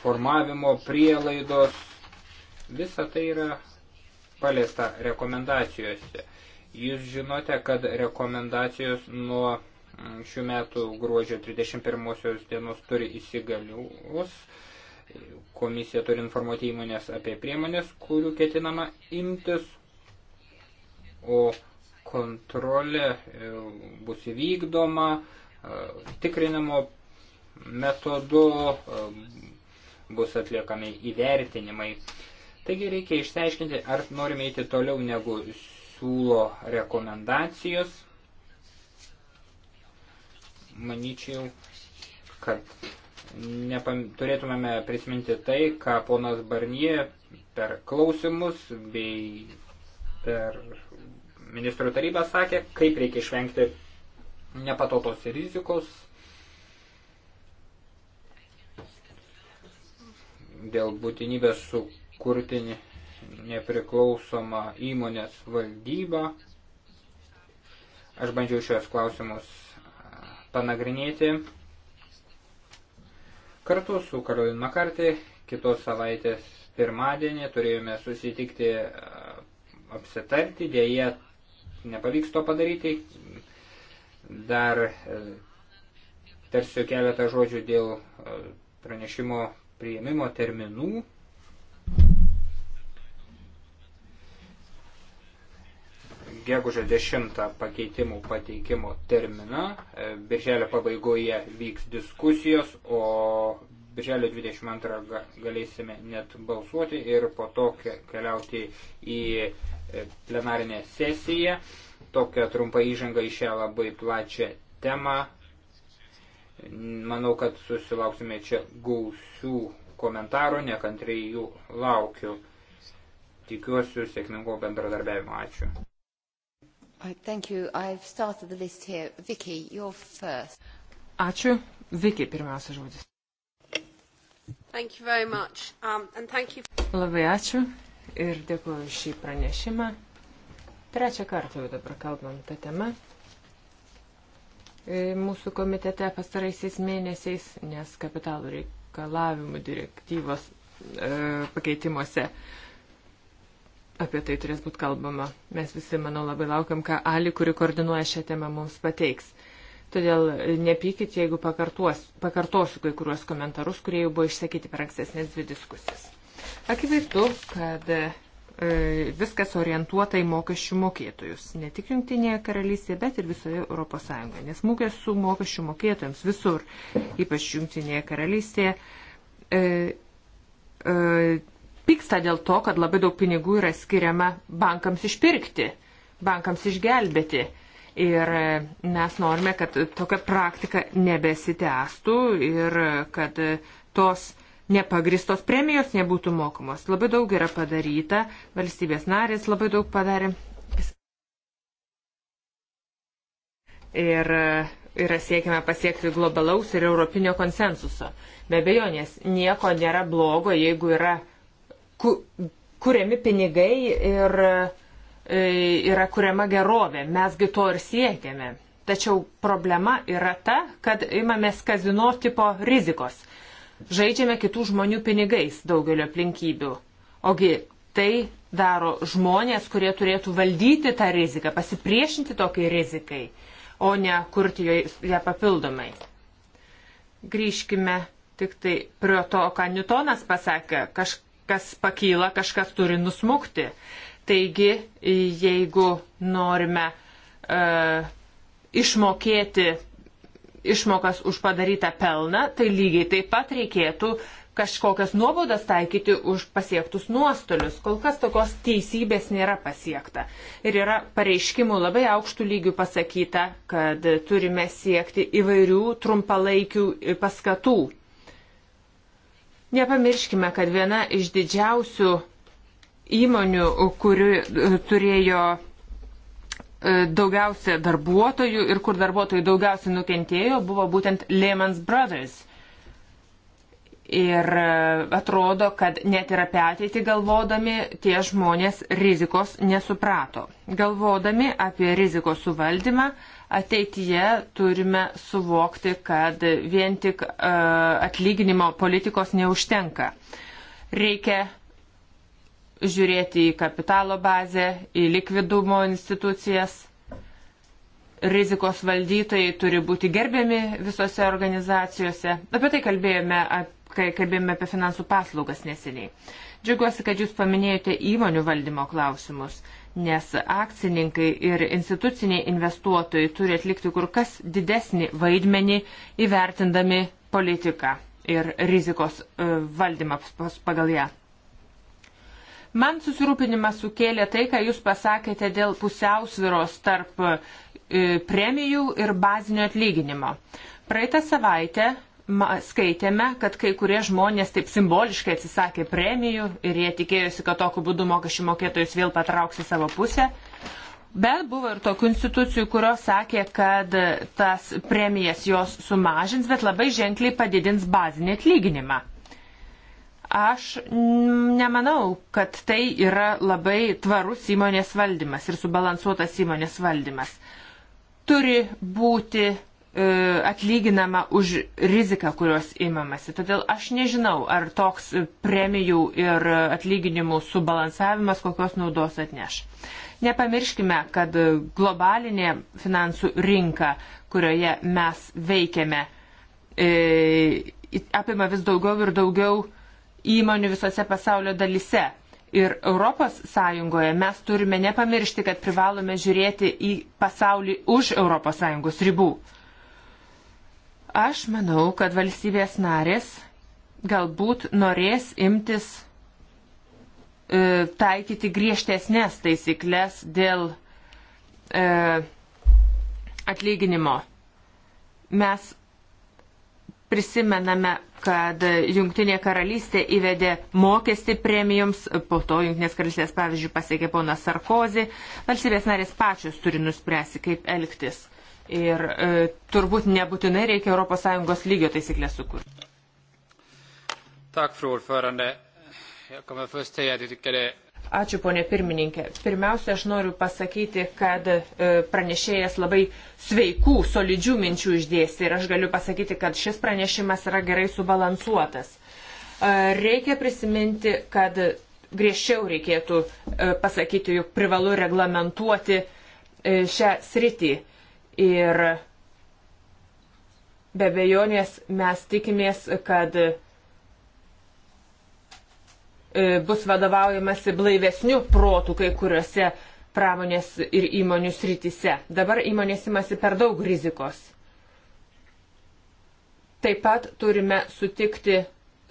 formavimo prielaidos. Visa tai yra paliesta rekomendacijose. Jūs žinote, kad rekomendacijos nuo šių metų gruodžio 31 dienos turi įsigalius. Komisija turi informuoti įmonės apie priemonės, kurių ketinama imtis, o kontrolė e, bus įvykdoma e, tikrinimo metodu, e, bus atliekami įvertinimai. Taigi reikia išsiaiškinti, ar norime eiti toliau negu siūlo rekomendacijos. Manyčiau, kad nepam, turėtumėme prisiminti tai, ką ponas Barnie per klausimus bei per ministrų tarybą sakė, kaip reikia išvengti nepatotos rizikos dėl būtinybės sukurti nepriklausoma įmonės valdyba. Aš bandžiau šios klausimus panagrinėti. Kartu su Karolin Makartė kitos savaitės pirmadienį turėjome susitikti apsitarti, dėje nepavyks to padaryti. Dar e, tarsiu keletą žodžių dėl pranešimo prieimimo terminų gegužio 10 pakeitimų pateikimo terminą. E, birželio pabaigoje vyks diskusijos, o birželio 22 galėsime net balsuoti ir po to keliauti į e, plenarinę sesiją. Tokia trumpa įžanga į šią labai plačią temą. Manau, kad susilauksime čia gausių komentarų, nekantriai jų laukiu tikiuosi sėkmingo bendradarbiavimo. Ačiū. Thank you. I've started the list here. Vicky, you're first. Ačiū. Vicky, pirmiausia žodis. Thank you very much. Um, and thank you. Labai ačiū ir dėkuoju šį pranešimą. Trečią kartą jau dabar kalbam tą temą e, mūsų komitete pastaraisiais mėnesiais, nes kapitalų reikalavimų direktyvos e, pakeitimuose apie tai turės būti kalbama. Mes visi, manau, labai laukiam, ką Ali, kuri koordinuoja šią temą, mums pateiks. Todėl nepykit, jeigu pakartosiu kai kuriuos komentarus, kurie jau buvo išsakyti per ankstesnės dvi diskusijas. Akivaizdu, kad e, viskas orientuota į mokesčių mokėtojus. Ne tik Junktinėje karalystėje, bet ir visoje ES. Nes mokės su mokesčių mokėtojams visur, ypač Junktinėje karalystėje, e, e, pyksta dėl to, kad labai daug pinigų yra skiriama bankams išpirkti, bankams išgelbėti. Ir e, mes norime, kad tokia praktika nebesitęstų ir e, kad e, tos nepagristos premijos nebūtų mokamos. Labai daug yra padaryta, valstybės narės labai daug padarė. Ir yra siekiama pasiekti globalaus ir europinio konsensuso. Be abejonės, nieko nėra blogo, jeigu yra kuriami pinigai ir e, yra kuriama gerovė. Mesgi to ir siekiame. Tačiau problema yra ta, kad imamės kazino tipo rizikos. Žaidžiame kitų žmonių pinigais daugelio aplinkybių. Ogi tai daro žmonės, kurie turėtų valdyti tą riziką, pasipriešinti tokiai rizikai, o ne kurti ją papildomai. Grįžkime tik tai prie to, ką Newtonas pasakė, kažkas kas pakyla, kažkas turi nusmukti. Taigi, jeigu norime e, išmokėti išmokas už padarytą pelną, tai lygiai taip pat reikėtų kažkokias nuobodas taikyti už pasiektus nuostolius. Kol kas tokios teisybės nėra pasiekta. Ir yra pareiškimų labai aukštų lygių pasakyta, kad turime siekti įvairių trumpalaikių paskatų Nepamirškime, kad viena iš didžiausių įmonių, kuri e, turėjo e, daugiausia darbuotojų ir kur darbuotojų daugiausia nukentėjo, buvo būtent Lehman Brothers. Ir e, atrodo, kad net ir apie ateitį galvodami tie žmonės rizikos nesuprato. Galvodami apie rizikos suvaldymą, ateityje turime suvokti, kad vien tik e, atlyginimo politikos neužtenka. Reikia žiūrėti į kapitalo bazę, į likvidumo institucijas. Rizikos valdytojai turi būti gerbiami visose organizacijose. Apie tai kalbėjome, kai kalbėjome apie finansų paslaugas neseniai. Džiaugiuosi, kad jūs paminėjote įmonių valdymo klausimus nes akcininkai ir instituciniai investuotojai turi atlikti kur kas didesnį vaidmenį įvertindami politiką ir rizikos e, valdymą pagal ją. Man susirūpinimą sukėlė tai, ką Jūs pasakėte dėl pusiausviros tarp e, premijų ir bazinio atlyginimo. Praeitą savaitę ma, skaitėme, kad kai kurie žmonės taip simboliškai atsisakė premijų ir jie tikėjosi, kad tokiu būdu mokesčių mokėtojus vėl patrauks į savo pusę. Bet buvo ir tokių institucijų, kurios sakė, kad tas premijas jos sumažins, bet labai ženkliai padidins bazinį atlyginimą. Aš nemanau, kad tai yra labai tvarus įmonės valdymas ir subalansuotas įmonės valdymas. Turi būti E, atlyginama už riziką, kurios imamasi. Todėl aš nežinau, ar toks premijų ir atlyginimų subalansavimas kokios naudos atneš. Nepamirškime, kad globalinė finansų rinka, kurioje mes veikiame, e, apima vis daugiau ir daugiau įmonių visose pasaulio dalise. Ir Europos Sąjungoje mes turime nepamiršti, kad privalome žiūrėti į pasaulį už Europos Sąjungos ribų. Aš manau, kad valstybės narės galbūt norės imtis e, taikyti griežtesnės taisyklės dėl e, atlyginimo. Mes prisimename, kad Junktinė karalystė įvedė mokestį premijoms, po to Junktinės karalystės pavyzdžių pasiekė ponas Sarkozy, valstybės narės pačios turi nuspręsti, kaip elgtis. Ir e, turbūt nebūtinai reikia ES lygio taisyklės sukurti. Tak, fru ordförande. Jag kommer först säga att jag tycker det Ačiū, ponė pirmininkė. Pirmiausia, aš noriu pasakyti, kad e, pranešėjas labai sveikų, solidžių minčių išdėsti ir aš galiu pasakyti, kad šis pranešimas yra gerai subalansuotas. E, reikia prisiminti, kad griežčiau reikėtų e, pasakyti, jog privalu reglamentuoti šią sritį Ir be bejonės mes tikimės, kad e, bus vadovaujamasi blaivesnių protų kai kuriuose pramonės ir įmonių srityse. Dabar įmonės imasi per daug rizikos. Taip pat turime sutikti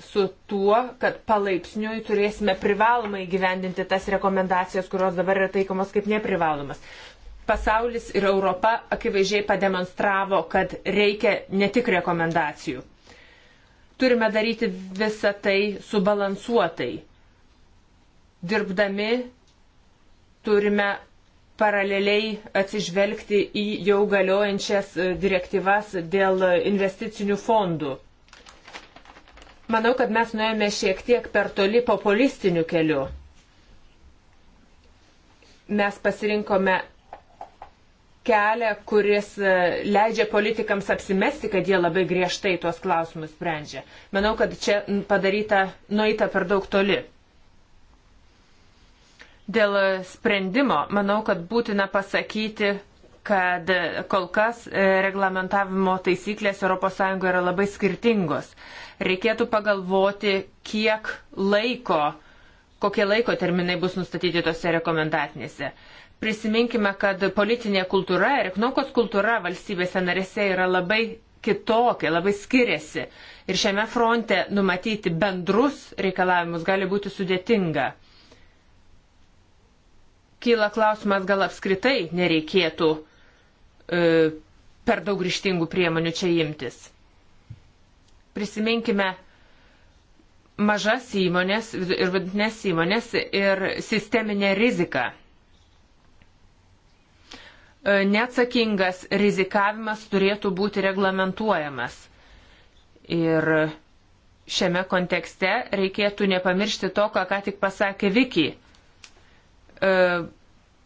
su tuo, kad palaipsniui turėsime privalomai gyvendinti tas rekomendacijas, kurios dabar yra taikomos kaip neprivalomas pasaulis ir Europa akivaizdžiai pademonstravo, kad reikia ne tik rekomendacijų. Turime daryti visą tai subalansuotai. Dirbdami turime paraleliai atsižvelgti į jau galiojančias e, direktyvas dėl investicinių fondų. Manau, kad mes nuėjome šiek tiek per toli populistiniu keliu. Mes pasirinkome kelią, kuris e, leidžia politikams apsimesti, kad jie labai griežtai tuos klausimus sprendžia. Manau, kad čia padaryta, nueita per daug toli. Dėl sprendimo, manau, kad būtina pasakyti, kad kol kas e, reglamentavimo taisyklės ES yra labai skirtingos. Reikėtų pagalvoti, kiek laiko, kokie laiko terminai bus nustatyti tose rekomendacinėse. Uh, Prisiminkime, kad politinė kultūra ir ekonomikos kultūra valstybėse narėse yra labai kitokia, labai skiriasi. Ir šiame fronte numatyti bendrus reikalavimus gali būti sudėtinga. Kyla klausimas, gal apskritai nereikėtų e, per daug ryštingų priemonių čia imtis. Prisiminkime mažas įmonės ir vidutinės įmonės ir sisteminę riziką. E, neatsakingas rizikavimas turėtų būti reglamentuojamas. Ir šiame kontekste reikėtų nepamiršti to, ką ką tik pasakė Viki. E,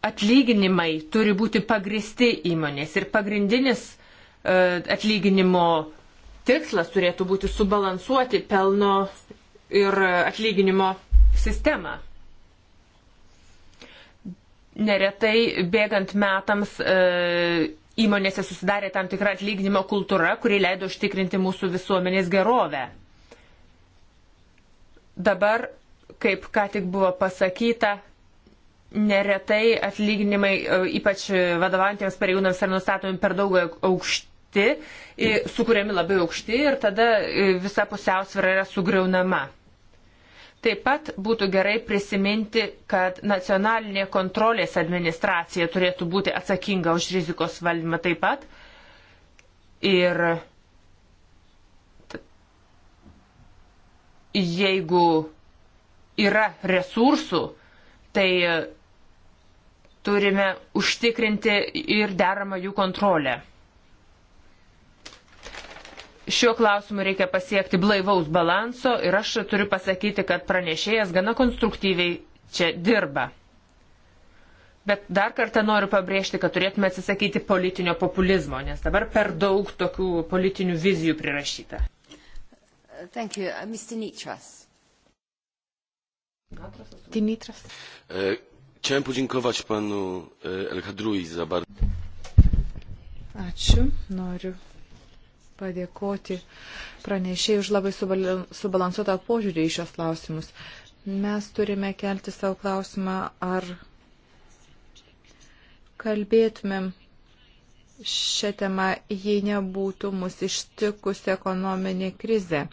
atlyginimai turi būti pagristi įmonės ir pagrindinis e, atlyginimo tikslas turėtų būti subalansuoti pelno ir atlyginimo sistemą neretai bėgant metams e, įmonėse susidarė tam tikra atlyginimo kultūra, kuri leido užtikrinti mūsų visuomenės gerovę. Dabar, kaip ką tik buvo pasakyta, neretai atlyginimai, e, ypač vadovaujantiems pareigūnams, yra nustatomi per daug aukšti, sukūrėmi labai aukšti ir tada e, visa pusiausvėra yra sugriaunama. Taip pat būtų gerai prisiminti, kad nacionalinė kontrolės administracija turėtų būti atsakinga už rizikos valdymą taip pat. Ir jeigu yra resursų, tai turime užtikrinti ir deramą jų kontrolę. Šiuo klausimu reikia pasiekti blaivaus balanso ir aš turiu pasakyti, kad pranešėjas gana konstruktyviai čia dirba. Bet dar kartą noriu pabrėžti, kad turėtume atsisakyti politinio populizmo, nes dabar per daug tokių politinių vizijų prirašyta. Thank you. Uh, Mr. Nitras. Ty Nitras. E, chciałem podziękować panu e, El Khadrui za bardzo. Ačiū. Noriu padėkoti pranešėjai už labai subalansuotą požiūrį į šios klausimus. Mes turime kelti savo klausimą, ar kalbėtumėm šią temą, jei nebūtų mus ištikusi ekonominė krizė.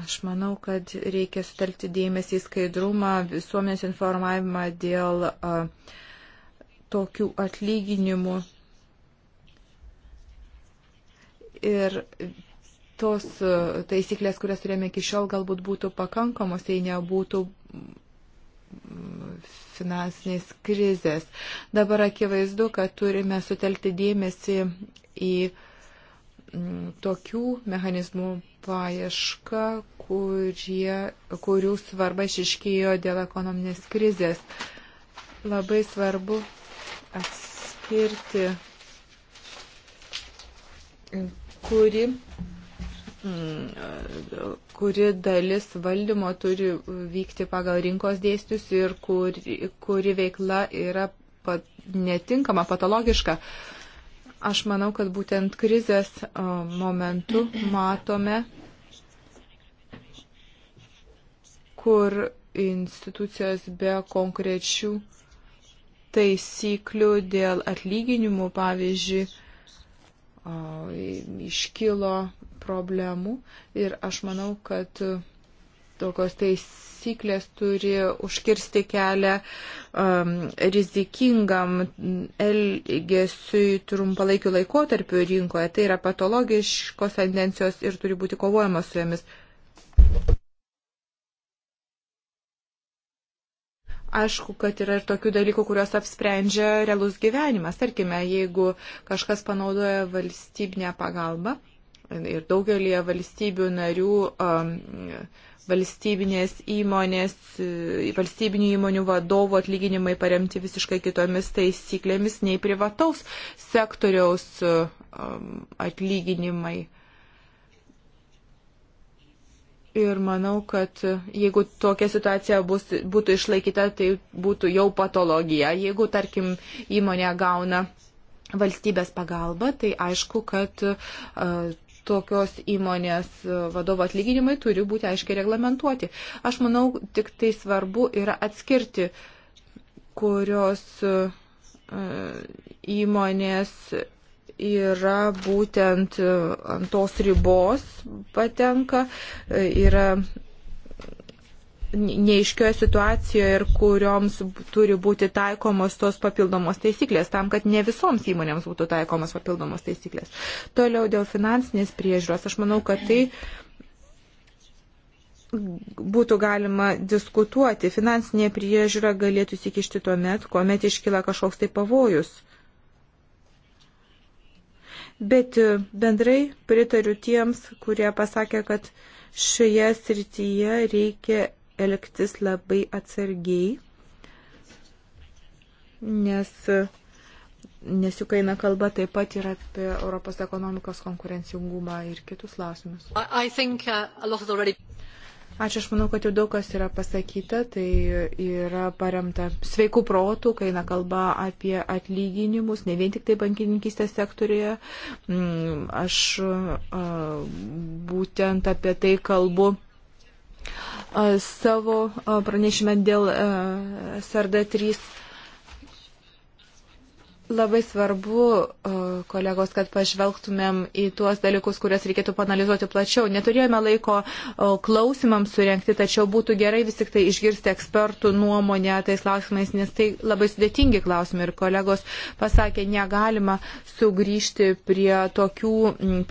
Aš manau, kad reikia sutelkti dėmesį į skaidrumą, visuomenės informavimą dėl a, tokių atlyginimų Ir tos e, taisyklės, kurias turėjome iki šiol, galbūt būtų pakankamos, jei nebūtų finansinės krizės. Dabar akivaizdu, kad turime sutelkti dėmesį į tokių mechanizmų paiešką, kurie, kurių svarba išiškėjo dėl ekonominės krizės. Labai svarbu atskirti kuri mm, kuri dalis valdymo turi vykti pagal rinkos dėsnius ir kuri, kuri veikla yra pat, netinkama, patologiška. Aš manau, kad būtent krizės momentu matome, kur institucijos be konkrečių taisyklių dėl atlyginimų, pavyzdžiui, iškilo problemų ir aš manau, kad tokios taisyklės turi užkirsti kelią um, rizikingam elgesiui trumpalaikiu laikotarpiu rinkoje. Tai yra patologiškos tendencijos ir turi būti kovojama su jomis. Aišku, kad yra ir tokių dalykų, kuriuos apsprendžia realus gyvenimas. Tarkime, jeigu kažkas panaudoja valstybinę pagalbą ir daugelie valstybių narių um, valstybinės įmonės, e, valstybinių įmonių vadovų atlyginimai paremti visiškai kitomis taisyklėmis nei privataus sektoriaus um, atlyginimai. Uh, Ir manau, kad jeigu tokia situacija bus, būtų išlaikyta, tai būtų jau patologija. Jeigu, tarkim, įmonė gauna valstybės pagalbą, tai aišku, kad uh, tokios įmonės e, vadovo atlyginimai turi būti aiškiai reglamentuoti. Aš manau, tik tai svarbu yra atskirti, kurios uh, įmonės yra būtent e, ant tos ribos patenka, e, yra neiškioje situacijoje ir kurioms turi būti taikomos tos papildomos taisyklės, tam, kad ne visoms įmonėms būtų taikomos papildomos taisyklės. Toliau dėl finansinės priežiūros, aš manau, kad tai būtų galima diskutuoti. Finansinė priežiūra galėtų įsikišti tuo met, kuomet iškyla kažkoks tai pavojus Bet bendrai pritariu tiems, kurie pasakė, kad šioje srityje reikia elgtis labai atsargiai, nes, nes juk eina kalba taip pat ir apie Europos ekonomikos konkurencingumą ir kitus klausimus. I, I think, uh, already... Ačiū, aš manau, kad jau daug kas yra pasakyta, tai yra paremta sveikų protų, kai eina kalba apie atlyginimus, ne vien tik tai bankininkystės sektorėje. Mm, aš būtent apie tai kalbu savo pranešime dėl SRD 3 Labai svarbu, kolegos, kad pažvelgtumėm į tuos dalykus, kurias reikėtų panalizuoti plačiau. Neturėjome laiko klausimams surenkti, tačiau būtų gerai vis tik tai išgirsti ekspertų nuomonę tais klausimais, nes tai labai sudėtingi klausimai. Ir kolegos pasakė, negalima sugrįžti prie tokių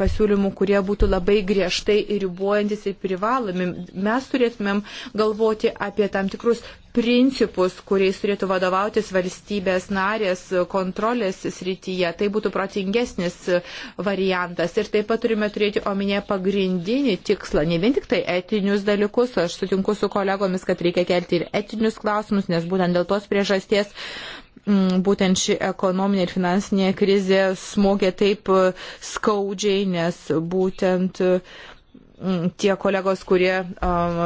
pasiūlymų, kurie būtų labai griežtai ir ribojantis ir privalomi. Mes turėtumėm galvoti apie tam tikrus principus, kuriais turėtų vadovautis valstybės narės kontrolės srityje. Tai būtų protingesnis variantas. Ir taip pat turime turėti omenyje pagrindinį tikslą, ne vien tik tai etinius dalykus. Aš sutinku su kolegomis, kad reikia kelti ir etinius klausimus, nes būtent dėl tos priežasties mm, būtent ši ekonominė ir finansinė krizė smogė taip skaudžiai, nes būtent uh, Mm, tie kolegos, kurie um,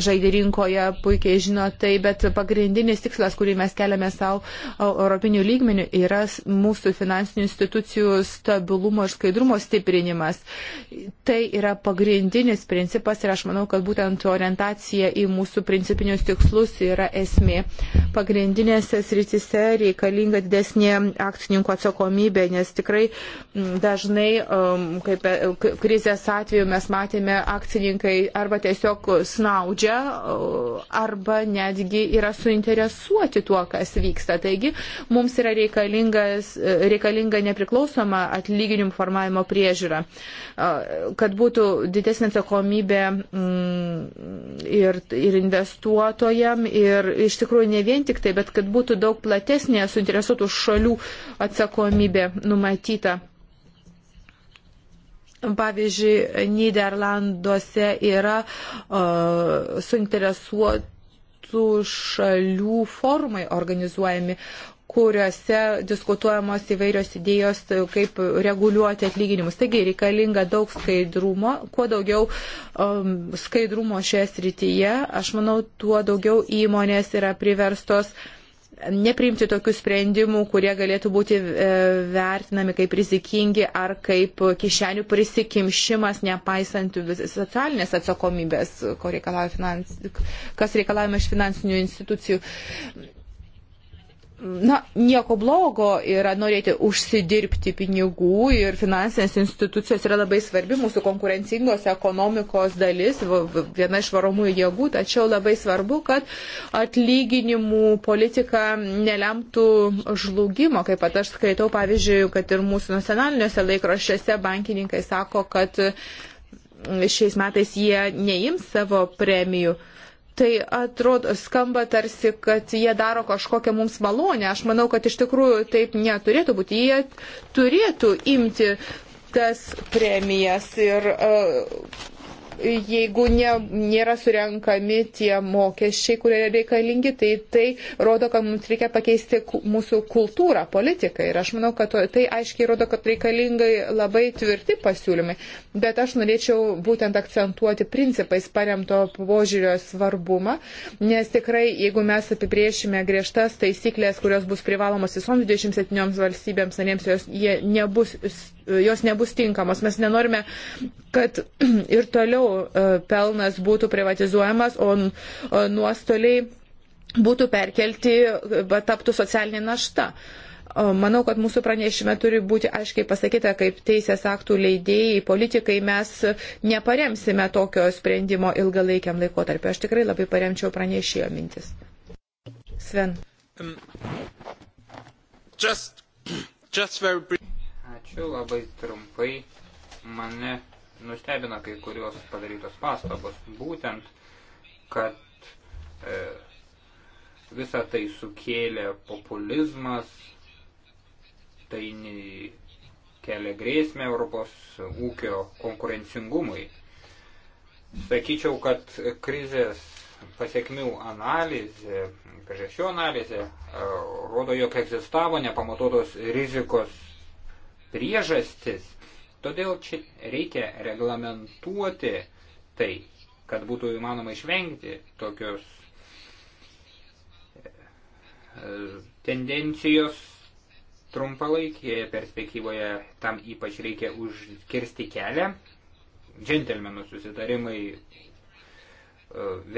žaidė rinkoje, puikiai žino tai, bet pagrindinis tikslas, kurį mes keliame savo europinių lygmenių, yra mūsų finansinių institucijų stabilumo ir skaidrumo stiprinimas. Tai yra pagrindinis principas ir aš manau, kad būtent orientacija į mūsų principinius tikslus yra esmė. Pagrindinėse sritise reikalinga didesnė akcininkų atsakomybė, nes tikrai dažnai, um, kaip e, krizės atveju mes matėme, matėme, akcininkai arba tiesiog snaudžia, arba netgi yra suinteresuoti tuo, kas vyksta. Taigi mums yra reikalinga nepriklausoma atlyginimų formavimo priežiūra, kad būtų didesnė atsakomybė mm, ir, ir investuotojam, ir iš tikrųjų ne vien tik tai, bet kad būtų daug platesnė suinteresuotų šalių atsakomybė numatyta. Pavyzdžiui, Niderlanduose yra uh, suinteresuotų šalių formai organizuojami, kuriuose diskutuojamos įvairios idėjos, e, kaip reguliuoti atlyginimus. Taigi reikalinga daug skaidrumo, kuo daugiau um, skaidrumo šioje srityje, aš manau, tuo daugiau įmonės yra priverstos uh, nepriimti tokių sprendimų, kurie galėtų būti e, vertinami kaip rizikingi ar kaip kišenių prisikimšimas, nepaisant socialinės atsakomybės, reikalauja finans... kas reikalavime iš finansinių institucijų na, nieko blogo yra norėti užsidirbti pinigų ir finansinės institucijos yra labai svarbi mūsų konkurencingos ekonomikos dalis, viena iš varomųjų jėgų, tačiau labai svarbu, kad atlyginimų politika nelemtų žlugimo. Kaip pat aš skaitau, pavyzdžiui, kad ir mūsų nacionaliniuose laikraščiuose bankininkai sako, kad šiais metais jie neims savo premijų. Uh, tai atrodo, skamba tarsi, kad jie daro kažkokią mums malonę. Aš manau, kad iš tikrųjų taip neturėtų būti. Jie turėtų imti tas premijas ir uh, jeigu ne, nėra surenkami tie mokesčiai, kurie reikalingi, tai tai rodo, kad mums reikia pakeisti mūsų kultūrą, politiką. Ir aš manau, kad tai aiškiai rodo, kad reikalingai labai tvirti pasiūlymai. Bet aš norėčiau būtent akcentuoti principais paremto požiūrio svarbumą, nes tikrai, jeigu mes apibriešime griežtas taisyklės, kurios bus privalomos visoms 27 valstybėms narėms, jos, nebus, jos nebus tinkamos. Mes nenorime, kad ir toliau toliau e, pelnas būtų privatizuojamas, o e, nuostoliai būtų perkelti, e, taptų socialinė našta. Manau, kad mūsų pranešime turi būti aiškiai pasakyta, kaip teisės aktų leidėjai, politikai mes neparemsime tokio sprendimo ilgalaikiam laikotarpiu. Aš tikrai labai paremčiau pranešėjo mintis. Sven. Um, just, just very... Ačiū labai trumpai. Mane nustebina kai kurios padarytos pastabos, būtent, kad e, visą tai sukėlė populizmas, tai kelia grėsmę Europos ūkio konkurencingumui. Sakyčiau, kad krizės pasiekmių analizė, priežasčių analizė e, rodo, jog egzistavo nepamatotos rizikos priežastis Todėl čia reikia reglamentuoti tai, kad būtų įmanoma išvengti tokios e, tendencijos trumpalaikėje perspektyvoje tam ypač reikia užkirsti kelią. Džentelmenų susitarimai e,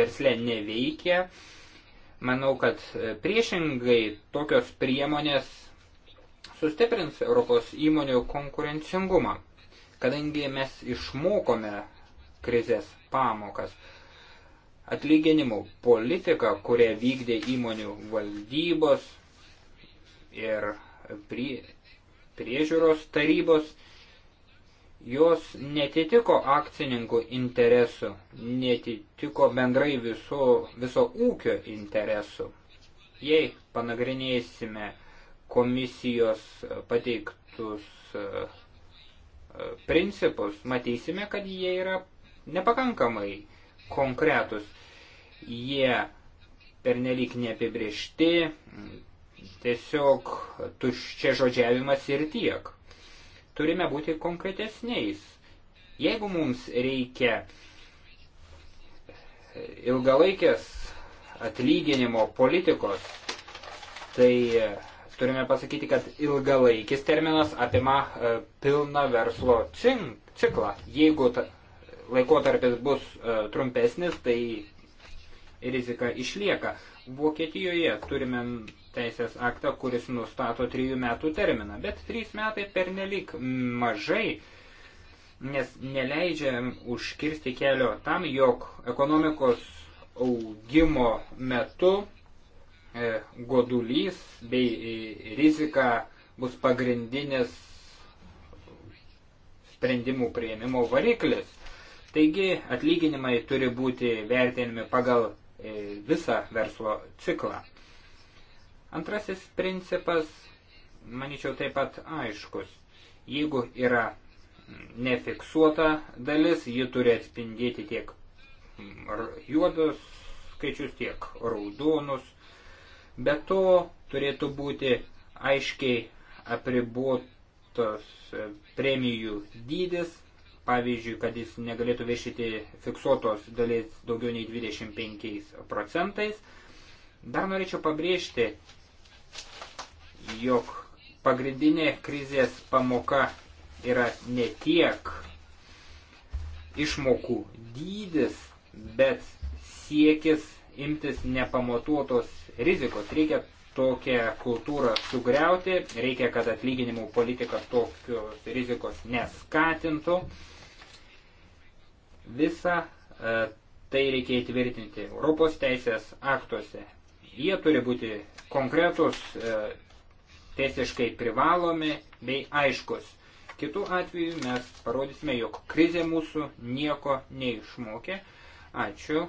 versle neveikia. Manau, kad e, priešingai tokios priemonės sustiprins Europos įmonių konkurencingumą kadangi mes išmokome krizės pamokas. Atlyginimų politika, kurią vykdė įmonių valdybos ir prie, priežiūros tarybos, jos netitiko akcininkų interesų, netitiko bendrai viso, viso ūkio interesų. Jei panagrinėsime komisijos pateiktus principus, matysime, kad jie yra nepakankamai konkretus. Jie pernelyg neapibriešti, tiesiog tuščia žodžiavimas ir tiek. Turime būti konkretesniais. Jeigu mums reikia ilgalaikės atlyginimo politikos, tai turime pasakyti, kad ilgalaikis terminas apima e, pilną verslo ciklą. Jeigu laikotarpis bus e, trumpesnis, tai rizika išlieka. Vokietijoje turime teisės aktą, kuris nustato trijų metų terminą, bet trys metai pernelyg mažai, nes neleidžia užkirsti kelio tam, jog ekonomikos augimo metu E, godulys bei e, rizika bus pagrindinis sprendimų prieimimo variklis. Taigi atlyginimai turi būti vertinami pagal e, visą verslo ciklą. Antrasis principas, manyčiau, taip pat aiškus. Jeigu yra nefiksuota dalis, ji turi atspindėti tiek juodus skaičius, tiek raudonus Be to turėtų būti aiškiai apribuotos e, premijų dydis, pavyzdžiui, kad jis negalėtų viešyti fiksuotos dalies daugiau nei 25 procentais. Dar norėčiau pabrėžti, jog pagrindinė krizės pamoka yra ne tiek išmokų dydis, bet siekis imtis nepamatuotos rizikos. Reikia tokią kultūrą sugriauti, reikia, kad atlyginimų politika tokios rizikos neskatintų. Visa e, tai reikia įtvirtinti Europos teisės aktuose. Jie turi būti konkretus, e, teisiškai privalomi bei aiškus. Kitų atveju mes parodysime, jog krizė mūsų nieko neišmokė. Ačiū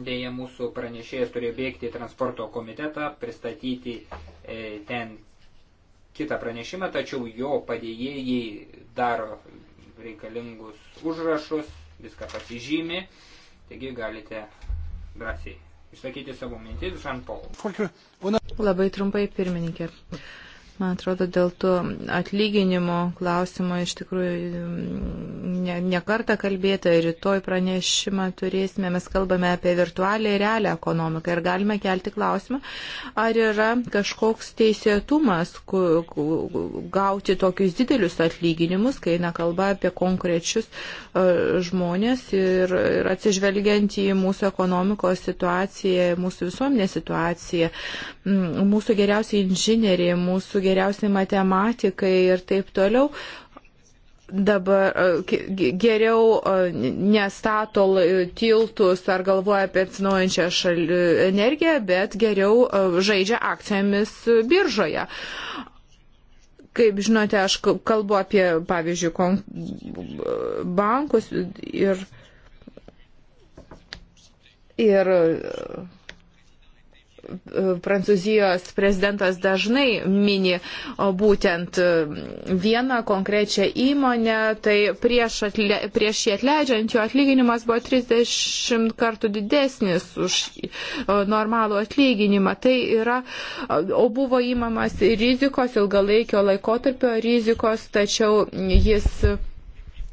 Dėja, mūsų pranešėjas turėjo bėgti į transporto komitetą, pristatyti e, ten kitą pranešimą, tačiau jo padėjėjai daro reikalingus užrašus, viską pasižymi, taigi galite drąsiai išsakyti savo mintis, Žan Paul. Labai trumpai, pirmininkė. Man atrodo, dėl to atlyginimo klausimo iš tikrųjų mm, ne, ne kartą kalbėta, rytoj pranešimą turėsime, mes kalbame apie virtualią ir realią ekonomiką ir galime kelti klausimą, ar yra kažkoks teisėtumas gauti tokius didelius atlyginimus, kai eina kalba apie konkrečius e, žmonės ir, ir atsižvelgiant į mūsų ekonomikos situaciją, mūsų visuomenės situaciją, mm, mūsų geriausiai inžinieriai, mūsų geriausiai geriausi matematikai ir taip toliau, dabar geriau nestato tiltus ar galvoja apie atsinaujančią energiją, bet geriau žaidžia akcijomis biržoje kaip žinote, aš kalbu apie, pavyzdžiui, kon... bankus ir, ir Prancūzijos prezidentas dažnai mini būtent e, vieną konkrečią įmonę, tai prieš, atle, prieš jį atleidžiant jo atlyginimas buvo 30 kartų didesnis už normalų atlyginimą. Tai yra, o buvo įmamas rizikos, ilgalaikio laikotarpio rizikos, tačiau jis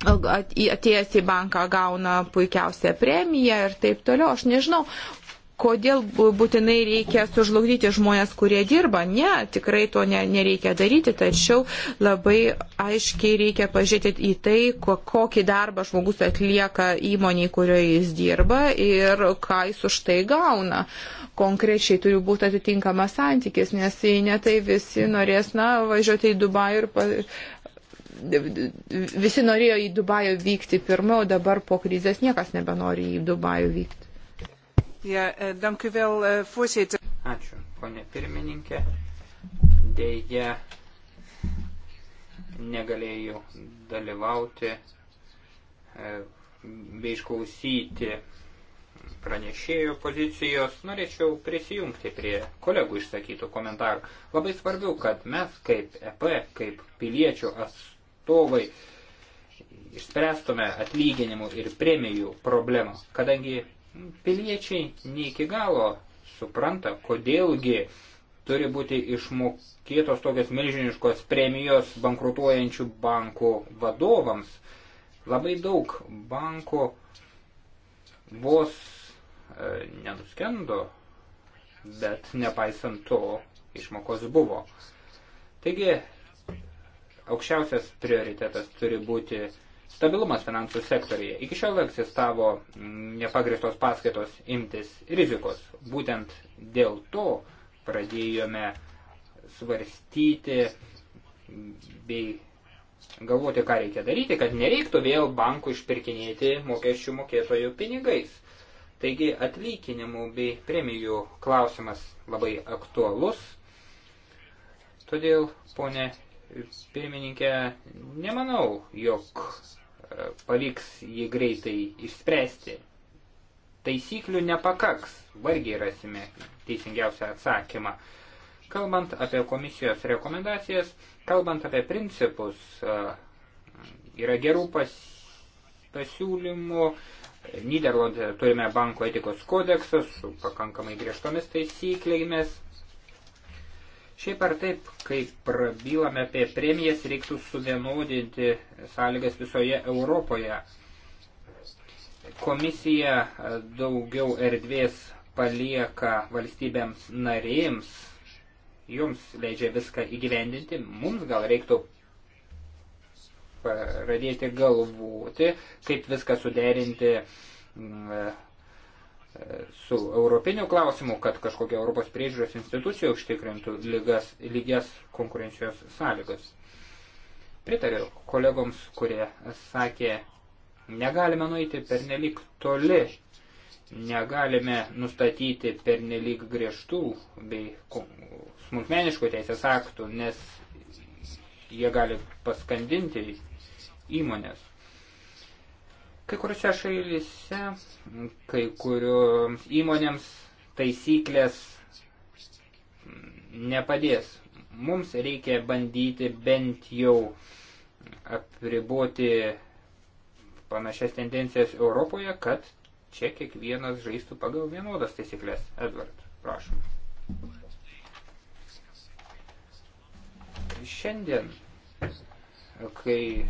atėjęs į banką gauna puikiausią premiją ir taip toliau. Aš nežinau, kodėl būtinai reikia sužlugdyti žmonės, kurie dirba. Ne, tikrai to ne, nereikia daryti, tačiau labai aiškiai reikia pažiūrėti į tai, kokį darbą žmogus atlieka įmoniai, kurioje jis dirba ir ką jis už tai gauna. Konkrečiai turi būti atitinkamas santykis, nes jei ne tai visi norės, na, važiuoti į Dubajų ir pa, visi norėjo į Dubajų vykti pirmiau, dabar po krizės niekas nebenori į Dubajų vykti. Ja, e, dank u wel, e, voorzitter. Ačiū, ponė pirmininkė. Deja, negalėjau dalyvauti e, bei išklausyti pranešėjų pozicijos, norėčiau prisijungti prie kolegų išsakytų komentarų. Labai svarbiau, kad mes kaip EP, kaip piliečių atstovai, išspręstume atlyginimų ir premijų problemą, kadangi piliečiai ne iki galo supranta, kodėlgi turi būti išmokėtos tokios milžiniškos premijos bankrutuojančių bankų vadovams. Labai daug bankų vos e, nenuskendo, bet nepaisant to išmokos buvo. Taigi, aukščiausias prioritetas turi būti Stabilumas finansų sektorija. Iki šiol egzistavo nepagristos paskaitos imtis rizikos. Būtent dėl to pradėjome svarstyti bei galvoti, ką reikia daryti, kad nereiktų vėl bankų išpirkinėti mokesčių mokėtojų pinigais. Taigi atlyginimų bei premijų klausimas labai aktualus. Todėl, ponė pirmininkė, nemanau, jog pavyks jį greitai išspręsti. Taisyklių nepakaks, vargiai rasime teisingiausią atsakymą. Kalbant apie komisijos rekomendacijas, kalbant apie principus, yra gerų pas, pasiūlymų. Niderlandė turime banko etikos kodeksą su pakankamai griežtomis taisyklėmis. Šiaip ar taip, kai prabylame apie premijas, reiktų suvienodinti sąlygas visoje Europoje. Komisija e, daugiau erdvės palieka valstybėms narėms, jums leidžia viską įgyvendinti, mums gal reiktų pradėti galvoti, kaip viską suderinti e, su europiniu klausimu, kad kažkokia Europos priežiūros institucija užtikrintų lygas, lygias konkurencijos sąlygas. Pritariu kolegoms, kurie sakė, negalime nueiti per nelik toli, negalime nustatyti per nelik griežtų bei smulkmeniškų teisės aktų, nes jie gali paskandinti įmonės. Kai kuriuose šalyse, kai kurioms įmonėms taisyklės nepadės. Mums reikia bandyti bent jau apriboti panašias tendencijas Europoje, kad čia kiekvienas žaistų pagal vienodas taisyklės. Edward, prašom. Šiandien kai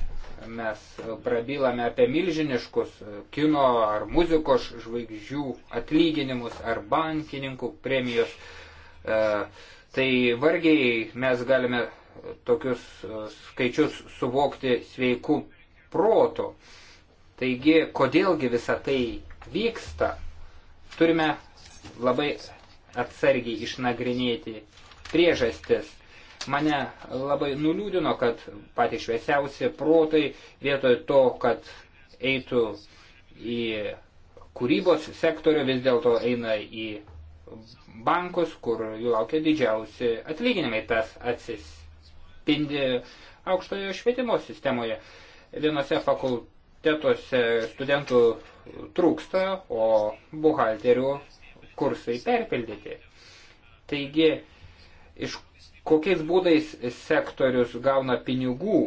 mes prabylame apie milžiniškus kino ar muzikos žvaigždžių atlyginimus ar bankininkų premijos, e, tai vargiai mes galime tokius e, skaičius suvokti sveiku protu. Taigi, kodėlgi visa tai vyksta, turime labai atsargiai išnagrinėti priežastis. Mane labai nuliūdino, kad patys šviesiausi protai vietoj to, kad eitų į kūrybos sektorių, vis dėlto eina į bankus, kur jų laukia didžiausi atlyginimai. Tas atsispindi aukštojo švietimo sistemoje. Vienose fakultetuose studentų trūksta, o buhalterių kursai perpildyti. Taigi, iš kokiais būdais sektorius gauna pinigų.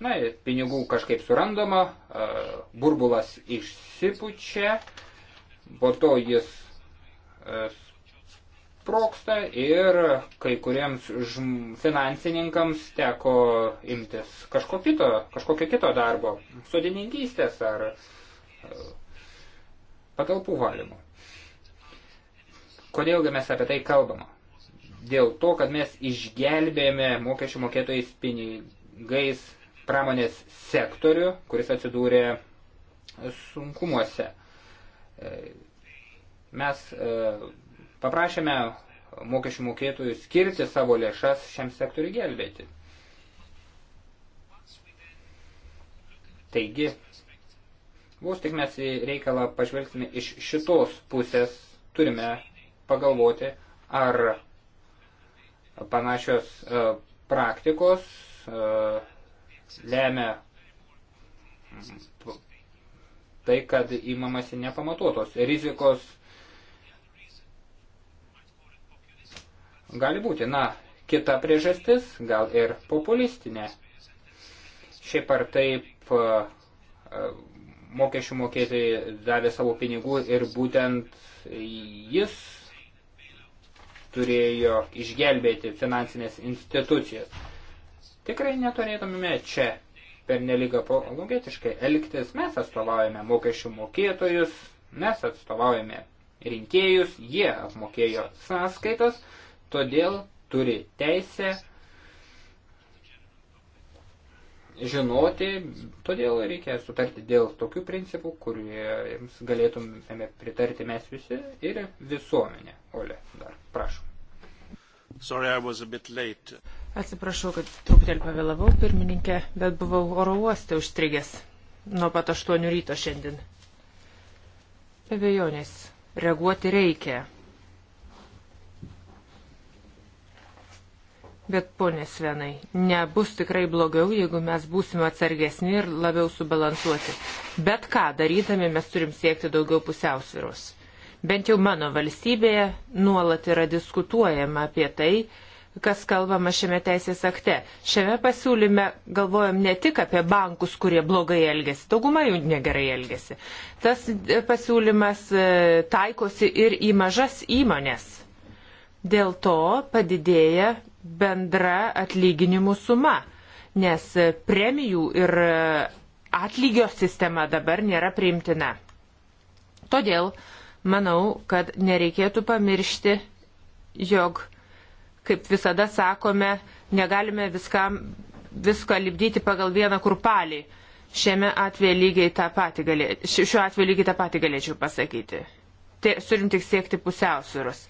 Na, pinigų kažkaip surandama, burbulas išsipučia, po to jis sproksta ir kai kuriems finansininkams teko imtis kažko kito, kažkokio kito darbo, sodininkystės ar patalpų valymo. Kodėlgi mes apie tai kalbame? dėl to, kad mes išgelbėjome mokesčių mokėtojais pinigais pramonės sektorių, kuris atsidūrė sunkumuose. E, mes e, paprašėme mokesčių mokėtojų skirti savo lėšas šiam sektoriui gelbėti. Taigi, vos tik mes į reikalą pažvelgsime iš šitos pusės, turime pagalvoti, ar Panašios e, praktikos e, lemia tai, kad įmamasi nepamatuotos rizikos gali būti. Na, kita priežastis, gal ir populistinė. Šiaip ar taip e, mokesčių mokėtojai davė savo pinigų ir būtent jis turėjo išgelbėti finansinės institucijas. Tikrai neturėtumėme čia per neligą apologietiškai elgtis. Mes atstovaujame mokesčių mokėtojus, mes atstovaujame rinkėjus, jie apmokėjo sąskaitas, todėl turi teisę žinoti, todėl reikia sutarti dėl tokių principų, kuriems galėtumėme pritarti mes visi ir visuomenė. Ole, dar prašom. Sorry, Atsiprašau, kad truputėlį pavėlavau, pirmininkė, bet buvau oro uoste užstrigęs nuo pat 8 ryto šiandien. Be abejonės, reaguoti reikia, Bet, ponė Svenai, nebus tikrai blogiau, jeigu mes būsime atsargesni ir labiau subalansuoti. Bet ką darydami mes turim siekti daugiau pusiausviros. Bent jau mano valstybėje nuolat yra diskutuojama apie tai, kas kalbama šiame teisės akte. Šiame pasiūlyme galvojam ne tik apie bankus, kurie blogai elgesi, dauguma jų negerai elgesi. Tas e, pasiūlymas e, taikosi ir į mažas įmonės. Dėl to padidėja bendra atlyginimų suma, nes premijų ir atlygio sistema dabar nėra priimtina. Todėl manau, kad nereikėtų pamiršti, jog, kaip visada sakome, negalime viskam, visko lipdyti pagal vieną kurpalį. Šiame atveju lygiai tą patį, galė, šiuo atveju lygiai tą patį galėčiau pasakyti. Tai turim tik siekti pusiausvėros.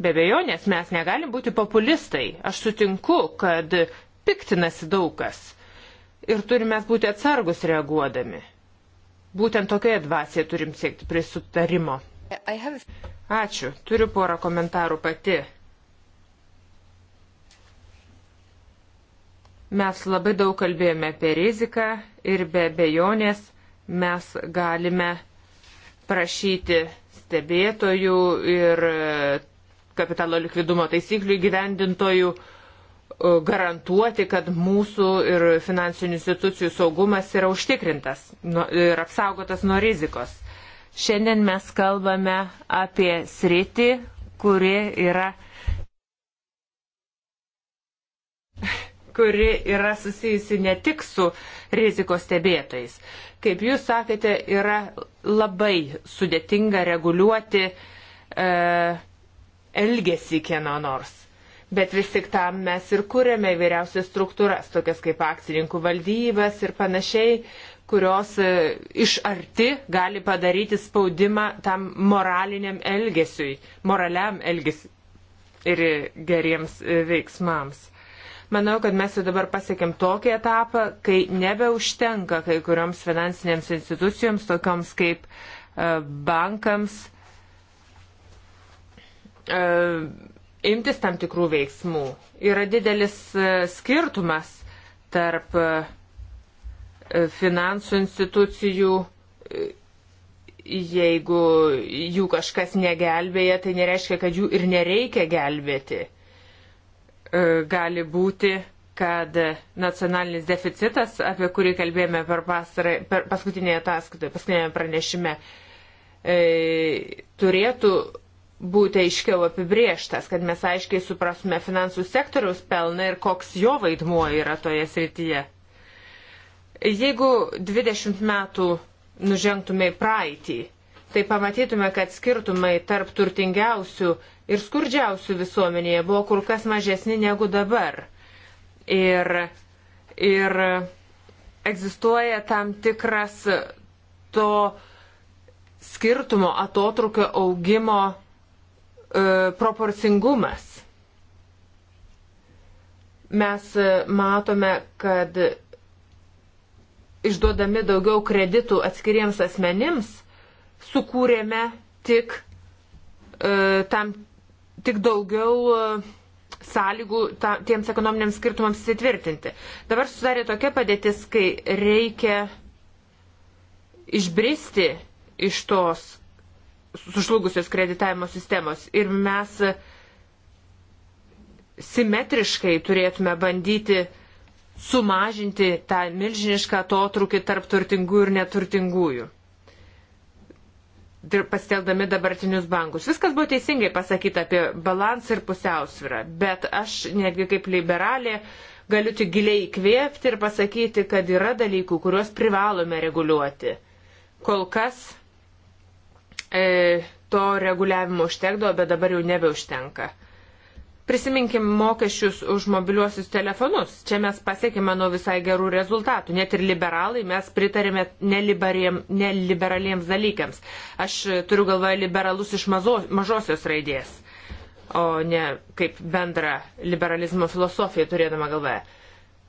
Be bejo, nes mes negalim būti populistai. Aš sutinku, kad piktinasi daugas. Ir turime būti atsargus reaguodami. Būtent tokioje dvasioje turim siekti prie sutarimo. Ačiū. Turiu porą komentarų pati. Mes labai daug kalbėjome apie riziką ir be bejonės mes galime prašyti stebėtojų ir kapitalo likvidumo taisyklių įgyvendintojų e, garantuoti, kad mūsų ir finansinių institucijų saugumas yra užtikrintas ir apsaugotas nuo rizikos. Šiandien mes kalbame apie sritį, kuri yra, kuri yra susijusi ne tik su rizikos stebėtojais. Kaip jūs sakėte, yra labai sudėtinga reguliuoti e, elgesį kieno nors. Bet vis tik tam mes ir kūrėme įvairiausias struktūras, tokias kaip akcininkų valdybas ir panašiai, kurios e, iš arti gali padaryti spaudimą tam moraliniam elgesiui, moraliam elgesiui ir geriems e, veiksmams. Manau, kad mes jau dabar pasiekėm tokį etapą, kai nebeužtenka kai kurioms finansinėms institucijoms, tokioms kaip e, bankams, E, imtis tam tikrų veiksmų. Yra didelis e, skirtumas tarp e, finansų institucijų, jeigu jų kažkas negelbėja, tai nereiškia, kad jų ir nereikia gelbėti. Gali būti, kad nacionalinis deficitas, apie kurį kalbėjome per, pasarą, per paskutinėje ataskaitoje, paskutinėje pranešime, e, turėtų būti aiškiau apibrieštas, kad mes aiškiai suprasme finansų sektoriaus pelną ir koks jo vaidmuo yra toje srityje. Jeigu 20 metų nužengtume į praeitį, tai pamatytume, kad skirtumai tarp turtingiausių ir skurdžiausių visuomenėje buvo kur kas mažesni negu dabar. Ir, ir egzistuoja tam tikras to skirtumo atotrukio augimo E, proporcingumas. Mes e, matome, kad išduodami daugiau kreditų atskiriems asmenims, sukūrėme tik, e, tam, tik daugiau e, sąlygų ta, tiems ekonominiams skirtumams įsitvirtinti. Dabar susidarė tokia padėtis, kai reikia išbristi iš tos sužlugusios kreditavimo sistemos. Ir mes simetriškai turėtume bandyti sumažinti tą milžinišką atotrukį tarp turtingų ir neturtingųjų pasiteldami dabartinius bankus. Viskas buvo teisingai pasakyta apie balansą ir pusiausvyrą, bet aš netgi kaip liberalė galiu tik giliai įkvėpti ir pasakyti, kad yra dalykų, kuriuos privalome reguliuoti. Kol kas e, to reguliavimo užtekdavo, bet dabar jau nebeužtenka. Prisiminkim mokesčius už mobiliuosius telefonus. Čia mes pasiekime nuo visai gerų rezultatų. Net ir liberalai mes pritarėme neliberaliems dalykams. Aš turiu galvoje liberalus iš mazo, mažosios raidės, o ne kaip bendrą liberalizmo filosofiją turėdama galvoje.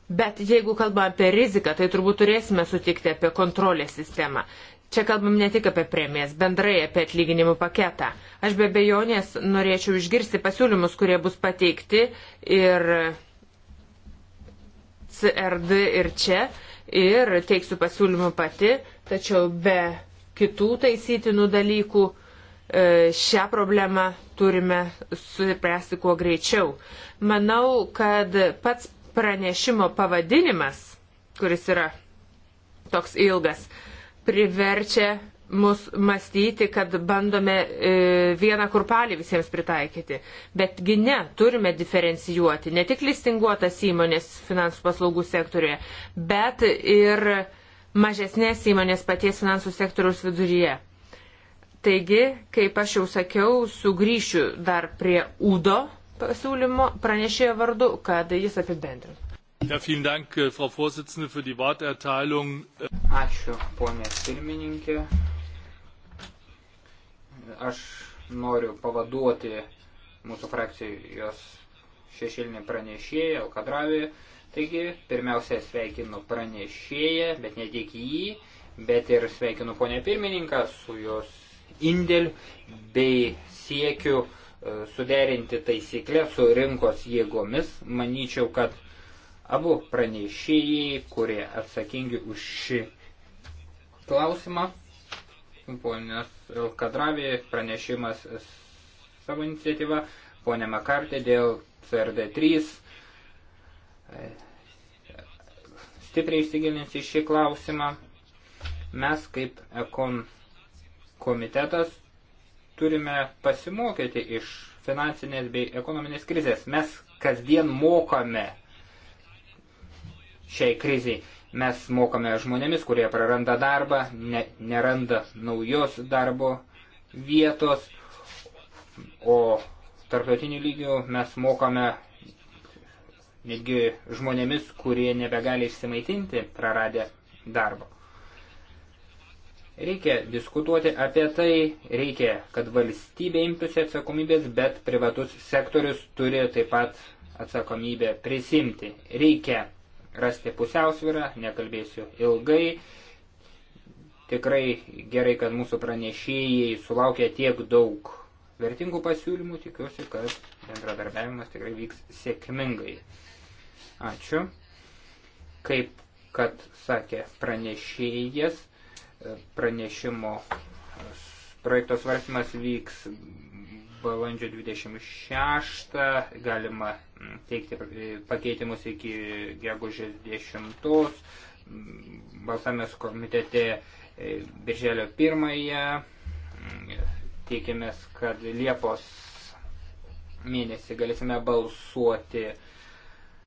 Bet jeigu kalbame apie riziką, tai turbūt turėsime sutikti apie kontrolės sistemą. Čia kalbam ne tik apie premijas, bendrai apie atlyginimų paketą. Aš be bejonės norėčiau išgirsti pasiūlymus, kurie bus pateikti ir CRD ir čia, ir teiksiu pasiūlymų pati, tačiau be kitų taisytinų dalykų e, šią problemą turime susipręsti kuo greičiau. Manau, kad pats pranešimo pavadinimas, kuris yra toks ilgas, priverčia mus mąstyti, kad bandome e, vieną kurpalį visiems pritaikyti. Betgi ne, turime diferencijuoti ne tik listinguotas įmonės finansų paslaugų sektoriuje, bet ir mažesnės įmonės paties finansų sektoriaus viduryje. Taigi, kaip aš jau sakiau, sugrįšiu dar prie Udo pasiūlymo pranešėjo vardu, kad jis apibendrins. Ja, vielen Dank, äh, Frau Vorsitzende, für die Worterteilung. Ačiū, ponė pirmininkė. Aš noriu pavaduoti mūsų frakcijos šešėlinį pranešėją, Alkadravį. Taigi, pirmiausia, sveikinu pranešėją, bet ne tik jį, bet ir sveikinu ponę pirmininką su jos indėliu bei siekiu e, suderinti taisyklę su rinkos jėgomis. Manyčiau, kad Abu pranešėjai, kurie atsakingi už šį klausimą, ponios Kadravė pranešimas savo iniciatyva, ponė Makartė dėl CRD3 stipriai įsigilins į šį klausimą. Mes kaip ekon komitetas turime pasimokyti iš finansinės bei ekonominės krizės. Mes kasdien mokame uh, šiai kriziai. Mes mokame žmonėmis, kurie praranda darbą, ne, neranda naujos darbo vietos, o tarptautinių lygių mes mokame netgi žmonėmis, kurie nebegali išsimaitinti praradę darbo. Reikia diskutuoti apie tai, reikia, kad valstybė imtųsi atsakomybės, bet privatus sektorius turi taip pat atsakomybę prisimti. Reikia rasti pusiausvyrą, nekalbėsiu ilgai. Tikrai gerai, kad mūsų pranešėjai sulaukia tiek daug vertingų pasiūlymų, tikiuosi, kad bendradarbiavimas tikrai vyks sėkmingai. Ačiū. Kaip, kad sakė pranešėjas, pranešimo projekto svarstymas vyks balandžio 26 galima mm, teikti pakeitimus iki gegužės 10. Mm, balsamės komitete e, birželio 1. Mm, tikimės, kad Liepos mėnesį galėsime balsuoti uh,